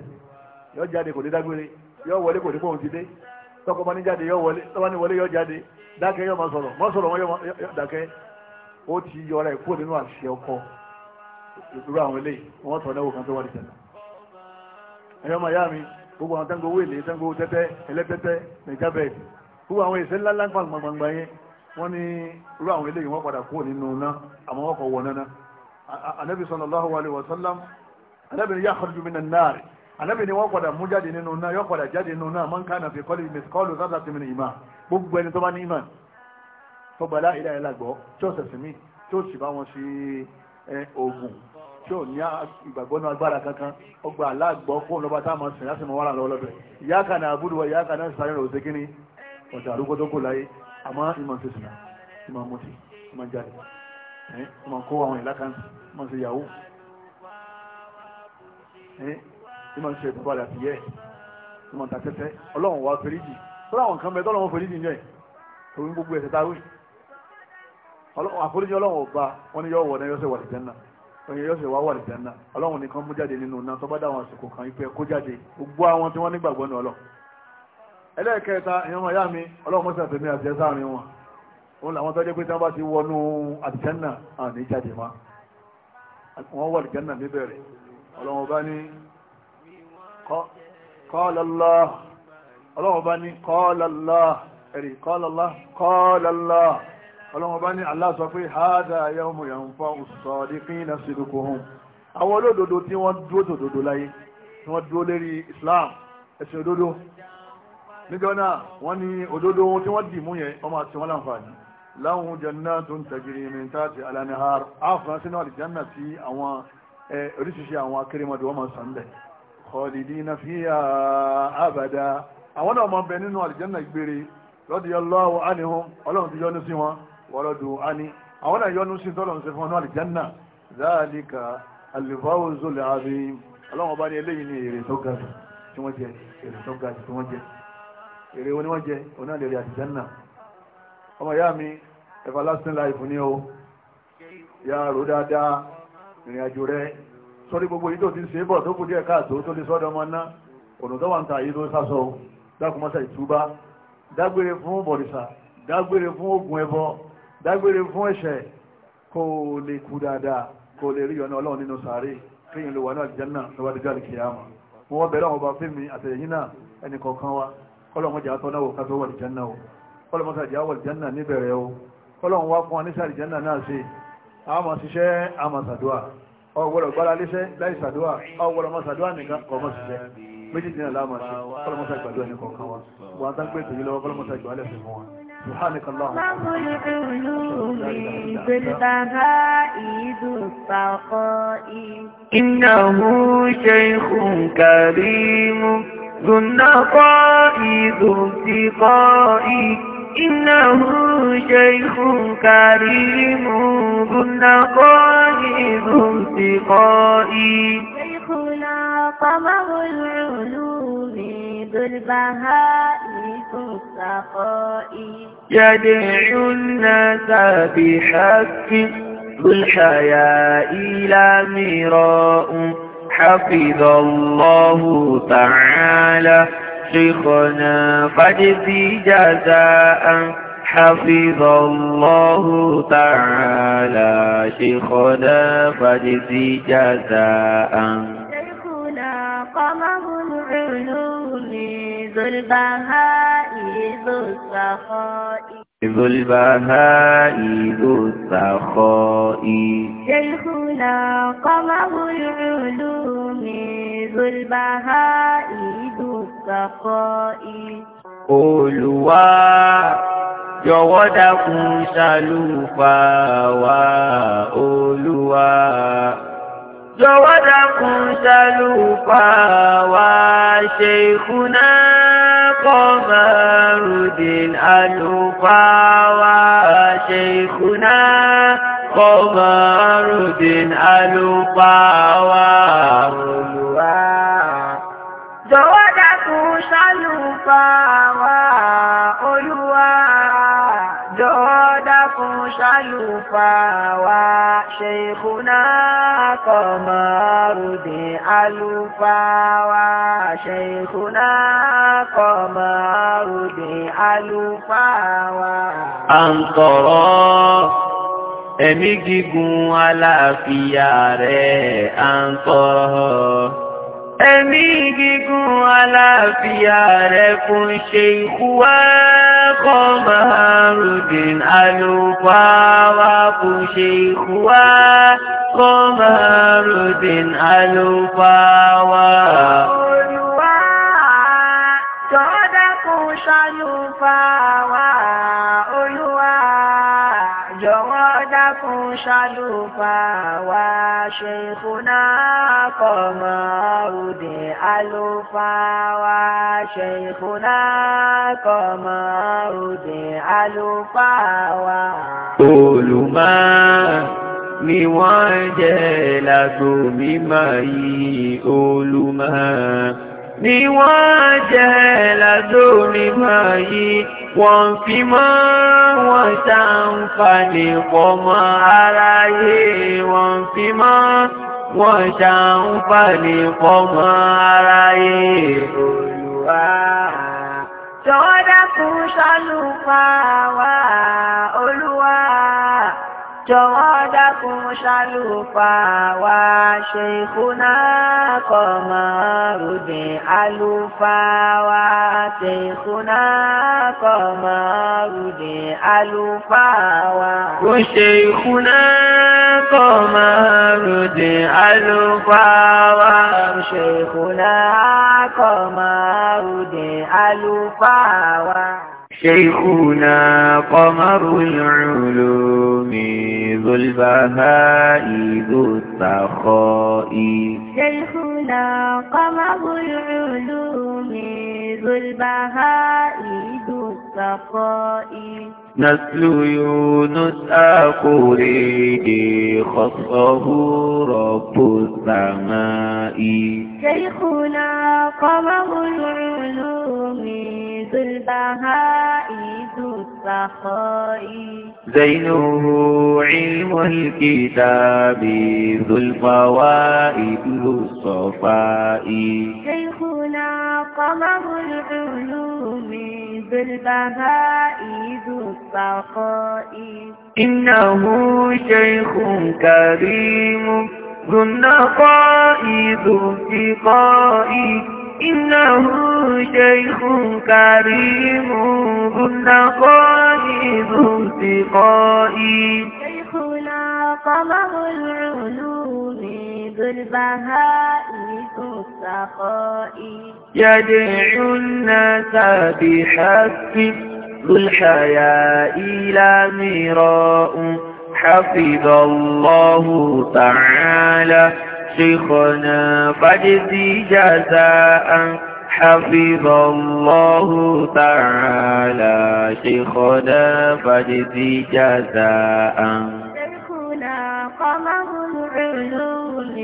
yóò jáde kò lè dágbére yóò wọlé kò ní dákẹ́ yọ máa sọ̀rọ̀ máa sọ̀rọ̀ wọn yọ dákẹ́ ó ti yọra ẹ̀ kúrò nínú àṣẹ ọkọ ìdúró àwọn eléyìí wọ́n tọ̀ náwó kan tó wà ní sẹ́nà ẹ̀yọ́ máa yá mi gbogbo àwọn tango owó èlé tango tẹ́tẹ́ ẹlẹ́tẹ́tẹ́ nìkan bẹ́ẹ̀ gbogbo àwọn èsè ńlá ńlá gbàngbàngbà yẹn wọ́n ní irú àwọn eléyìí wọ́n padà kúrò nínú ná àmọ́ wọ́n kọ̀ wọ̀ náná anabi sallallahu alaihi wasallam anabi yá àkọ́jú mi nà náà rẹ̀ ànábì ni wọ́n padà mú jáde nínú náà yọ́ padà jáde nínú náà mọ́nká náà fi kọ́lù mẹ́sìkọ́lù sábà ti mìíràn ìmá gbogbo ẹni tó bá ní ìmá tó gbàdá ìlà ìlà gbọ́ tí ó sẹ̀sìn mí tí ó sì bá wọn ṣe oògùn tí ó ní ìgbàgbọ́ náà agbára kankan ó gba aláàgbọ́ fóun lọ́ba tá a máa sìn láti mọ wàrà lọ́wọ́ lọ́dọ̀ ìyá kan náà àbúrò wa ìyá kan náà sáré rẹ̀ òṣèké ní ọ̀dà àrúgbó tó kò láyé àmọ́ ìmọ̀ ṣe sùn ìmọ̀ mutí ìmọ̀ jáde ìmọ̀ kó àwọn ìlà kan ìmọ̀ ṣe yahoo tí máa ń ṣe ìbúbá àti yẹ tí máa ń ta tẹ́tẹ́ ọlọ́run wà fèrèjì tó láwọn kan mẹ́tọ́ ọlọ́run fèrèjì yẹn torí gbogbo ẹ̀sẹ̀ táwé àforíjì ọlọ́run ọba wọn ni yóò wọ̀ náà yóò ṣe wà ní jẹ́nà oyin yóò ṣe wá wà ní jẹ́nà ọlọ́run nìkan mú jáde nínú náà tó bá dá àwọn àsìkò kan ìfẹ́ kó jáde gbogbo àwọn tí wọ́n nígbàgbọ́ ní ọlọ́run ẹlẹ́ẹ̀kẹta ìyọ́mọ̀ ìyá mi ọlọ́run mọ́sẹ̀ àtẹ̀mí àti ẹ̀sà àárín wọn òun làwọn tọ́jú pé tí wọ́n bá ti wọnú àdìjẹ́nà àní jáde má wọ́n wà àdìjẹ́nà níbẹ̀rẹ̀ ọlọ́run bá ní kọ́ọ̀lọ́lọ́ ọlọ́wọ́n bá ní kọ́ọ̀lọ́lọ́ ẹ̀rì kọ́ọ̀lọ́lọ́ kọ́ọ̀lọ́lọ́ ọlọ́wọ́n bá ní Allah sọ pé hádà yawmu yanfa'u sadiqina sidquhum àwọn olódodo tí wọ́n dúró tòdodo láyé tí wọ́n dúró lérí Islam ẹ̀sìn òdodo níjọ́ náà wọ́n ní òdodo tí wọ́n dì mú yẹn wọ́n máa ti wọ́n láǹfààní láwọn jannatun tajri min khalidina fiha abada àwọn náà máa bẹ nínú àlìjẹ́nà ìgbére radiyallahu anhum ọlọ́run ti yọ́nú sí wọn wọ́rọ̀dù ani àwọn náà yọ́nú sí tọ́lọ̀ sí fún àlìjẹ́nà zalika al-fawzul azim ọlọ́run bá ní eléyìí ní èrè tó ga jù tí wọ́n jẹ èrè tó ga jù tí wọ́n jẹ èrè wo ni wọ́n jẹ òun náà lè rí àlìjẹ́nà ọmọ ìyá mi everlasting life ni o yàrá rò dáadáa ìrìn àjò rẹ̀ torí gbogbo yìí tó ti ṣe bọ̀ tó kù díẹ̀ káàtó tó lè sọ́dọ̀ ọmọ náà ọ̀nà tó wà ń ta yìí ló sásọ dákùmọ́sà ìtúbá dágbére fún bọ̀rìṣà dágbére fún ogun ẹbọ dágbére fún ẹ̀ṣẹ̀ kó lè kú dáadáa kó lè rí ọ̀nà ọlọ́run nínú sàárè kéyìn ló wà ní àlùjánnà lọ́wọ́ dídá àlùkìyàmà mo wọ́n bẹ̀rẹ̀ àwọn ọba fíìmì àtẹ̀yìn náà ẹnì kọ̀ọ̀kan wa kọ́lọ́mọjà tó fún wa ní sàlùjánnà náà ṣe àmọ̀ ṣiṣẹ́ àmọ̀ ọgbọ́dọ̀ gbára léṣẹ́ láì sàdúwà ọgbọ́dọ̀ mọ́ sàdúwà nìkan kọmọ́ síṣẹ́ méjìdí náà láàmà ìgbàdúwà ní kọ̀ọ̀kan wọ́n tán pé tèmi lọ́wọ́ kọlọmọ́sá ìgbà lẹ́sẹ̀ إنه شيخ كريم بن قائد ثقائي شيخنا قمر العلوم ذو البهاء السقاء يدعو الناس بحق ذو الحياء لا مراء حفظ الله تعالى شيخنا في جزاء حفظ الله تعالى شيخنا قد في جزاء شيخنا قمه العلوم ذو البهاء ذو السخاء ذو البهاء ذو السخاء شيخنا قمه العلوم ذو البهاء السقاء Olúwa jọ̀wọ́ dákun ṣàlùfàá wa Olúwa jọ̀wọ́ dákun ṣàlùfàá wa Sheikhuna Qamaruddin àlùfàá wa Sheikhuna Qamaruddin àlùfàá wa Olúwa jọ̀wọ́ ṣàlùfà wa olúwa jọ̀ọ́ dákun ṣàlùfà wa ṣèkúná kọ̀mọ́rùdín àlùfà wa ṣèkúná kọ̀mọ́rùdín àlùfà wa. à ń tọrọ ẹ̀mí gígùn àlàáfíà rẹ̀ à ń tọrọ. Ẹ̀mí gígùn àlàáfíà rẹ̀ fún ṣe ikú wá kọ́ máa rùdìn àlùfáwá fún ṣe ikú wá kọ́ máa rùdìn àlùfáwá. Olúwa jọ̀ọ́ dákun ṣàlùfáwá olú. لكم شلوفا وشيخنا قمر دي ألوفا وشيخنا قمر دي ألوفا olùmọ̀ ni wọ́n jẹ́ lágbo mímọ́ yìí olùmọ̀ ni wọ́n jẹ́ lágbo mímọ́ yìí wọ́n fi mọ́ wọn ṣàǹfààní pọ̀ mọ́ aráyé wọ́n fi mọ́ wọn ṣàǹfààní pọ̀ mọ́ aráyé olùwà. jọ̀wọ́ dákun ṣàlùfà wá olúwa jọ̀wọ́ dákun ṣàlùfáà wa ṣèkúná kọ̀mọ́ ròdè àlùfáà wa ṣèkúná kọ̀mọ́ ròdè àlùfáà wa. ó ṣèkúná kọ̀mọ́ ròdè àlùfáà wa. ṣèkúná kọ̀mọ́ ròdè àlùfáà wa. شيخنا قمر العلوم ذو البهاء ذو السخاء شيخنا قمر العلوم ذو البهاء ذو السخاء نسل يونس أقريدي خصه رب السماء شيخنا قمه العلوم ذو البهاء ذو البقاء زينه علم الكتاب ذو الفوائد ذو الصفاء شيخنا قمر العلوم ذو البهاء ذو الصفاء إنه شيخ كريم ذو قائد ذو إنه شيخ كريم ذو قائد ذو شيخنا قمر العلوم ذو البهاء ذو السخاء يدعو الناس بحق ذو الحياء لا مراء حفظ الله تعالى شيخنا فاجزي جزاء حفظ الله تعالى شيخنا فاجزي جزاء شيخنا قمه العلوم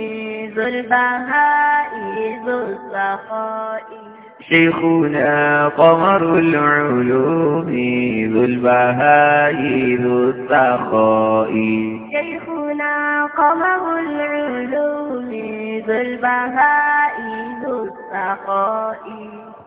ذو البهاء ذو السخائي شيخنا قمر العلوم ذو البهاء ذو السخاء شيخنا قمر العلوم ذو البهاء ذو السخاء